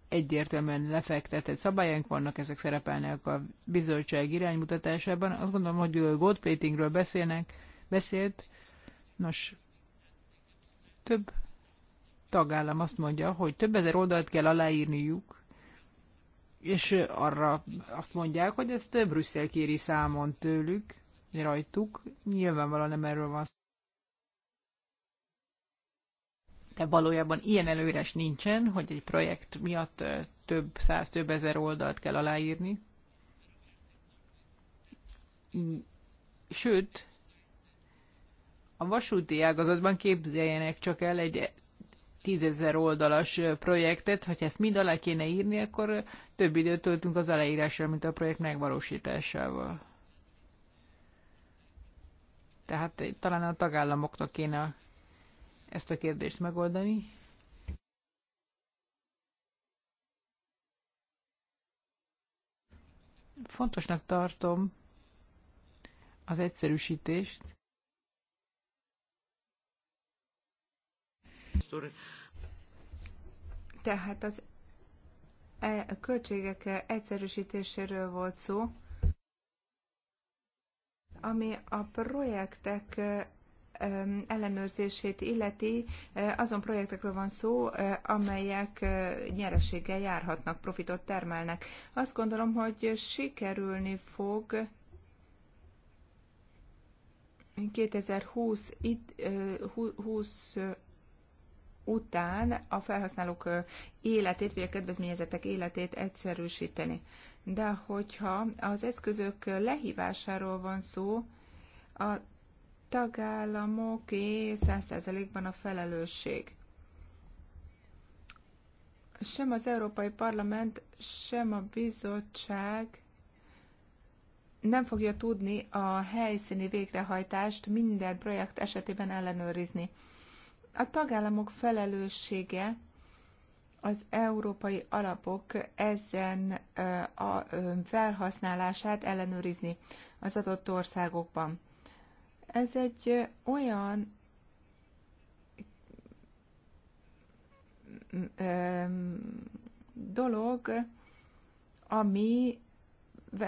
egyértelműen lefektetett szabályánk vannak, ezek szerepelnek a bizottság iránymutatásában. Azt gondolom, hogy gold platingről beszélnek, beszélt. Nos, több tagállam azt mondja, hogy több ezer oldalt kell aláírniuk és arra azt mondják, hogy ezt Brüsszel kéri számon tőlük, rajtuk. Nyilvánvalóan nem erről van szó. De valójában ilyen előres nincsen, hogy egy projekt miatt több száz, több ezer oldalt kell aláírni. Sőt, a vasúti ágazatban képzeljenek csak el egy tízezer oldalas projektet, hogyha ezt mind alá kéne írni, akkor több időt töltünk az aláírással, mint a projekt megvalósításával. Tehát eh, talán a tagállamoknak kéne ezt a kérdést megoldani. Fontosnak tartom az egyszerűsítést, Tehát az e a költségek egyszerűsítéséről volt szó, ami a projektek e, e, ellenőrzését illeti, e, azon projektekről van szó, amelyek nyereséggel járhatnak, profitot termelnek. Azt gondolom, hogy sikerülni fog 2020 20 után a felhasználók életét, vagy a kedvezményezetek életét egyszerűsíteni. De hogyha az eszközök lehívásáról van szó, a tagállamoké 100%-ban a felelősség. Sem az Európai Parlament, sem a bizottság nem fogja tudni a helyszíni végrehajtást minden projekt esetében ellenőrizni a tagállamok felelőssége az európai alapok ezen a felhasználását ellenőrizni az adott országokban. Ez egy olyan dolog, ami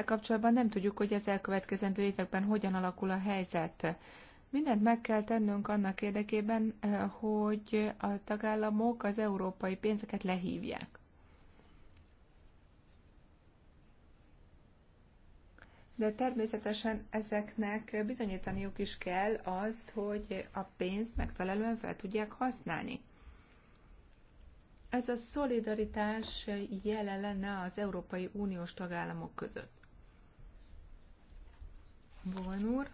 kapcsolatban nem tudjuk, hogy az elkövetkezendő években hogyan alakul a helyzet. Mindent meg kell tennünk annak érdekében, hogy a tagállamok az európai pénzeket lehívják. De természetesen ezeknek bizonyítaniuk is kell azt, hogy a pénzt megfelelően fel tudják használni. Ez a szolidaritás jelen lenne az Európai Uniós tagállamok között. Bogan úr.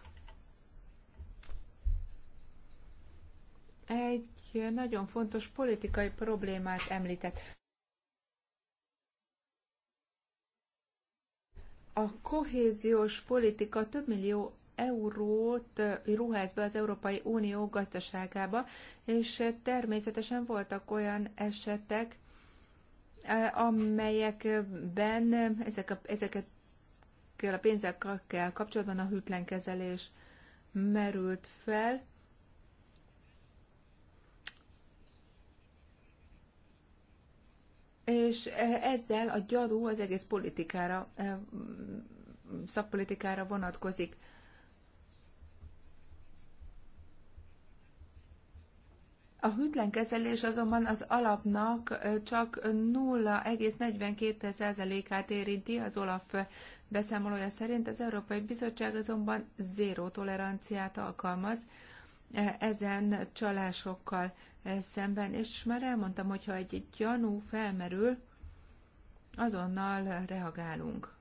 egy nagyon fontos politikai problémát említett. A kohéziós politika több millió eurót ruház be az Európai Unió gazdaságába, és természetesen voltak olyan esetek, eh, amelyekben ezek a, ezeket a pénzekkel kapcsolatban a hűtlenkezelés merült fel, és e, ezzel a gyarú az egész politikára, e, szakpolitikára vonatkozik. A hűtlen kezelés azonban az alapnak e, csak 0,42%-át érinti az OLAF beszámolója szerint. Az Európai Bizottság azonban zéró toleranciát alkalmaz ezen csalásokkal szemben, és már elmondtam, hogy ha egy gyanú felmerül, azonnal reagálunk.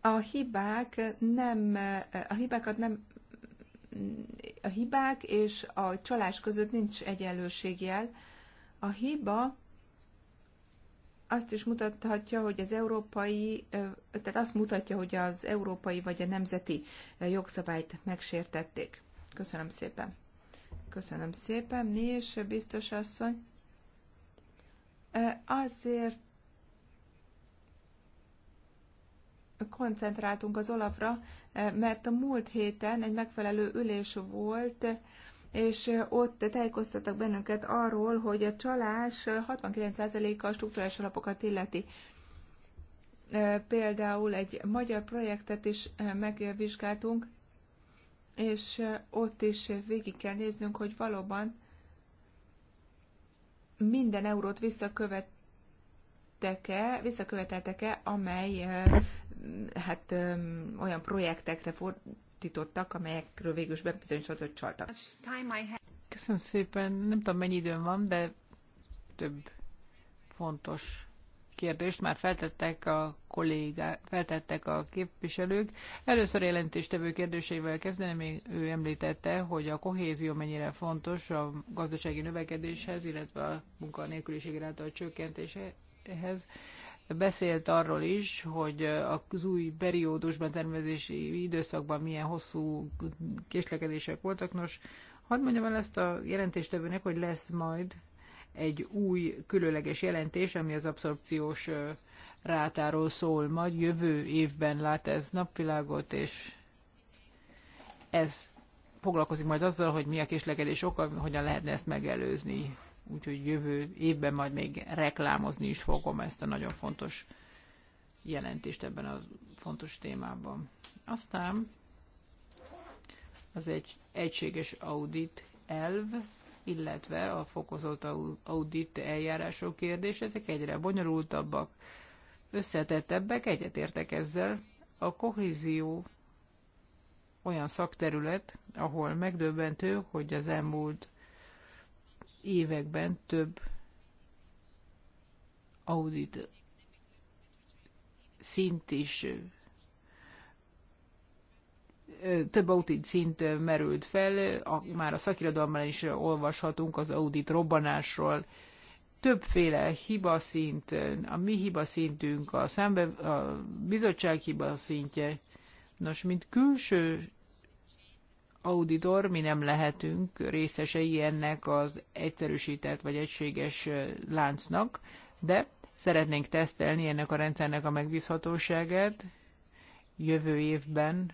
A hibák nem, a hibákat nem, a hibák és a csalás között nincs egyenlőségjel. A hiba azt is mutathatja, hogy az európai, tehát azt mutatja, hogy az európai vagy a nemzeti jogszabályt megsértették. Köszönöm szépen. Köszönöm szépen. Mi is, biztos asszony? Azért koncentráltunk az Olafra, mert a múlt héten egy megfelelő ülés volt, és ott tájékoztattak bennünket arról, hogy a csalás 69%-a a struktúrás alapokat illeti. Például egy magyar projektet is megvizsgáltunk, és ott is végig kell néznünk, hogy valóban minden eurót visszakövettek-e, visszaköveteltek-e, amely hát olyan projektekre for, titottak, amelyekről végül is bebizonyosodott, hogy csaltak. Köszönöm szépen, nem tudom mennyi időm van, de több fontos kérdést már feltettek a kollégák, feltettek a képviselők. Először jelentéstevő kérdésével kezdeném, ő említette, hogy a kohézió mennyire fontos a gazdasági növekedéshez, illetve a munkanélküliség által csökkentéshez. Beszélt arról is, hogy az új periódusban, tervezési időszakban milyen hosszú késlekedések voltak. Nos, hadd mondjam el ezt a jelentéstevőnek, hogy lesz majd egy új különleges jelentés, ami az abszorpciós rátáról szól. Majd jövő évben lát ez napvilágot, és ez foglalkozik majd azzal, hogy mi a késlekedés oka, hogyan lehetne ezt megelőzni úgyhogy jövő évben majd még reklámozni is fogom ezt a nagyon fontos jelentést ebben a fontos témában. Aztán az egy egységes audit elv, illetve a fokozott audit eljárások kérdés, ezek egyre bonyolultabbak, összetettebbek, egyetértek ezzel. A kohézió olyan szakterület, ahol megdöbbentő, hogy az elmúlt években több audit szint is több audit szint merült fel, a, már a szakirodalomban is olvashatunk az audit robbanásról. Többféle hiba szint, a mi hiba szintünk a, szembe a bizottság szintje, Nos, mint külső auditor, mi nem lehetünk részesei ennek az egyszerűsített vagy egységes láncnak, de szeretnénk tesztelni ennek a rendszernek a megbízhatóságát. Jövő évben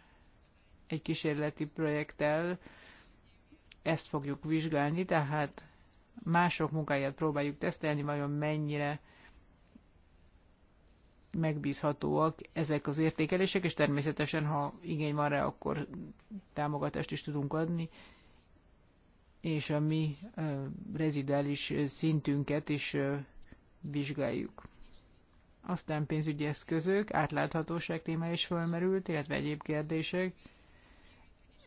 egy kísérleti projekttel ezt fogjuk vizsgálni, tehát mások munkáját próbáljuk tesztelni, vajon mennyire megbízhatóak ezek az értékelések, és természetesen, ha igény van rá, akkor támogatást is tudunk adni, és a mi rezidális szintünket is vizsgáljuk. Aztán pénzügyi eszközök, átláthatóság téma is felmerült, illetve egyéb kérdések.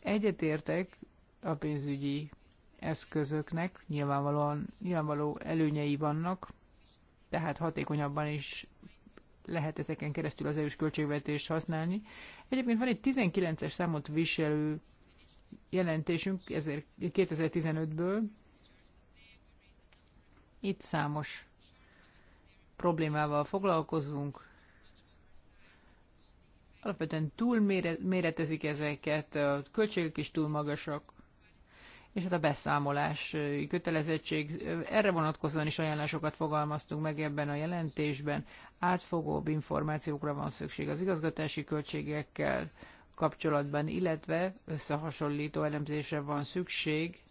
Egyetértek a pénzügyi eszközöknek, nyilvánvalóan nyilvánvaló előnyei vannak, tehát hatékonyabban is lehet ezeken keresztül az EU-s költségvetést használni. Egyébként van egy 19-es számot viselő jelentésünk 2015-ből. Itt számos problémával foglalkozunk. Alapvetően túlméretezik ezeket, a költségek is túl magasak és hát a beszámolás kötelezettség. Erre vonatkozóan is ajánlásokat fogalmaztunk meg ebben a jelentésben. Átfogóbb információkra van szükség az igazgatási költségekkel kapcsolatban, illetve összehasonlító elemzésre van szükség.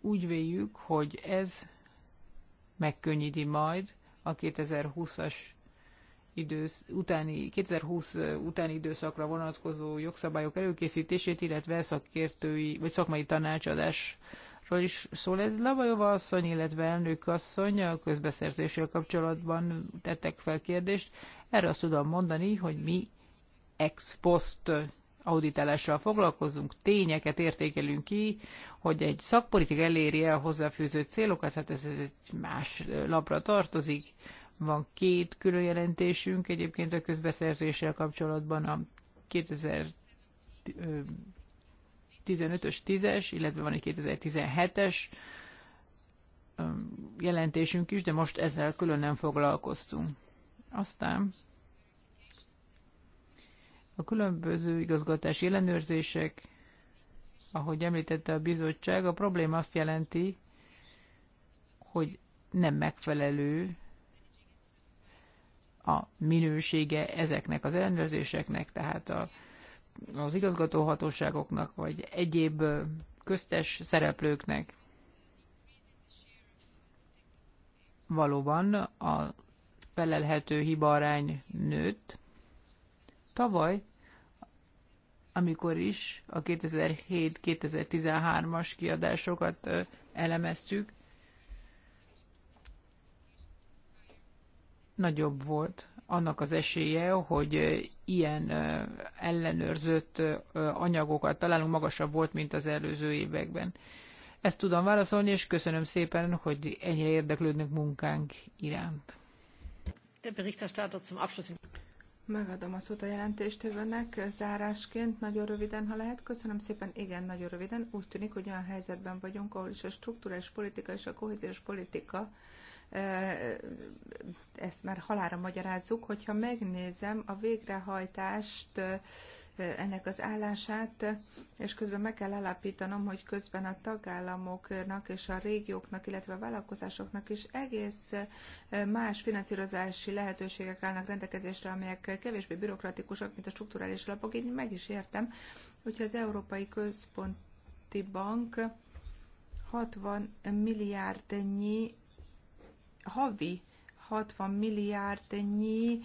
Úgy véljük, hogy ez megkönnyíti majd a 2020-as idősz, utáni, 2020 utáni időszakra vonatkozó jogszabályok előkészítését, illetve szakértői vagy szakmai tanácsadásról is szól. Ez Lavajova asszony, illetve elnök asszony a közbeszerzéssel kapcsolatban tettek fel kérdést. Erre azt tudom mondani, hogy mi ex post auditálással foglalkozunk, tényeket értékelünk ki, hogy egy szakpolitika eléri el hozzáfűzött célokat, hát ez, ez egy más lapra tartozik. Van két külön jelentésünk egyébként a közbeszerzéssel kapcsolatban a 2015-ös 10-es, illetve van egy 2017-es jelentésünk is, de most ezzel külön nem foglalkoztunk. Aztán a különböző igazgatási ellenőrzések, ahogy említette a bizottság, a probléma azt jelenti, hogy nem megfelelő a minősége ezeknek az ellenőrzéseknek, tehát a, az igazgatóhatóságoknak, vagy egyéb köztes szereplőknek. Valóban a felelhető hibarány nőtt. Tavaly, amikor is a 2007-2013-as kiadásokat elemeztük, nagyobb volt annak az esélye, hogy ilyen ellenőrzött anyagokat találunk, magasabb volt, mint az előző években. Ezt tudom válaszolni, és köszönöm szépen, hogy ennyire érdeklődnek munkánk iránt. Megadom a szót a jelentéstevőnek zárásként, nagyon röviden, ha lehet. Köszönöm szépen, igen, nagyon röviden. Úgy tűnik, hogy olyan helyzetben vagyunk, ahol is a struktúrás politika és a kohéziós politika ezt már halára magyarázzuk, hogyha megnézem a végrehajtást, ennek az állását, és közben meg kell állapítanom, hogy közben a tagállamoknak és a régióknak, illetve a vállalkozásoknak is egész más finanszírozási lehetőségek állnak rendelkezésre, amelyek kevésbé bürokratikusak, mint a strukturális alapok. Én meg is értem, hogyha az Európai Központi Bank 60 milliárdnyi havi 60 milliárdnyi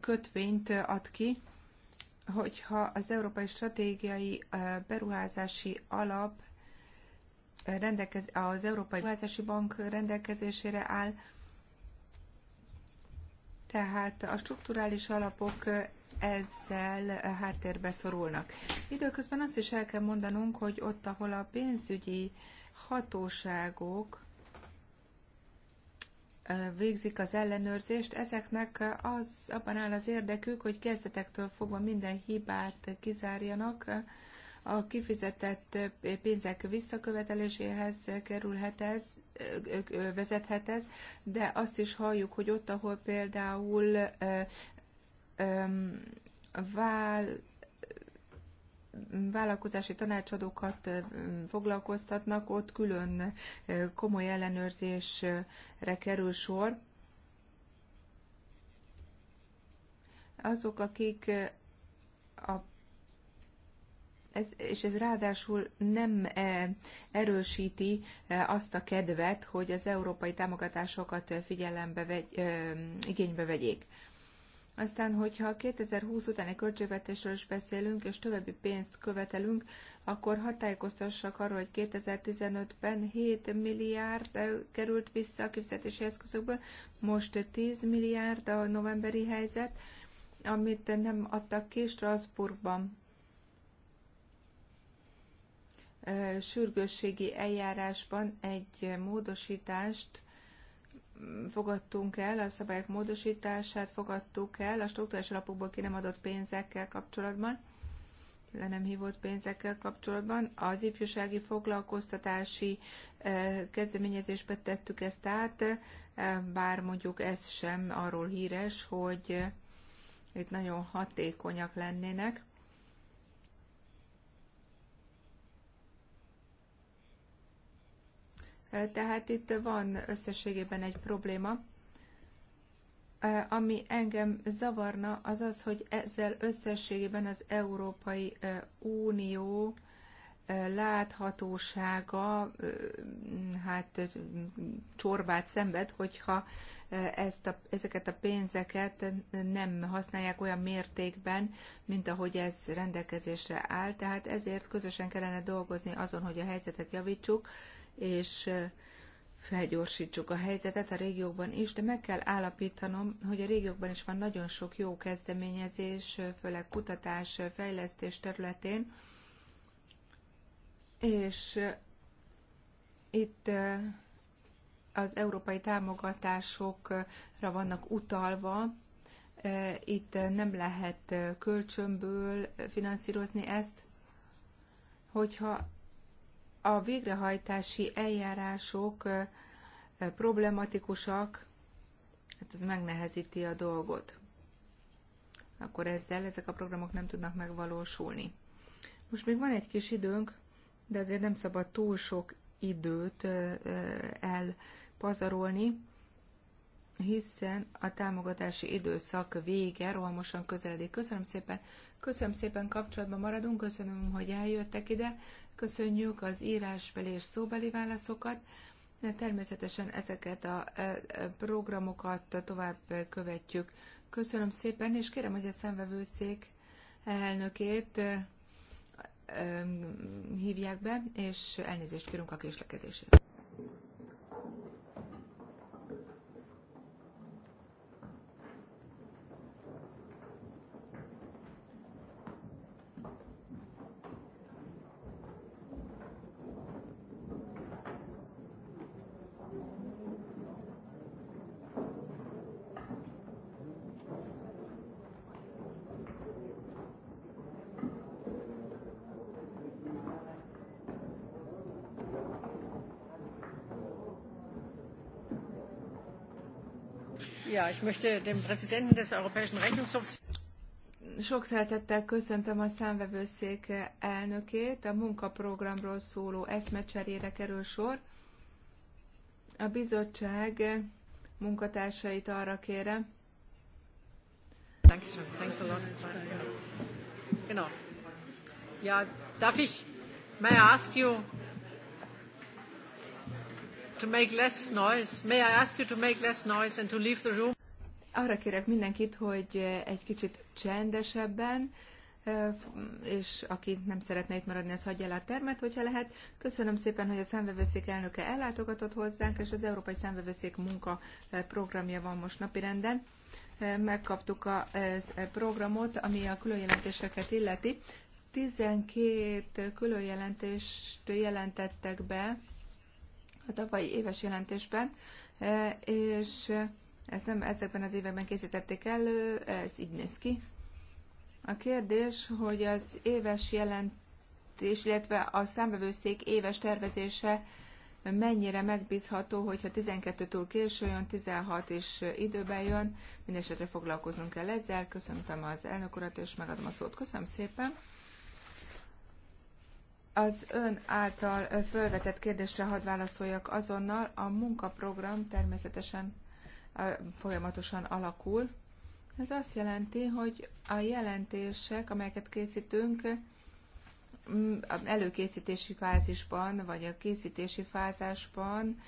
kötvényt ad ki, hogyha az Európai Stratégiai Beruházási Alap rendekez, az Európai Beruházási Bank rendelkezésére áll, tehát a strukturális alapok ezzel háttérbe szorulnak. Időközben azt is el kell mondanunk, hogy ott, ahol a pénzügyi hatóságok végzik az ellenőrzést, ezeknek az, abban áll az érdekük, hogy kezdetektől fogva minden hibát kizárjanak, a kifizetett pénzek visszaköveteléséhez kerülhet ez, vezethet ez, de azt is halljuk, hogy ott, ahol például vállal vállalkozási tanácsadókat foglalkoztatnak, ott külön komoly ellenőrzésre kerül sor. Azok, akik a ez, és ez ráadásul nem erősíti azt a kedvet, hogy az európai támogatásokat figyelembe vegy, igénybe vegyék. Aztán, hogyha 2020 utáni költségvetésről is beszélünk, és további pénzt követelünk, akkor hatályoztassak arról, hogy 2015-ben 7 milliárd került vissza a kifizetési eszközökből, most 10 milliárd a novemberi helyzet, amit nem adtak ki Strasbourgban. Sürgősségi eljárásban egy módosítást fogadtunk el, a szabályok módosítását fogadtuk el a struktúrás alapokból ki nem adott pénzekkel kapcsolatban, le nem hívott pénzekkel kapcsolatban. Az ifjúsági foglalkoztatási kezdeményezésbe tettük ezt át, bár mondjuk ez sem arról híres, hogy itt nagyon hatékonyak lennének. Tehát itt van összességében egy probléma. Ami engem zavarna, az az, hogy ezzel összességében az Európai Unió láthatósága hát csorbát szenved, hogyha ezt a, ezeket a pénzeket nem használják olyan mértékben, mint ahogy ez rendelkezésre áll. Tehát ezért közösen kellene dolgozni azon, hogy a helyzetet javítsuk, és felgyorsítsuk a helyzetet a régiókban is, de meg kell állapítanom, hogy a régiókban is van nagyon sok jó kezdeményezés, főleg kutatás, fejlesztés területén, és itt az európai támogatásokra vannak utalva, itt nem lehet kölcsönből finanszírozni ezt, hogyha a végrehajtási eljárások problematikusak, hát ez megnehezíti a dolgot. Akkor ezzel ezek a programok nem tudnak megvalósulni. Most még van egy kis időnk, de azért nem szabad túl sok időt elpazarolni, hiszen a támogatási időszak vége rohamosan közeledik. Köszönöm szépen, köszönöm szépen kapcsolatban maradunk, köszönöm, hogy eljöttek ide, Köszönjük az írásbeli és szóbeli válaszokat. Természetesen ezeket a e, e, programokat tovább követjük. Köszönöm szépen, és kérem, hogy a szemvevőszék elnökét e, hívják be, és elnézést kérünk a késlekedésért. Ja, ich möchte dem Präsidenten des Europäischen Rechnungshofs sok szeretettel köszöntöm a számvevőszék elnökét. A munkaprogramról szóló eszmecserére kerül sor. A bizottság munkatársait arra kérem. Dankeschön. Thanks a lot. Genau. Ja, darf ich, may I ask you to make less noise. May I ask you to make less noise and to leave the room? Arra kérek mindenkit, hogy egy kicsit csendesebben, és aki nem szeretne itt maradni, az hagyja el a termet, hogyha lehet. Köszönöm szépen, hogy a számvevőszék elnöke ellátogatott hozzánk, és az Európai Számvevőszék munka programja van most napirenden. Megkaptuk a programot, ami a különjelentéseket illeti. 12 különjelentést jelentettek be a tavalyi éves jelentésben, e, és ezt nem ezekben az években készítették elő, ez így néz ki. A kérdés, hogy az éves jelentés, illetve a számbevőszék éves tervezése mennyire megbízható, hogyha 12 túl késő jön, 16 is időben jön, mindesetre foglalkoznunk kell ezzel. Köszöntöm az elnök urat, és megadom a szót. Köszönöm szépen. Az ön által felvetett kérdésre hadd válaszoljak azonnal. A munkaprogram természetesen folyamatosan alakul. Ez azt jelenti, hogy a jelentések, amelyeket készítünk, mm, előkészítési fázisban, vagy a készítési fázásban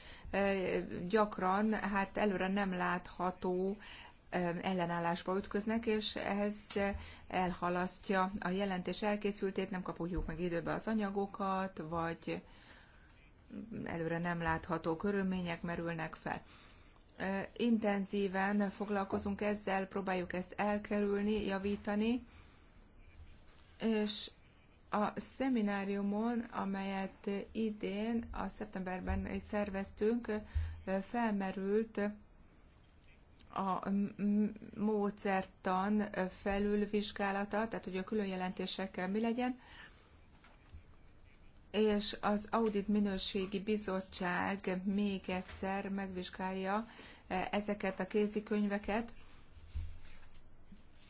gyakran hát előre nem látható ellenállásba ütköznek, és ez elhalasztja a jelentés elkészültét, nem kapjuk meg időbe az anyagokat, vagy előre nem látható körülmények merülnek fel. Intenzíven foglalkozunk ezzel, próbáljuk ezt elkerülni, javítani, és a szemináriumon, amelyet idén, a szeptemberben szerveztünk, felmerült a módszertan felülvizsgálata, tehát hogy a külön jelentésekkel mi legyen, és az Audit Minőségi Bizottság még egyszer megvizsgálja e, ezeket a kézikönyveket,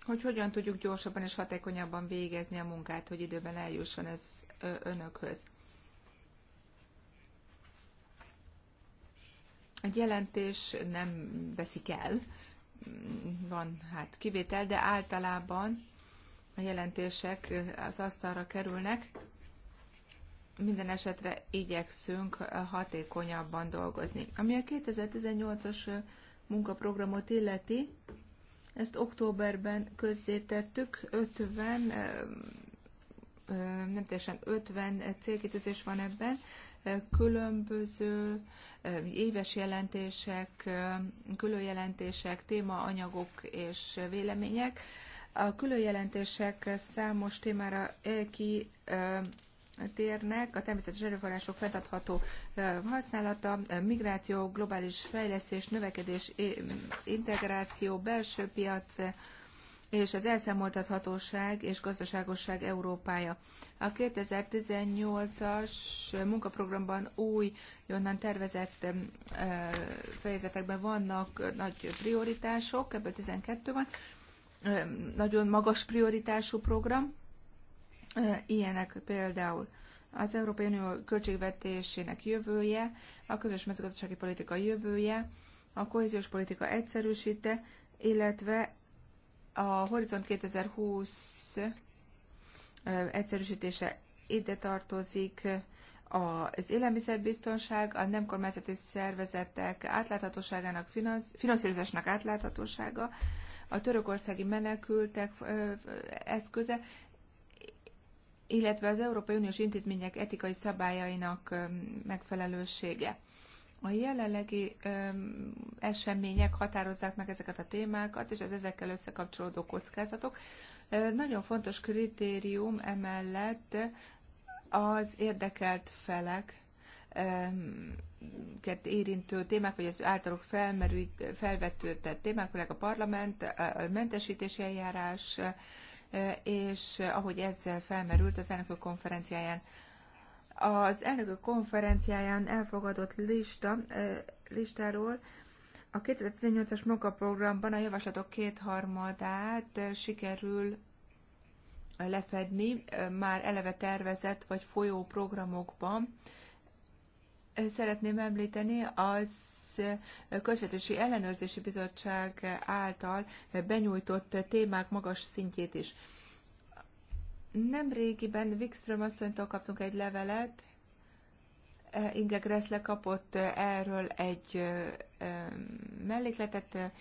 hogy hogyan tudjuk gyorsabban és hatékonyabban végezni a munkát, hogy időben eljusson ez önökhöz. Egy jelentés nem veszik el van hát kivétel, de általában a jelentések az asztalra kerülnek. Minden esetre igyekszünk hatékonyabban dolgozni. Ami a 2018-as munkaprogramot illeti, ezt októberben közzétettük, 50, nem teljesen 50 célkitűzés van ebben, különböző éves jelentések, különjelentések, témaanyagok és vélemények. A különjelentések számos témára ki térnek, a természetes erőforrások fenntartható használata, migráció, globális fejlesztés, növekedés, integráció, belső piac, és az elszámoltathatóság és gazdaságosság Európája. A 2018-as munkaprogramban új, jonnan tervezett fejezetekben vannak nagy prioritások, ebből 12 van, nagyon magas prioritású program, ilyenek például az Európai Unió költségvetésének jövője, a közös mezőgazdasági politika jövője, a kohéziós politika egyszerűsíte, illetve a Horizont 2020 egyszerűsítése ide tartozik, az élelmiszerbiztonság, a nem kormányzati szervezetek átláthatóságának, finanszírozásnak átláthatósága, a törökországi menekültek eszköze, illetve az Európai Uniós intézmények etikai szabályainak megfelelősége. A jelenlegi öm, események határozzák meg ezeket a témákat, és az ezekkel összekapcsolódó kockázatok. Ö, nagyon fontos kritérium emellett az érdekelt felek érintő témák, vagy az általuk felmerült, témák, főleg a parlament, a mentesítési eljárás, és ahogy ez felmerült az elnökök konferenciáján az elnökök konferenciáján elfogadott lista, listáról a 2018-as munkaprogramban a javaslatok kétharmadát sikerül lefedni már eleve tervezett vagy folyó programokban. Szeretném említeni az Közvetési Ellenőrzési Bizottság által benyújtott témák magas szintjét is. Nem régiben Wikström asszonytól kaptunk egy levelet, e, Inge Gressle kapott e, erről egy e, mellékletet,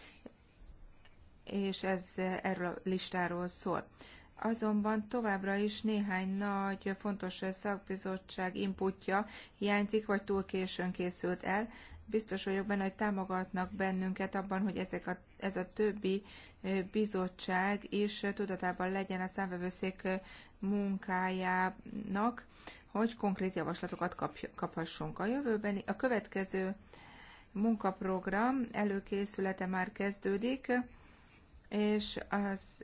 és ez erről a listáról szól. Azonban továbbra is néhány nagy, fontos szakbizottság inputja hiányzik, vagy túl későn készült el. Biztos vagyok benne, hogy támogatnak bennünket abban, hogy ezek a, ez a többi bizottság is tudatában legyen a számvevőszék munkájának, hogy konkrét javaslatokat kap, kaphassunk a jövőben. A következő munkaprogram előkészülete már kezdődik, és az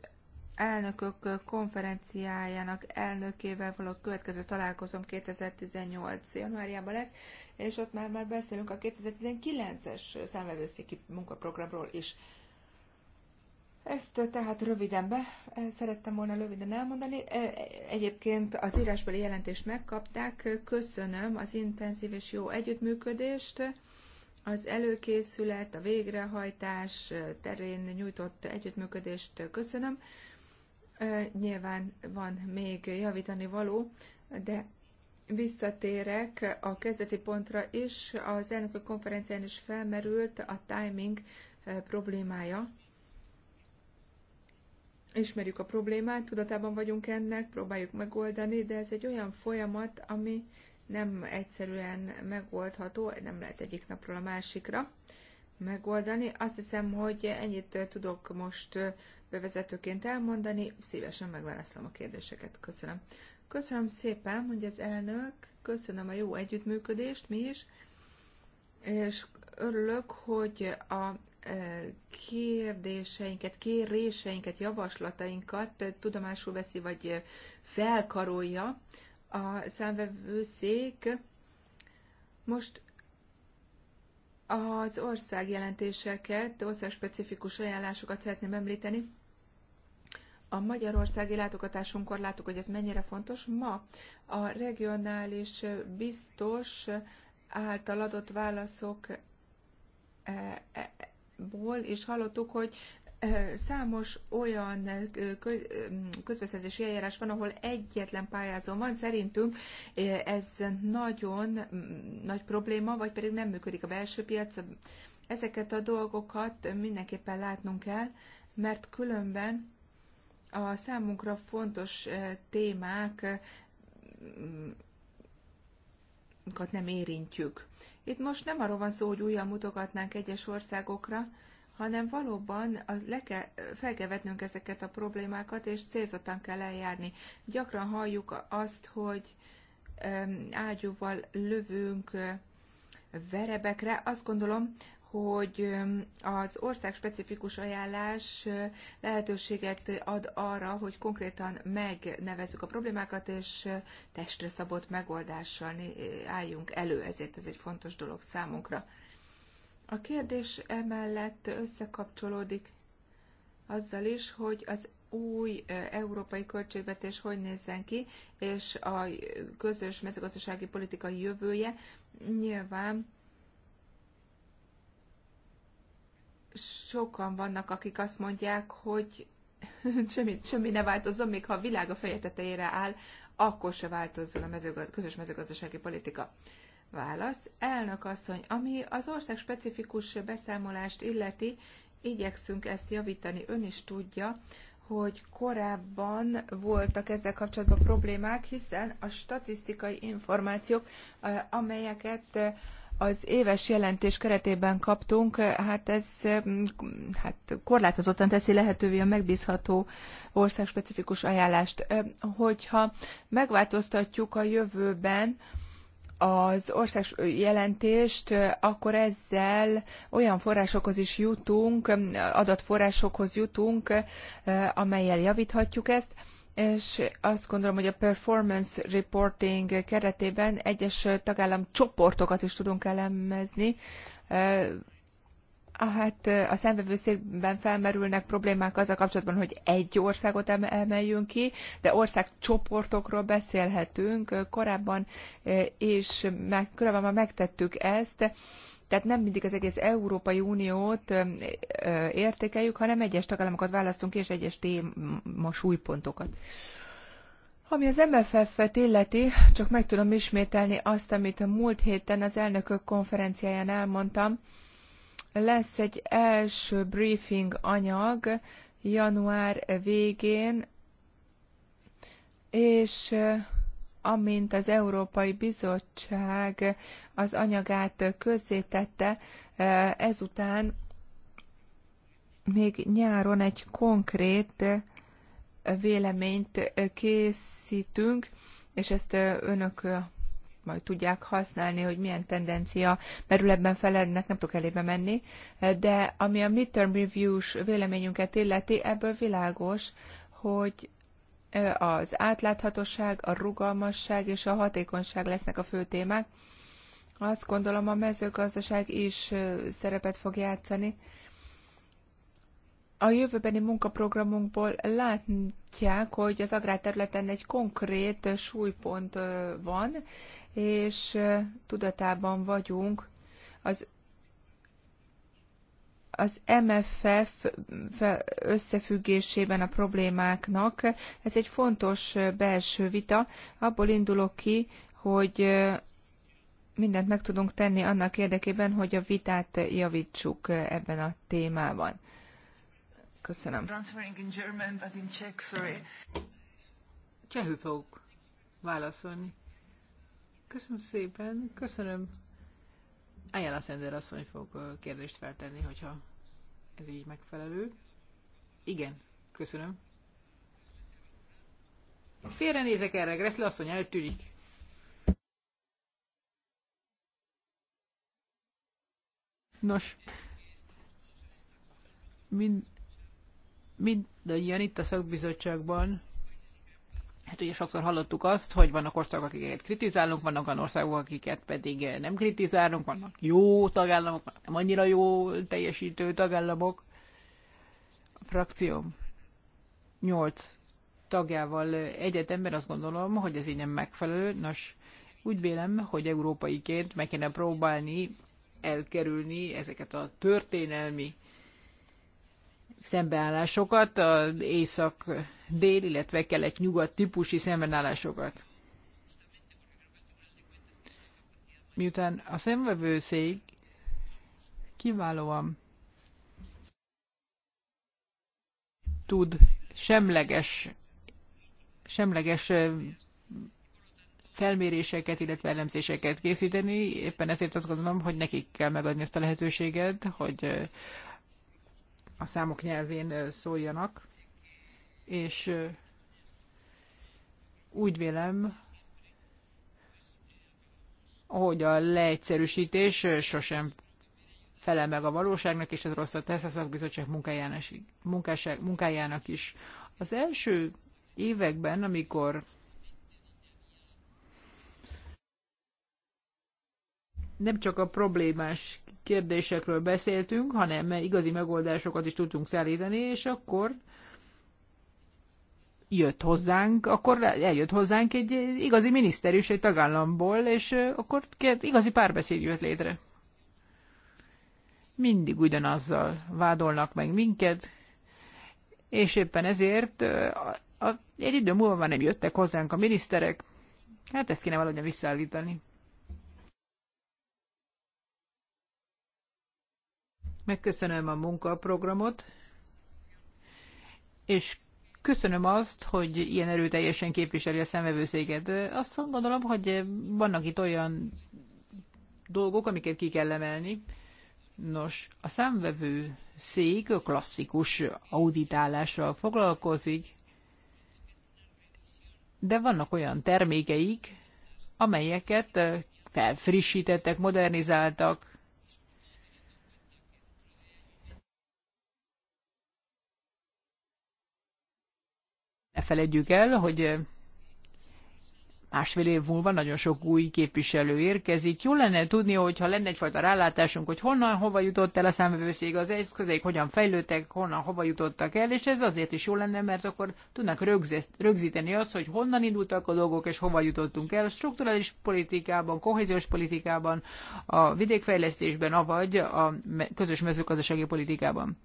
elnökök konferenciájának elnökével való következő találkozom 2018. januárjában lesz, és ott már, már beszélünk a 2019-es számvevőszéki munkaprogramról is. Ezt tehát röviden be szerettem volna röviden elmondani. Egyébként az írásbeli jelentést megkapták. Köszönöm az intenzív és jó együttműködést. Az előkészület, a végrehajtás terén nyújtott együttműködést köszönöm. Nyilván van még javítani való, de visszatérek a kezdeti pontra is. Az elnök konferencián is felmerült a timing problémája. Ismerjük a problémát, tudatában vagyunk ennek, próbáljuk megoldani, de ez egy olyan folyamat, ami nem egyszerűen megoldható, nem lehet egyik napról a másikra megoldani. Azt hiszem, hogy ennyit tudok most bevezetőként elmondani, szívesen megválaszolom a kérdéseket. Köszönöm. Köszönöm szépen, hogy az elnök, köszönöm a jó együttműködést, mi is, és örülök, hogy a e, kérdéseinket, kéréseinket, javaslatainkat tudomásul veszi, vagy felkarolja a számvevőszék. Most az országjelentéseket, országspecifikus ajánlásokat szeretném említeni a magyarországi látogatásunkkor láttuk, hogy ez mennyire fontos. Ma a regionális biztos által adott válaszokból e, e, is hallottuk, hogy e, számos olyan közbeszerzési eljárás van, ahol egyetlen pályázó van. Szerintünk ez nagyon nagy probléma, vagy pedig nem működik a belső piac. Ezeket a dolgokat mindenképpen látnunk kell, mert különben a számunkra fontos eh, témák eh, nem érintjük. Itt most nem arról van szó, hogy újra mutogatnánk egyes országokra, hanem valóban le kell, fel kell vetnünk ezeket a problémákat, és célzottan kell eljárni. Gyakran halljuk azt, hogy ágyúval lövünk eh, verebekre. Azt gondolom, hogy az ország specifikus ajánlás lehetőséget ad arra, hogy konkrétan megnevezzük a problémákat, és testre szabott megoldással álljunk elő, ezért ez egy fontos dolog számunkra. A kérdés emellett összekapcsolódik azzal is, hogy az új európai költségvetés hogy nézzen ki, és a közös mezőgazdasági politika jövője nyilván sokan vannak, akik azt mondják, hogy semmi, semmi ne változzon, még ha a világ a feje tetejére áll, akkor se változzon a mezőgaz, közös mezőgazdasági politika. Válasz. Elnök asszony, ami az ország specifikus beszámolást illeti, igyekszünk ezt javítani. Ön is tudja, hogy korábban voltak ezzel kapcsolatban problémák, hiszen a statisztikai információk, eh, amelyeket eh, az éves jelentés keretében kaptunk, hát ez hát korlátozottan teszi lehetővé a megbízható országspecifikus ajánlást. Hogyha megváltoztatjuk a jövőben, az országos jelentést, akkor ezzel olyan forrásokhoz is jutunk, adatforrásokhoz jutunk, amelyel javíthatjuk ezt és azt gondolom, hogy a performance reporting keretében egyes tagállam csoportokat is tudunk elemezni. Hát a szemvevőszékben felmerülnek problémák azzal kapcsolatban, hogy egy országot emeljünk ki, de országcsoportokról beszélhetünk. Korábban is, meg, korábban már megtettük ezt, tehát nem mindig az egész Európai Uniót értékeljük, hanem egyes tagállamokat választunk és egyes téma súlypontokat. Ami az MFF-et illeti, csak meg tudom ismételni azt, amit a múlt héten az elnökök konferenciáján elmondtam. Lesz egy első briefing anyag január végén, és amint az Európai Bizottság az anyagát közzétette, ezután még nyáron egy konkrét véleményt készítünk, és ezt önök majd tudják használni, hogy milyen tendencia merül ebben fel, ennek nem tudok elébe menni, de ami a midterm reviews véleményünket illeti, ebből világos, hogy az átláthatóság, a rugalmasság és a hatékonyság lesznek a fő témák. Azt gondolom a mezőgazdaság is szerepet fog játszani. A jövőbeni munkaprogramunkból látják, hogy az agrárterületen egy konkrét súlypont van, és tudatában vagyunk az az MFF összefüggésében a problémáknak. Ez egy fontos belső vita. Abból indulok ki, hogy mindent meg tudunk tenni annak érdekében, hogy a vitát javítsuk ebben a témában. Köszönöm. Csehül fogok válaszolni. Köszönöm szépen, köszönöm Ayala Szender asszony fog kérdést feltenni, hogyha ez így megfelelő. Igen, köszönöm. nézek erre, greszle asszony eltűnik. Nos, mind, mindannyian itt a szakbizottságban Hát ugye sokszor hallottuk azt, hogy vannak országok, akiket kritizálunk, vannak olyan országok, akiket pedig nem kritizálunk, vannak jó tagállamok, vannak nem annyira jó teljesítő tagállamok. A frakcióm nyolc tagjával egyetemben azt gondolom, hogy ez így nem megfelelő. Nos, úgy vélem, hogy európaiként meg kéne próbálni elkerülni ezeket a történelmi szembeállásokat, az észak-dél, illetve kelet-nyugat típusi szembenállásokat. Miután a szemvevőszék kiválóan tud semleges, semleges felméréseket, illetve elemzéseket készíteni. Éppen ezért azt gondolom, hogy nekik kell megadni ezt a lehetőséget, hogy a számok nyelvén szóljanak, és úgy vélem, hogy a leegyszerűsítés sosem felel meg a valóságnak, és ez rosszat tesz a szakbizottság munkájának, munkájának is. Az első években, amikor nem csak a problémás kérdésekről beszéltünk, hanem igazi megoldásokat is tudtunk szállítani, és akkor jött hozzánk, akkor eljött hozzánk egy igazi miniszter is egy tagállamból, és akkor igazi párbeszéd jött létre. Mindig ugyanazzal vádolnak meg minket, és éppen ezért a, a, egy idő múlva már nem jöttek hozzánk a miniszterek. Hát ezt kéne valahogyan visszaállítani. Megköszönöm a munkaprogramot, és köszönöm azt, hogy ilyen erőteljesen képviseli a szemvevőszéget. Azt gondolom, hogy vannak itt olyan dolgok, amiket ki kell emelni. Nos, a számvevő szék klasszikus auditálással foglalkozik, de vannak olyan termékeik, amelyeket felfrissítettek, modernizáltak, felejtjük el, hogy másfél év múlva nagyon sok új képviselő érkezik. Jó lenne tudni, hogyha lenne egyfajta rálátásunk, hogy honnan, hova jutott el a számvevőszék az eszközeik, hogyan fejlődtek, honnan, hova jutottak el, és ez azért is jó lenne, mert akkor tudnak rögzíteni azt, hogy honnan indultak a dolgok, és hova jutottunk el. a Strukturális politikában, kohéziós politikában, a vidékfejlesztésben, avagy a közös mezőgazdasági politikában.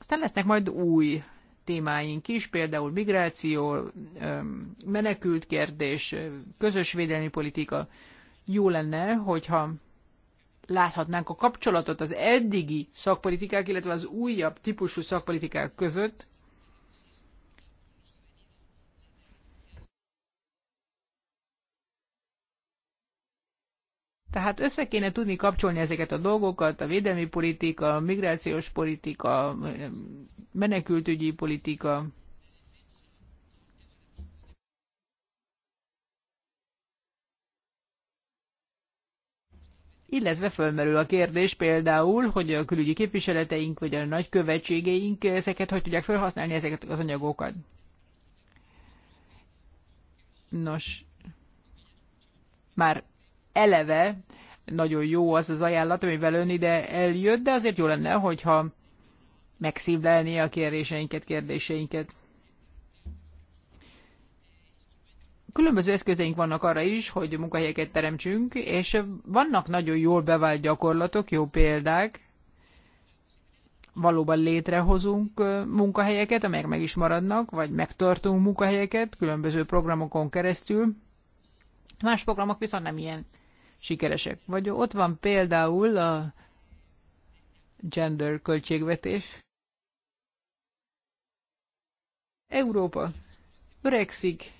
Aztán lesznek majd új témáink is, például migráció, menekült kérdés, közös védelmi politika. Jó lenne, hogyha láthatnánk a kapcsolatot az eddigi szakpolitikák, illetve az újabb típusú szakpolitikák között, Tehát össze kéne tudni kapcsolni ezeket a dolgokat, a védelmi politika, a migrációs politika, menekültügyi politika. Illetve fölmerül a kérdés például, hogy a külügyi képviseleteink vagy a nagykövetségeink ezeket hogy tudják felhasználni ezeket az anyagokat. Nos, már eleve nagyon jó az az ajánlat, amivel ön ide eljött, de azért jó lenne, hogyha megszívlelné a kéréseinket, kérdéseinket. Különböző eszközeink vannak arra is, hogy munkahelyeket teremtsünk, és vannak nagyon jól bevált gyakorlatok, jó példák. Valóban létrehozunk munkahelyeket, amelyek meg is maradnak, vagy megtartunk munkahelyeket különböző programokon keresztül. Más programok viszont nem ilyen sikeresek vagy. Ott van például a gender költségvetés. Európa öregszik,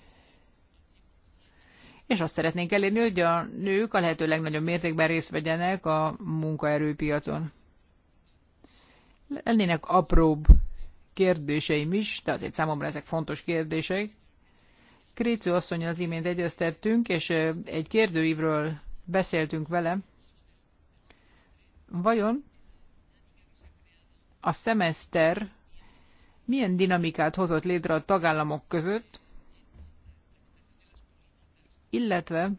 és azt szeretnénk elérni, hogy a nők a lehető legnagyobb mértékben részt vegyenek a munkaerőpiacon. Lennének apróbb kérdéseim is, de azért számomra ezek fontos kérdések. Krécő asszonyjal az imént egyeztettünk, és egy kérdőívről beszéltünk vele, vajon a szemeszter milyen dinamikát hozott létre a tagállamok között, illetve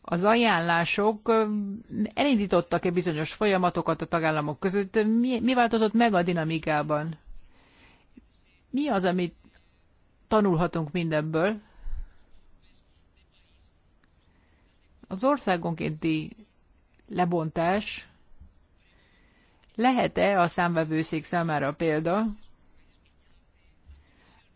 az ajánlások elindítottak-e bizonyos folyamatokat a tagállamok között? Mi, mi változott meg a dinamikában? Mi az, amit tanulhatunk mindebből? Az országonkénti lebontás lehet-e a számvevőszék számára példa?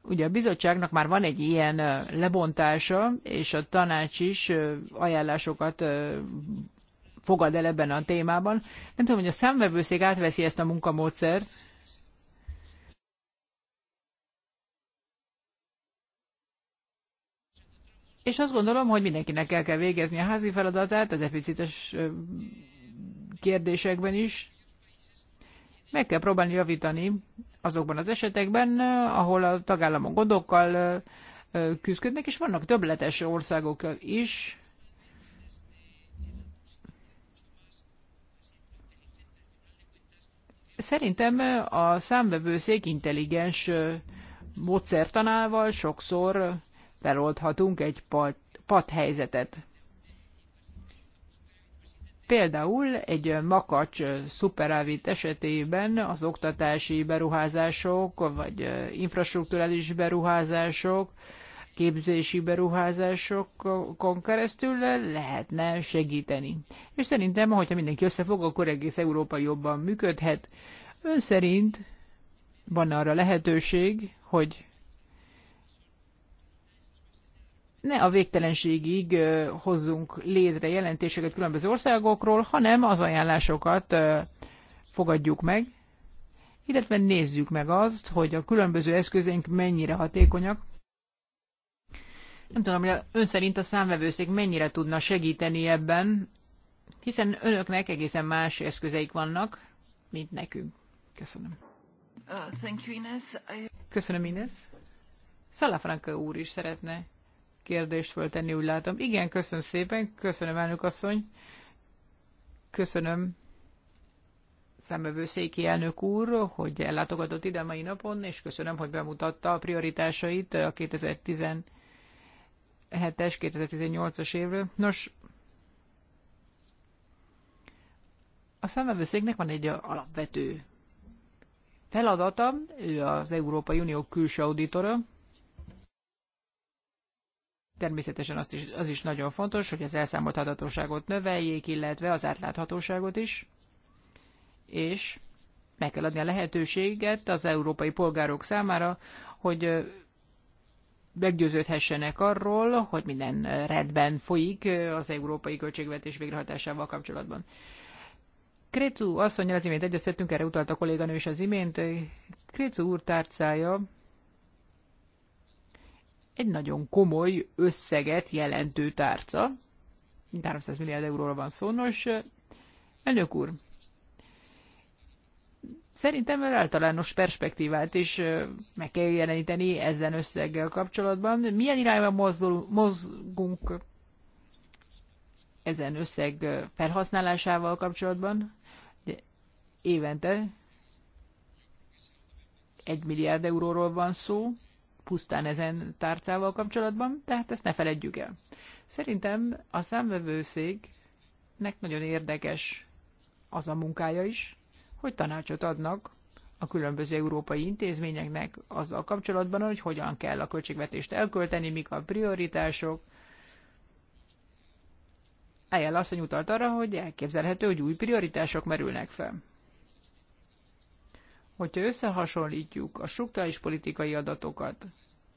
Ugye a bizottságnak már van egy ilyen lebontása, és a tanács is ajánlásokat fogad el ebben a témában. Nem tudom, hogy a számvevőszék átveszi ezt a munkamódszert, és azt gondolom, hogy mindenkinek el kell végezni a házi feladatát, a deficites kérdésekben is. Meg kell próbálni javítani azokban az esetekben, ahol a tagállamok gondokkal küzdködnek, és vannak többletes országok is. Szerintem a számvevőszék intelligens módszertanával sokszor feloldhatunk egy pat, pat helyzetet. Például egy makacs szuperávit esetében az oktatási beruházások, vagy infrastruktúrális beruházások, képzési beruházásokon keresztül lehetne segíteni. És szerintem, hogyha mindenki összefog, akkor egész Európa jobban működhet. Ön szerint van arra lehetőség, hogy ne a végtelenségig hozzunk létre jelentéseket különböző országokról, hanem az ajánlásokat fogadjuk meg, illetve nézzük meg azt, hogy a különböző eszközeink mennyire hatékonyak. Nem tudom, hogy ön szerint a számvevőszék mennyire tudna segíteni ebben, hiszen önöknek egészen más eszközeik vannak, mint nekünk. Köszönöm. Uh, thank you, Ines. Köszönöm, Ines. Szalafranka úr is szeretne kérdést föltenni, úgy látom. Igen, köszönöm szépen, köszönöm elnök asszony, köszönöm szemövőszéki elnök úr, hogy ellátogatott ide mai napon, és köszönöm, hogy bemutatta a prioritásait a 2017-es, 2018-as évről. Nos, a szemövőszéknek van egy alapvető feladata, ő az Európai Unió külső auditora, Természetesen azt is, az is nagyon fontos, hogy az elszámolthatatóságot növeljék, illetve az átláthatóságot is, és meg kell adni a lehetőséget az európai polgárok számára, hogy meggyőződhessenek arról, hogy minden rendben folyik az európai költségvetés végrehajtásával kapcsolatban. Krécu asszonyjal az imént egyeztettünk, erre utalt a kolléganő is az imént. Krécu úr tárcája egy nagyon komoly összeget jelentő tárca. 300 milliárd euróra van szó. Nos, elnök úr, szerintem általános perspektívát is meg kell jeleníteni ezen összeggel kapcsolatban. Milyen irányba mozdul, mozgunk ezen összeg felhasználásával kapcsolatban? De évente egy milliárd euróról van szó, pusztán ezen tárcával kapcsolatban, tehát ezt ne feledjük el. Szerintem a számvevőszéknek nagyon érdekes az a munkája is, hogy tanácsot adnak a különböző európai intézményeknek azzal kapcsolatban, hogy hogyan kell a költségvetést elkölteni, mik a prioritások. Ejjel asszony utalt arra, hogy elképzelhető, hogy új prioritások merülnek fel. Hogyha összehasonlítjuk a struktúrális politikai adatokat,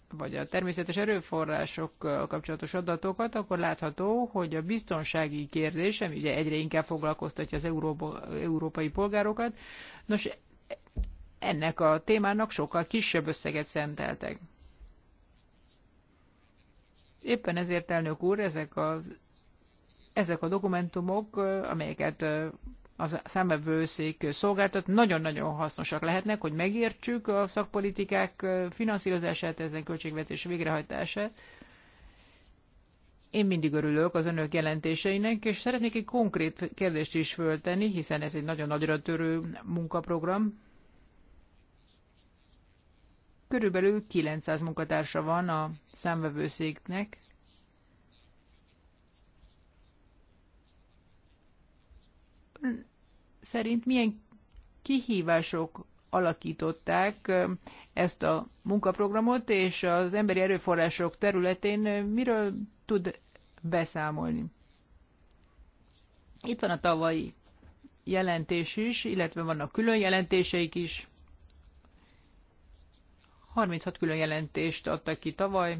vagy a természetes erőforrásokkal kapcsolatos adatokat, akkor látható, hogy a biztonsági kérdés, ami ugye egyre inkább foglalkoztatja az Európa, európai polgárokat, nos, ennek a témának sokkal kisebb összeget szenteltek. Éppen ezért, elnök úr, ezek, az, ezek a dokumentumok, amelyeket a számvevőszék szolgáltat, nagyon-nagyon hasznosak lehetnek, hogy megértsük a szakpolitikák finanszírozását, ezen költségvetés végrehajtását. Én mindig örülök az önök jelentéseinek, és szeretnék egy konkrét kérdést is föltenni, hiszen ez egy nagyon nagyra törő munkaprogram. Körülbelül 900 munkatársa van a számvevőszéknek, szerint milyen kihívások alakították ezt a munkaprogramot, és az emberi erőforrások területén miről tud beszámolni? Itt van a tavalyi jelentés is, illetve vannak külön jelentéseik is. 36 külön jelentést adtak ki tavaly.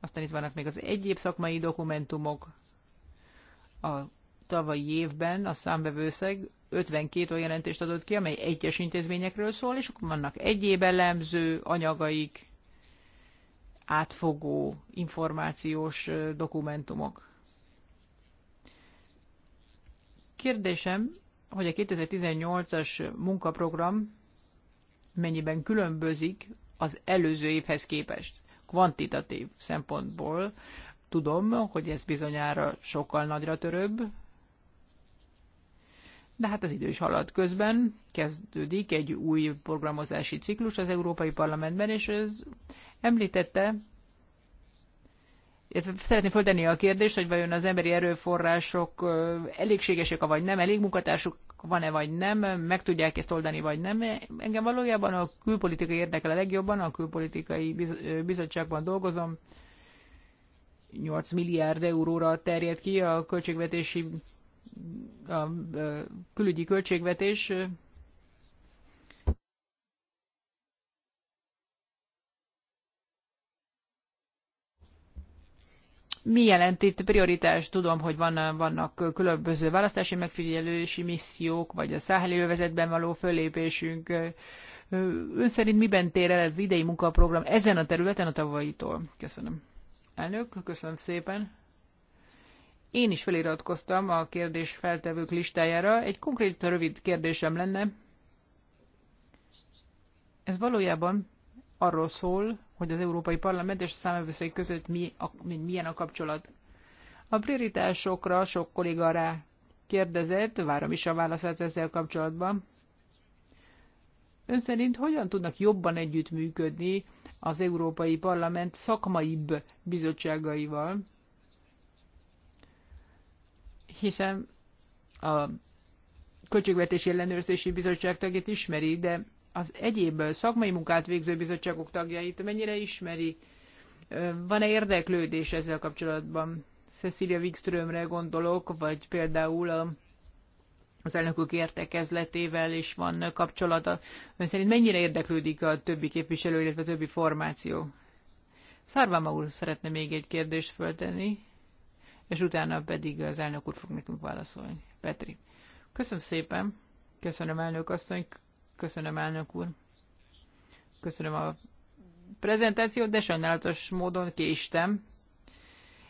Aztán itt vannak még az egyéb szakmai dokumentumok, a tavalyi évben a számbevőszeg 52 olyan jelentést adott ki, amely egyes intézményekről szól, és akkor vannak egyéb elemző anyagaik, átfogó információs dokumentumok. Kérdésem, hogy a 2018-as munkaprogram mennyiben különbözik az előző évhez képest, kvantitatív szempontból. Tudom, hogy ez bizonyára sokkal nagyra törőbb, de hát az idő is halad közben, kezdődik egy új programozási ciklus az Európai Parlamentben, és ez említette, szeretném föltenni a kérdést, hogy vajon az emberi erőforrások elégségesek, vagy nem, elég munkatársuk van-e, vagy nem, meg tudják ezt oldani, vagy nem. Engem valójában a külpolitikai érdekel a legjobban, a külpolitikai bizottságban dolgozom. 8 milliárd euróra terjed ki a költségvetési a külügyi költségvetés mi jelent itt prioritás? Tudom, hogy van, vannak különböző választási megfigyelési missziók, vagy a száheli övezetben való fölépésünk. Ön szerint miben tér el az idei munkaprogram ezen a területen a tavalyitól? Köszönöm. Elnök, köszönöm szépen. Én is feliratkoztam a kérdés feltevők listájára. Egy konkrét, rövid kérdésem lenne. Ez valójában arról szól, hogy az Európai Parlament és a számövőszék között mi a, milyen a kapcsolat. A prioritásokra sok kolléga rá kérdezett, várom is a válaszát ezzel kapcsolatban. Ön szerint hogyan tudnak jobban együttműködni az Európai Parlament szakmaibb bizottságaival? hiszen a Költségvetési Ellenőrzési Bizottság tagjait ismeri, de az egyéb szakmai munkát végző bizottságok tagjait mennyire ismeri? Van-e érdeklődés ezzel kapcsolatban? Cecilia Wikströmre gondolok, vagy például a, az elnökök értekezletével is van kapcsolata. Ön szerint mennyire érdeklődik a többi képviselő, illetve a többi formáció? Szárváma úr szeretne még egy kérdést föltenni és utána pedig az elnök úr fog nekünk válaszolni. Petri. Köszönöm szépen. Köszönöm elnök asszony. Köszönöm elnök úr. Köszönöm a prezentációt, de sajnálatos módon késtem.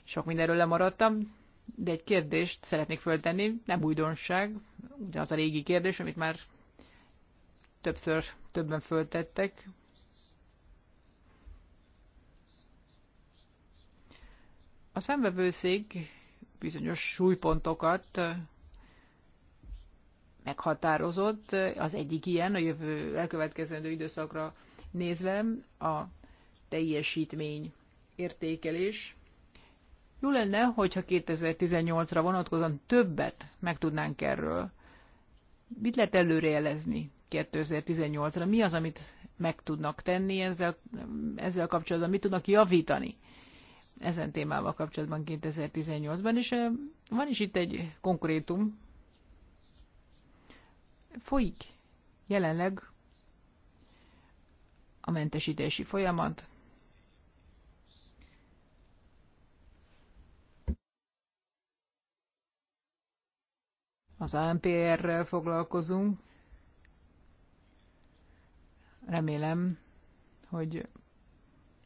Sok mindenről lemaradtam, de egy kérdést szeretnék föltenni, nem újdonság, ugye az a régi kérdés, amit már többször többen föltettek. A szembevőszék bizonyos súlypontokat meghatározott, az egyik ilyen a jövő elkövetkezendő időszakra nézve a teljesítmény értékelés. Jó lenne, hogyha 2018-ra vonatkozóan többet megtudnánk erről. Mit lehet előrejelezni 2018-ra? Mi az, amit meg tudnak tenni ezzel, ezzel kapcsolatban? Mit tudnak javítani? ezen témával kapcsolatban 2018-ban, és van is itt egy konkrétum. Folyik jelenleg a mentesítési folyamat. Az ampr rel foglalkozunk. Remélem, hogy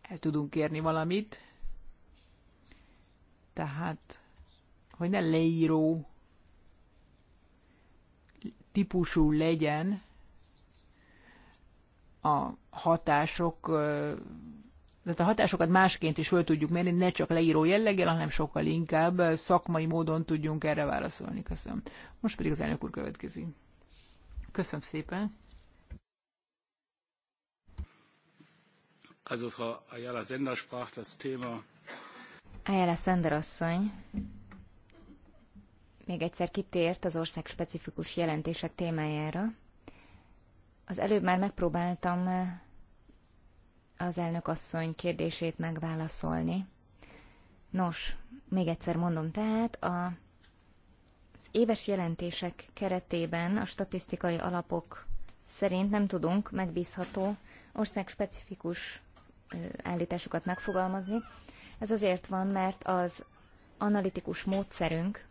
el tudunk kérni valamit tehát hogy ne leíró típusú legyen a hatások, tehát a hatásokat másként is föl tudjuk mérni, ne csak leíró jelleggel, hanem sokkal inkább szakmai módon tudjunk erre válaszolni. Köszönöm. Most pedig az elnök úr következik. Köszönöm szépen. Also Frau Ayala Sender sprach das Thema Ayala Sander asszony még egyszer kitért az ország specifikus jelentések témájára. Az előbb már megpróbáltam eh, az elnök asszony kérdését megválaszolni. Nos, még egyszer mondom, tehát a, az éves jelentések keretében a statisztikai alapok szerint nem tudunk megbízható országspecifikus eh, állításokat megfogalmazni, ez azért van, mert az analitikus módszerünk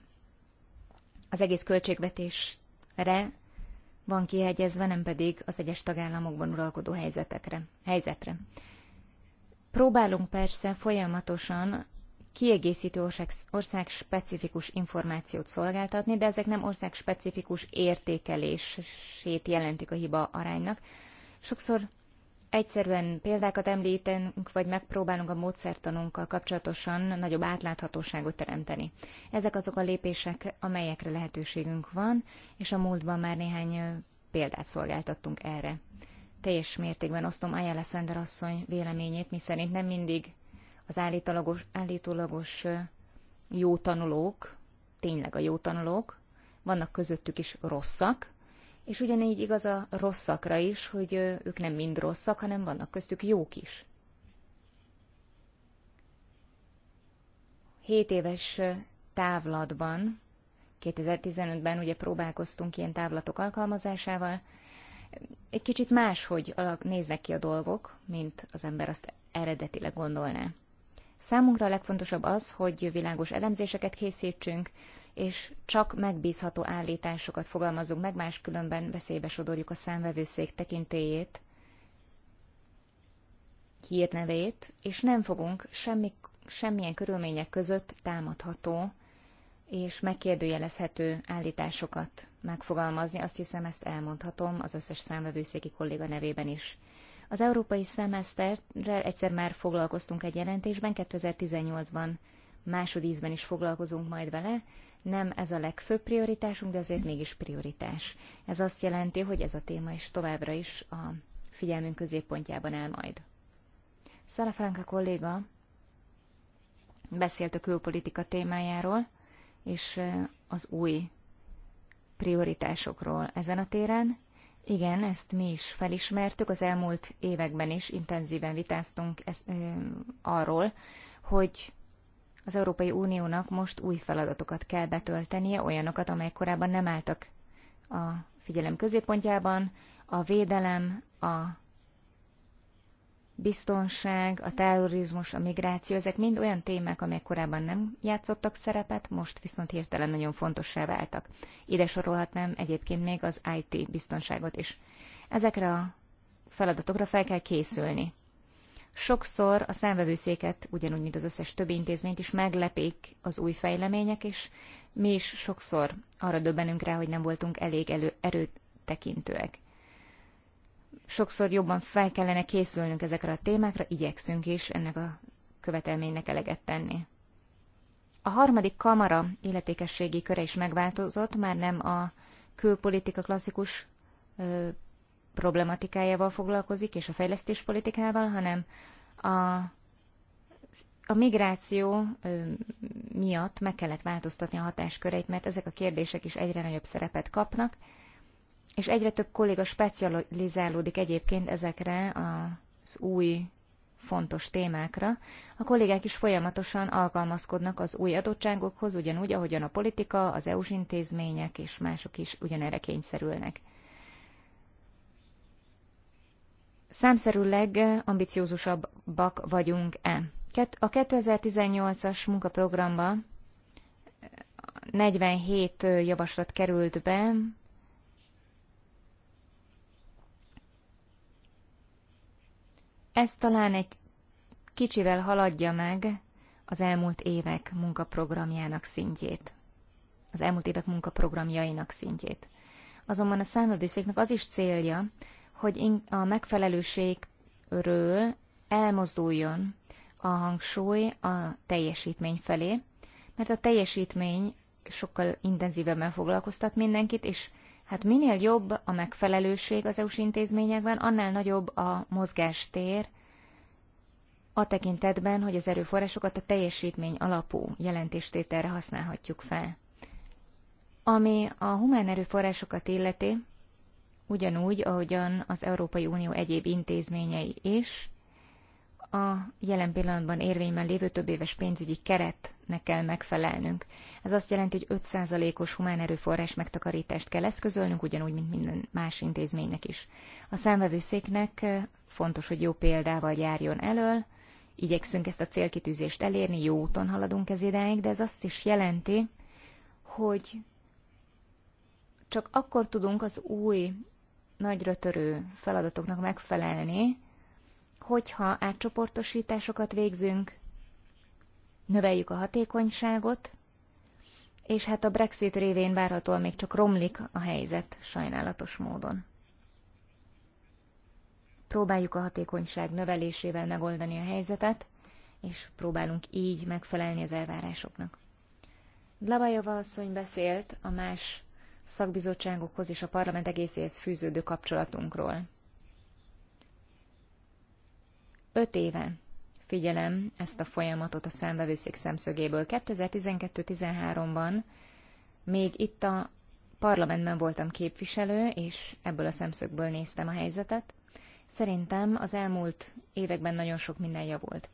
az egész költségvetésre van kihegyezve, nem pedig az egyes tagállamokban uralkodó helyzetekre, helyzetre. Próbálunk persze folyamatosan kiegészítő ország, specifikus információt szolgáltatni, de ezek nem ország specifikus értékelését jelentik a hiba aránynak. Sokszor Egyszerűen példákat említenünk, vagy megpróbálunk a módszertanunkkal kapcsolatosan nagyobb átláthatóságot teremteni. Ezek azok a lépések, amelyekre lehetőségünk van, és a múltban már néhány példát szolgáltattunk erre. Teljes mértékben osztom Ayala Szender asszony véleményét, miszerint nem mindig az állítólagos, állítólagos jó tanulók, tényleg a jó tanulók, vannak közöttük is rosszak, és ugyanígy igaz a rosszakra is, hogy ők nem mind rosszak, hanem vannak köztük jók is. Hét éves távlatban, 2015-ben ugye próbálkoztunk ilyen távlatok alkalmazásával, egy kicsit máshogy néznek ki a dolgok, mint az ember azt eredetileg gondolná. Számunkra a legfontosabb az, hogy világos elemzéseket készítsünk, és csak megbízható állításokat fogalmazunk meg, máskülönben veszélybe sodorjuk a számvevőszék tekintélyét, hírnevét, és nem fogunk semmi, semmilyen körülmények között támadható és megkérdőjelezhető állításokat megfogalmazni. Azt hiszem, ezt elmondhatom az összes számvevőszéki kolléga nevében is. Az európai szemeszterrel egyszer már foglalkoztunk egy jelentésben, 2018-ban másodízben is foglalkozunk majd vele. Nem ez a legfőbb prioritásunk, de azért mégis prioritás. Ez azt jelenti, hogy ez a téma is továbbra is a figyelmünk középpontjában áll majd. Szalafranka kolléga beszélt a külpolitika témájáról, és az új prioritásokról ezen a téren. Igen, ezt mi is felismertük, az elmúlt években is intenzíven vitáztunk ez, ö, arról, hogy az Európai Uniónak most új feladatokat kell betöltenie, olyanokat, amelyek korábban nem álltak a figyelem középpontjában, a védelem, a biztonság, a terrorizmus, a migráció, ezek mind olyan témák, amelyek korábban nem játszottak szerepet, most viszont hirtelen nagyon fontossá váltak. Ide sorolhatnám egyébként még az IT biztonságot is. Ezekre a feladatokra fel kell készülni. Sokszor a számvevőszéket, ugyanúgy, mint az összes többi intézményt is meglepik az új fejlemények, és mi is sokszor arra döbbenünk rá, hogy nem voltunk elég elő, erőtekintőek sokszor jobban fel kellene készülnünk ezekre a témákra, igyekszünk is ennek a követelménynek eleget tenni. A harmadik kamara életékességi köre is megváltozott, már nem a külpolitika klasszikus ö, problematikájával foglalkozik, és a fejlesztéspolitikával, hanem a, a migráció ö, miatt meg kellett változtatni a hatásköreit, mert ezek a kérdések is egyre nagyobb szerepet kapnak, és egyre több kolléga specializálódik egyébként ezekre az új fontos témákra. A kollégák is folyamatosan alkalmazkodnak az új adottságokhoz, ugyanúgy, ahogyan a politika, az EU-s intézmények és mások is ugyanerre kényszerülnek. Számszerűleg ambiciózusabbak vagyunk-e? A 2018-as munkaprogramba 47 javaslat került be, Ez talán egy kicsivel haladja meg az elmúlt évek munkaprogramjának szintjét. Az elmúlt évek munkaprogramjainak szintjét. Azonban a számövőszéknek az is célja, hogy a megfelelőségről elmozduljon a hangsúly a teljesítmény felé, mert a teljesítmény sokkal intenzívebben foglalkoztat mindenkit, és Hát minél jobb a megfelelőség az EU-s intézményekben, annál nagyobb a mozgástér a tekintetben, hogy az erőforrásokat a teljesítmény alapú jelentéstételre használhatjuk fel. Ami a humán erőforrásokat illeti, ugyanúgy, ahogyan az Európai Unió egyéb intézményei is, a jelen pillanatban érvényben lévő több éves pénzügyi keretnek kell megfelelnünk. Ez azt jelenti, hogy 5%-os humán erőforrás megtakarítást kell eszközölnünk, ugyanúgy, mint minden más intézménynek is. A számvevőszéknek eh, fontos, hogy jó példával járjon elől, igyekszünk ezt a célkitűzést elérni, jó úton haladunk ez idáig, de ez azt is jelenti, hogy csak akkor tudunk az új nagyra törő feladatoknak megfelelni, hogyha átcsoportosításokat végzünk, növeljük a hatékonyságot, és hát a Brexit révén várhatóan még csak romlik a helyzet sajnálatos módon. Próbáljuk a hatékonyság növelésével megoldani a helyzetet, és próbálunk így megfelelni az elvárásoknak. Dlabajova asszony beszélt a más szakbizottságokhoz és a parlament egészéhez fűződő kapcsolatunkról. Öt éve figyelem ezt a folyamatot a számbevőszék szemszögéből. 2012-13-ban még itt a parlamentben voltam képviselő, és ebből a szemszögből néztem a helyzetet. Szerintem az elmúlt években nagyon sok minden javult.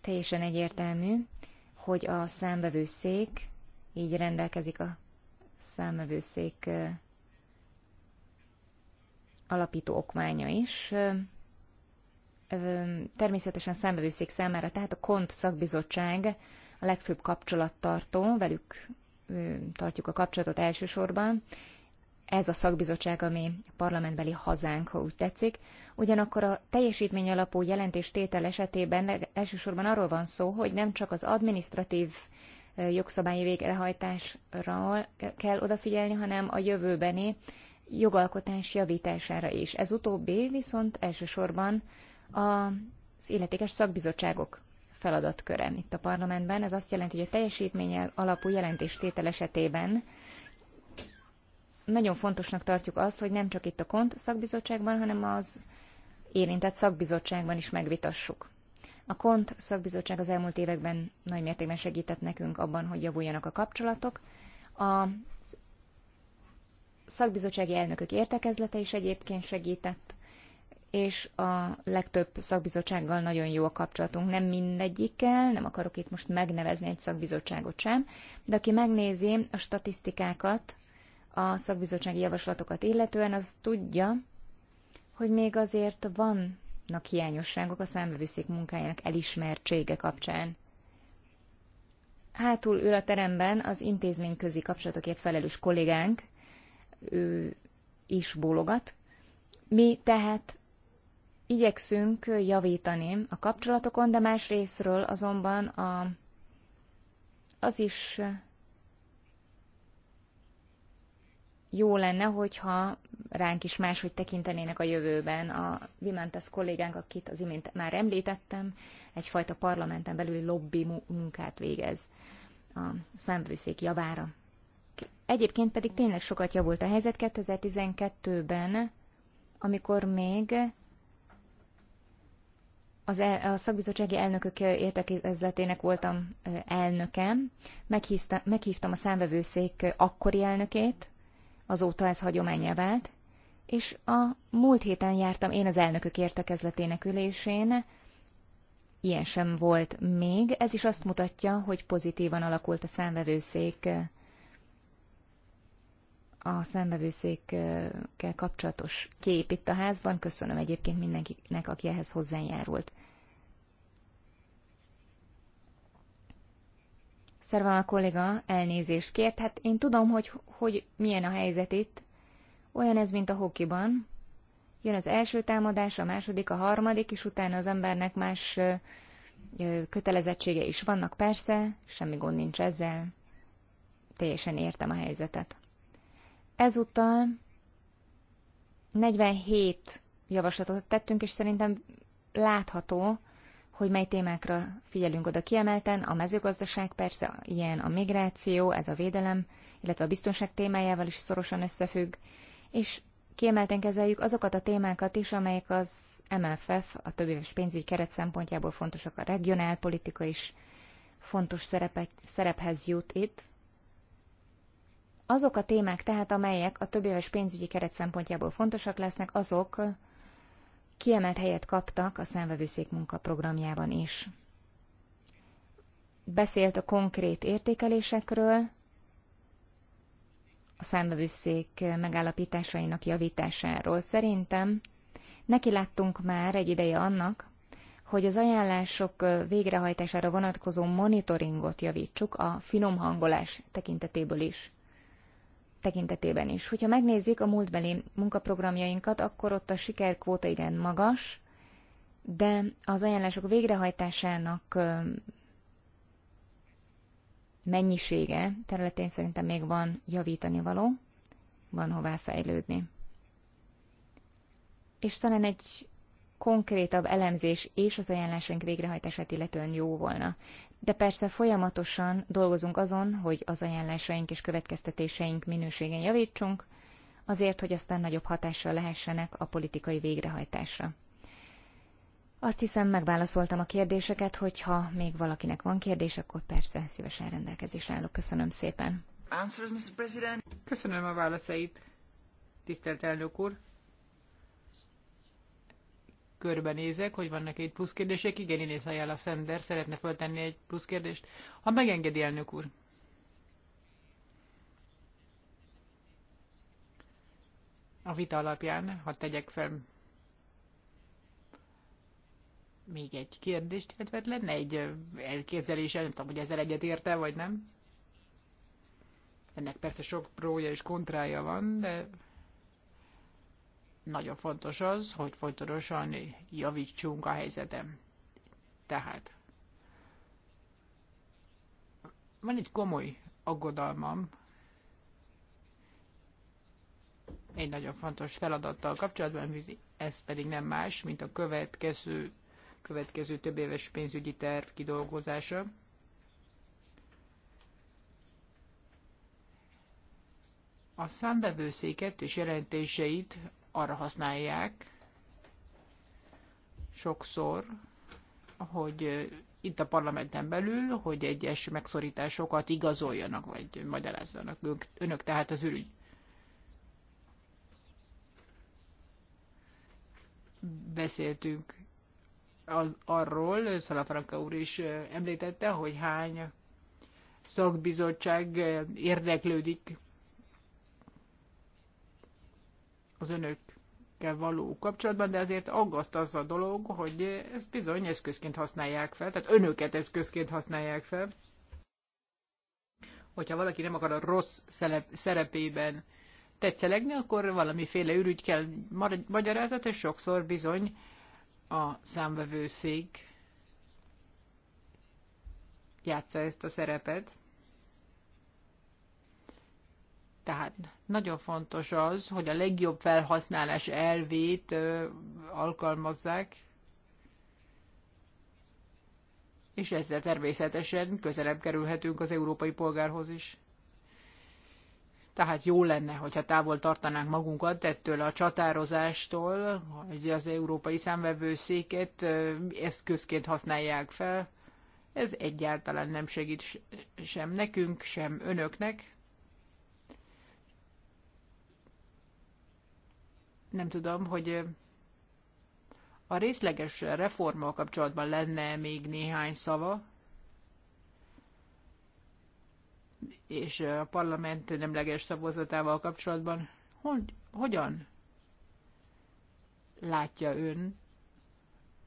Teljesen egyértelmű, hogy a számbevőszék, így rendelkezik a számbevőszék alapító okmánya is, természetesen szembevőszék számára, tehát a KONT szakbizottság a legfőbb kapcsolattartó, velük tartjuk a kapcsolatot elsősorban. Ez a szakbizottság, ami parlamentbeli hazánk, ha úgy tetszik. Ugyanakkor a teljesítmény alapú jelentéstétel esetében elsősorban arról van szó, hogy nem csak az administratív jogszabályi végrehajtásra kell odafigyelni, hanem a jövőbeni jogalkotás javítására is. Ez utóbbi viszont elsősorban az illetékes szakbizottságok feladatköre itt a parlamentben. Ez azt jelenti, hogy a teljesítmény alapú jelentéstétel esetében nagyon fontosnak tartjuk azt, hogy nem csak itt a KONT szakbizottságban, hanem az érintett szakbizottságban is megvitassuk. A KONT szakbizottság az elmúlt években nagy mértékben segített nekünk abban, hogy javuljanak a kapcsolatok. A szakbizottsági elnökök értekezlete is egyébként segített és a legtöbb szakbizottsággal nagyon jó a kapcsolatunk. Nem mindegyikkel, nem akarok itt most megnevezni egy szakbizottságot sem, de aki megnézi a statisztikákat, a szakbizottsági javaslatokat illetően, az tudja, hogy még azért vannak hiányosságok a számbevűszék munkájának elismertsége kapcsán. Hátul ül a teremben az intézményközi kapcsolatokért felelős kollégánk, ő is bólogat. Mi tehát igyekszünk javítani a kapcsolatokon, de más részről azonban a, az is jó lenne, hogyha ránk is máshogy tekintenének a jövőben. A Vimentes kollégánk, akit az imént már említettem, egyfajta parlamenten belüli lobby munkát végez a számbőszék javára. Egyébként pedig tényleg sokat javult a helyzet 2012-ben, amikor még az el, a szakbizottsági elnökök értekezletének voltam elnökem, Meghízta, meghívtam a számvevőszék akkori elnökét, azóta ez hagyományá vált, és a múlt héten jártam én az elnökök értekezletének ülésén, ilyen sem volt még, ez is azt mutatja, hogy pozitívan alakult a számvevőszék a szembevőszékkel kapcsolatos kép itt a házban. Köszönöm egyébként mindenkinek, aki ehhez hozzájárult. Szervem a kolléga elnézést kért. Hát én tudom, hogy, hogy milyen a helyzet itt. Olyan ez, mint a hokiban. Jön az első támadás, a második, a harmadik, és utána az embernek más kötelezettsége is vannak, persze, semmi gond nincs ezzel. Teljesen értem a helyzetet. Ezúttal 47 javaslatot tettünk, és szerintem látható, hogy mely témákra figyelünk oda kiemelten. A mezőgazdaság persze ilyen, a migráció, ez a védelem, illetve a biztonság témájával is szorosan összefügg, és kiemelten kezeljük azokat a témákat is, amelyek az MFF, a többéves pénzügyi keret szempontjából fontosak, a regionálpolitika is fontos szerepe, szerephez jut itt, azok a témák tehát, amelyek a éves pénzügyi keret szempontjából fontosak lesznek, azok kiemelt helyet kaptak a szemvevőszék munkaprogramjában is. Beszélt a konkrét értékelésekről, a szemvevőszék megállapításainak javításáról. Szerintem neki láttunk már egy ideje annak, hogy az ajánlások végrehajtására vonatkozó monitoringot javítsuk a finom hangolás tekintetéből is tekintetében is. Hogyha megnézzük a múltbeli munkaprogramjainkat, akkor ott a sikerkvóta igen magas, de az ajánlások végrehajtásának mennyisége területén szerintem még van javítani való, van hová fejlődni. És talán egy konkrétabb elemzés és az ajánlásunk végrehajtását illetően jó volna de persze folyamatosan dolgozunk azon, hogy az ajánlásaink és következtetéseink minőségen javítsunk, azért, hogy aztán nagyobb hatásra lehessenek a politikai végrehajtásra. Azt hiszem, megválaszoltam a kérdéseket, hogyha még valakinek van kérdés, akkor persze szívesen rendelkezésre állok. Köszönöm szépen. Köszönöm a válaszait, tisztelt elnök úr körbenézek, hogy vannak egy itt plusz kérdések. Igen, Inés a Szender szeretne föltenni egy plusz kérdést. Ha megengedi, elnök úr. A vita alapján, ha tegyek fel még egy kérdést, illetve hát lenne egy elképzelése, nem tudom, hogy ezzel egyet érte, vagy nem. Ennek persze sok prója és kontrája van, de nagyon fontos az, hogy folytonosan javítsunk a helyzetem. Tehát van egy komoly aggodalmam egy nagyon fontos feladattal kapcsolatban, ez pedig nem más, mint a következő, következő több éves pénzügyi terv kidolgozása. A számbevőszéket és jelentéseit arra használják sokszor, hogy itt a parlamenten belül, hogy egyes megszorításokat igazoljanak, vagy magyarázzanak önök, önök tehát az ürügy. Beszéltünk az, arról, Szalafranka úr is említette, hogy hány szakbizottság érdeklődik az önökkel való kapcsolatban, de azért aggaszt az a dolog, hogy ezt bizony eszközként használják fel, tehát önöket eszközként használják fel. Hogyha valaki nem akar a rossz szerep, szerepében tetszelegni, akkor valamiféle ürügy kell magyarázat, és sokszor bizony a számvevőszék játsza ezt a szerepet. Tehát nagyon fontos az, hogy a legjobb felhasználás elvét alkalmazzák, és ezzel természetesen közelebb kerülhetünk az európai polgárhoz is. Tehát jó lenne, hogyha távol tartanánk magunkat ettől a csatározástól, hogy az európai számvevőszéket eszközként használják fel. Ez egyáltalán nem segít sem nekünk, sem önöknek. nem tudom, hogy a részleges reformmal kapcsolatban lenne még néhány szava, és a parlament nemleges szavazatával kapcsolatban, hogy, hogyan látja ön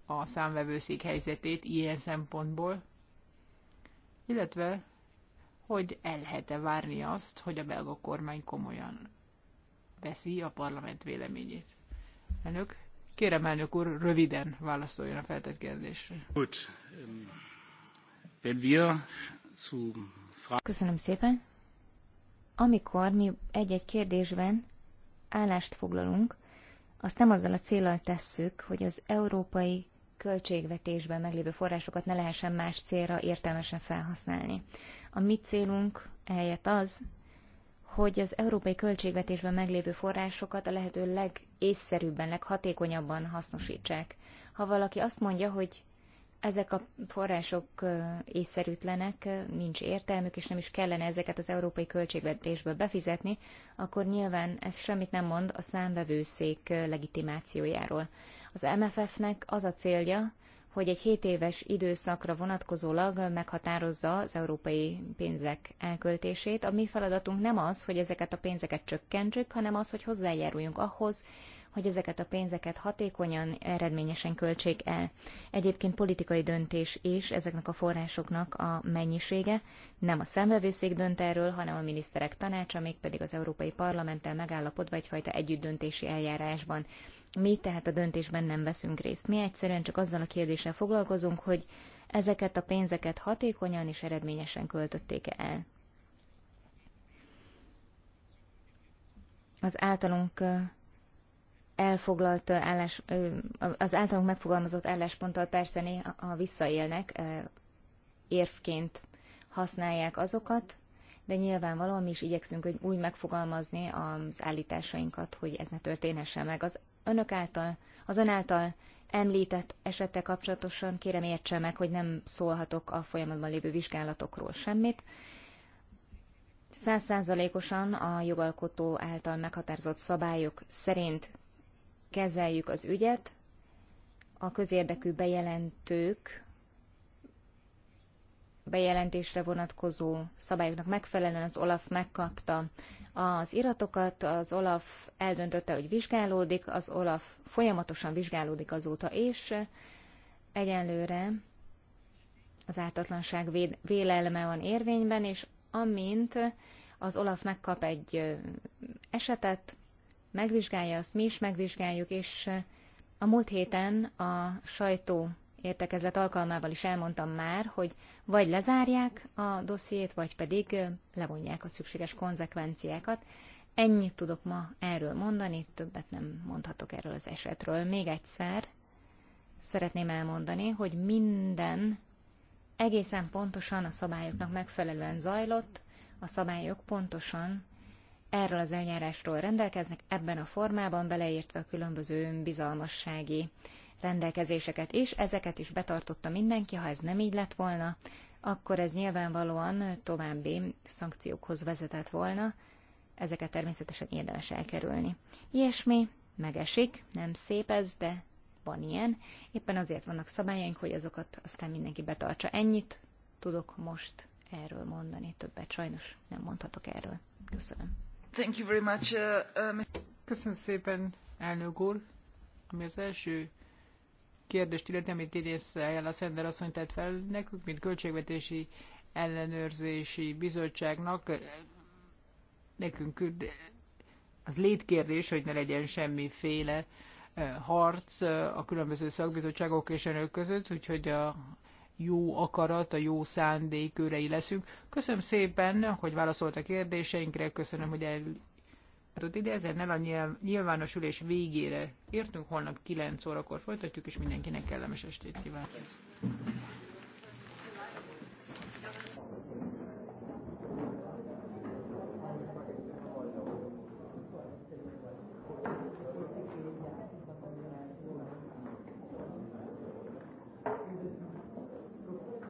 a számvevőszék helyzetét ilyen szempontból, illetve hogy el lehet-e várni azt, hogy a belga kormány komolyan veszi a parlament véleményét. Elnök, kérem elnök úr, röviden válaszoljon a feltett kérdésre. Ähm, Köszönöm szépen. Amikor mi egy-egy kérdésben állást foglalunk, azt nem azzal a célral tesszük, hogy az európai költségvetésben meglévő forrásokat ne lehessen más célra értelmesen felhasználni. A mi célunk ehelyett az, hogy az európai költségvetésben meglévő forrásokat a lehető legészszerűbben, leghatékonyabban hasznosítsák. Ha valaki azt mondja, hogy ezek a források észszerűtlenek, nincs értelmük, és nem is kellene ezeket az európai költségvetésből befizetni, akkor nyilván ez semmit nem mond a számvevőszék legitimációjáról. Az MFF-nek az a célja, hogy egy 7 éves időszakra vonatkozólag meghatározza az európai pénzek elköltését. A mi feladatunk nem az, hogy ezeket a pénzeket csökkentsük, hanem az, hogy hozzájáruljunk ahhoz, hogy ezeket a pénzeket hatékonyan, eredményesen költsék el. Egyébként politikai döntés is ezeknek a forrásoknak a mennyisége. Nem a számvevőszék dönt erről, hanem a miniszterek tanácsa, mégpedig az Európai Parlamenttel megállapodva egyfajta együttdöntési eljárásban. Mi tehát a döntésben nem veszünk részt. Mi egyszerűen csak azzal a kérdéssel foglalkozunk, hogy ezeket a pénzeket hatékonyan és eredményesen költötték el. Az általunk elfoglalt állás, az általunk megfogalmazott állásponttal persze néha visszaélnek, érvként használják azokat, de nyilvánvalóan mi is igyekszünk hogy úgy megfogalmazni az állításainkat, hogy ez ne történhesse meg. Az önök által, az ön által említett esettel kapcsolatosan kérem értse meg, hogy nem szólhatok a folyamatban lévő vizsgálatokról semmit. Százszázalékosan a jogalkotó által meghatározott szabályok szerint kezeljük az ügyet, a közérdekű bejelentők bejelentésre vonatkozó szabályoknak megfelelően az Olaf megkapta az iratokat, az Olaf eldöntötte, hogy vizsgálódik, az Olaf folyamatosan vizsgálódik azóta, és egyenlőre az ártatlanság vélelme van érvényben, és amint az Olaf megkap egy esetet, megvizsgálja, azt mi is megvizsgáljuk, és eh, a múlt héten a sajtó értekezlet alkalmával is elmondtam már, hogy vagy lezárják a dossziét, vagy pedig eh, levonják a szükséges konzekvenciákat. Ennyit tudok ma erről mondani, többet nem mondhatok erről az esetről. Még egyszer szeretném elmondani, hogy minden egészen pontosan a szabályoknak megfelelően zajlott, a szabályok pontosan erről az eljárásról rendelkeznek, ebben a formában beleértve a különböző bizalmassági rendelkezéseket is. Ezeket is betartotta mindenki, ha ez nem így lett volna, akkor ez nyilvánvalóan további szankciókhoz vezetett volna, ezeket természetesen érdemes elkerülni. Ilyesmi megesik, nem szép ez, de van ilyen. Éppen azért vannak szabályaink, hogy azokat aztán mindenki betartsa. Ennyit tudok most erről mondani, többet sajnos nem mondhatok erről. Köszönöm. Uh, uh, Köszönöm szépen, elnök úr, ami az első kérdést illeti, amit idéz el a Szender asszony tett fel nekünk, mint költségvetési ellenőrzési bizottságnak. Nekünk az létkérdés, hogy ne legyen semmiféle harc a különböző szakbizottságok és önök között, úgyhogy a jó akarat, a jó szándék őrei leszünk. Köszönöm szépen, hogy válaszolt a kérdéseinkre, köszönöm, hogy el tehát ide ezen el a nyilvános ülés végére értünk, holnap 9 órakor folytatjuk, és mindenkinek kellemes estét kívánok.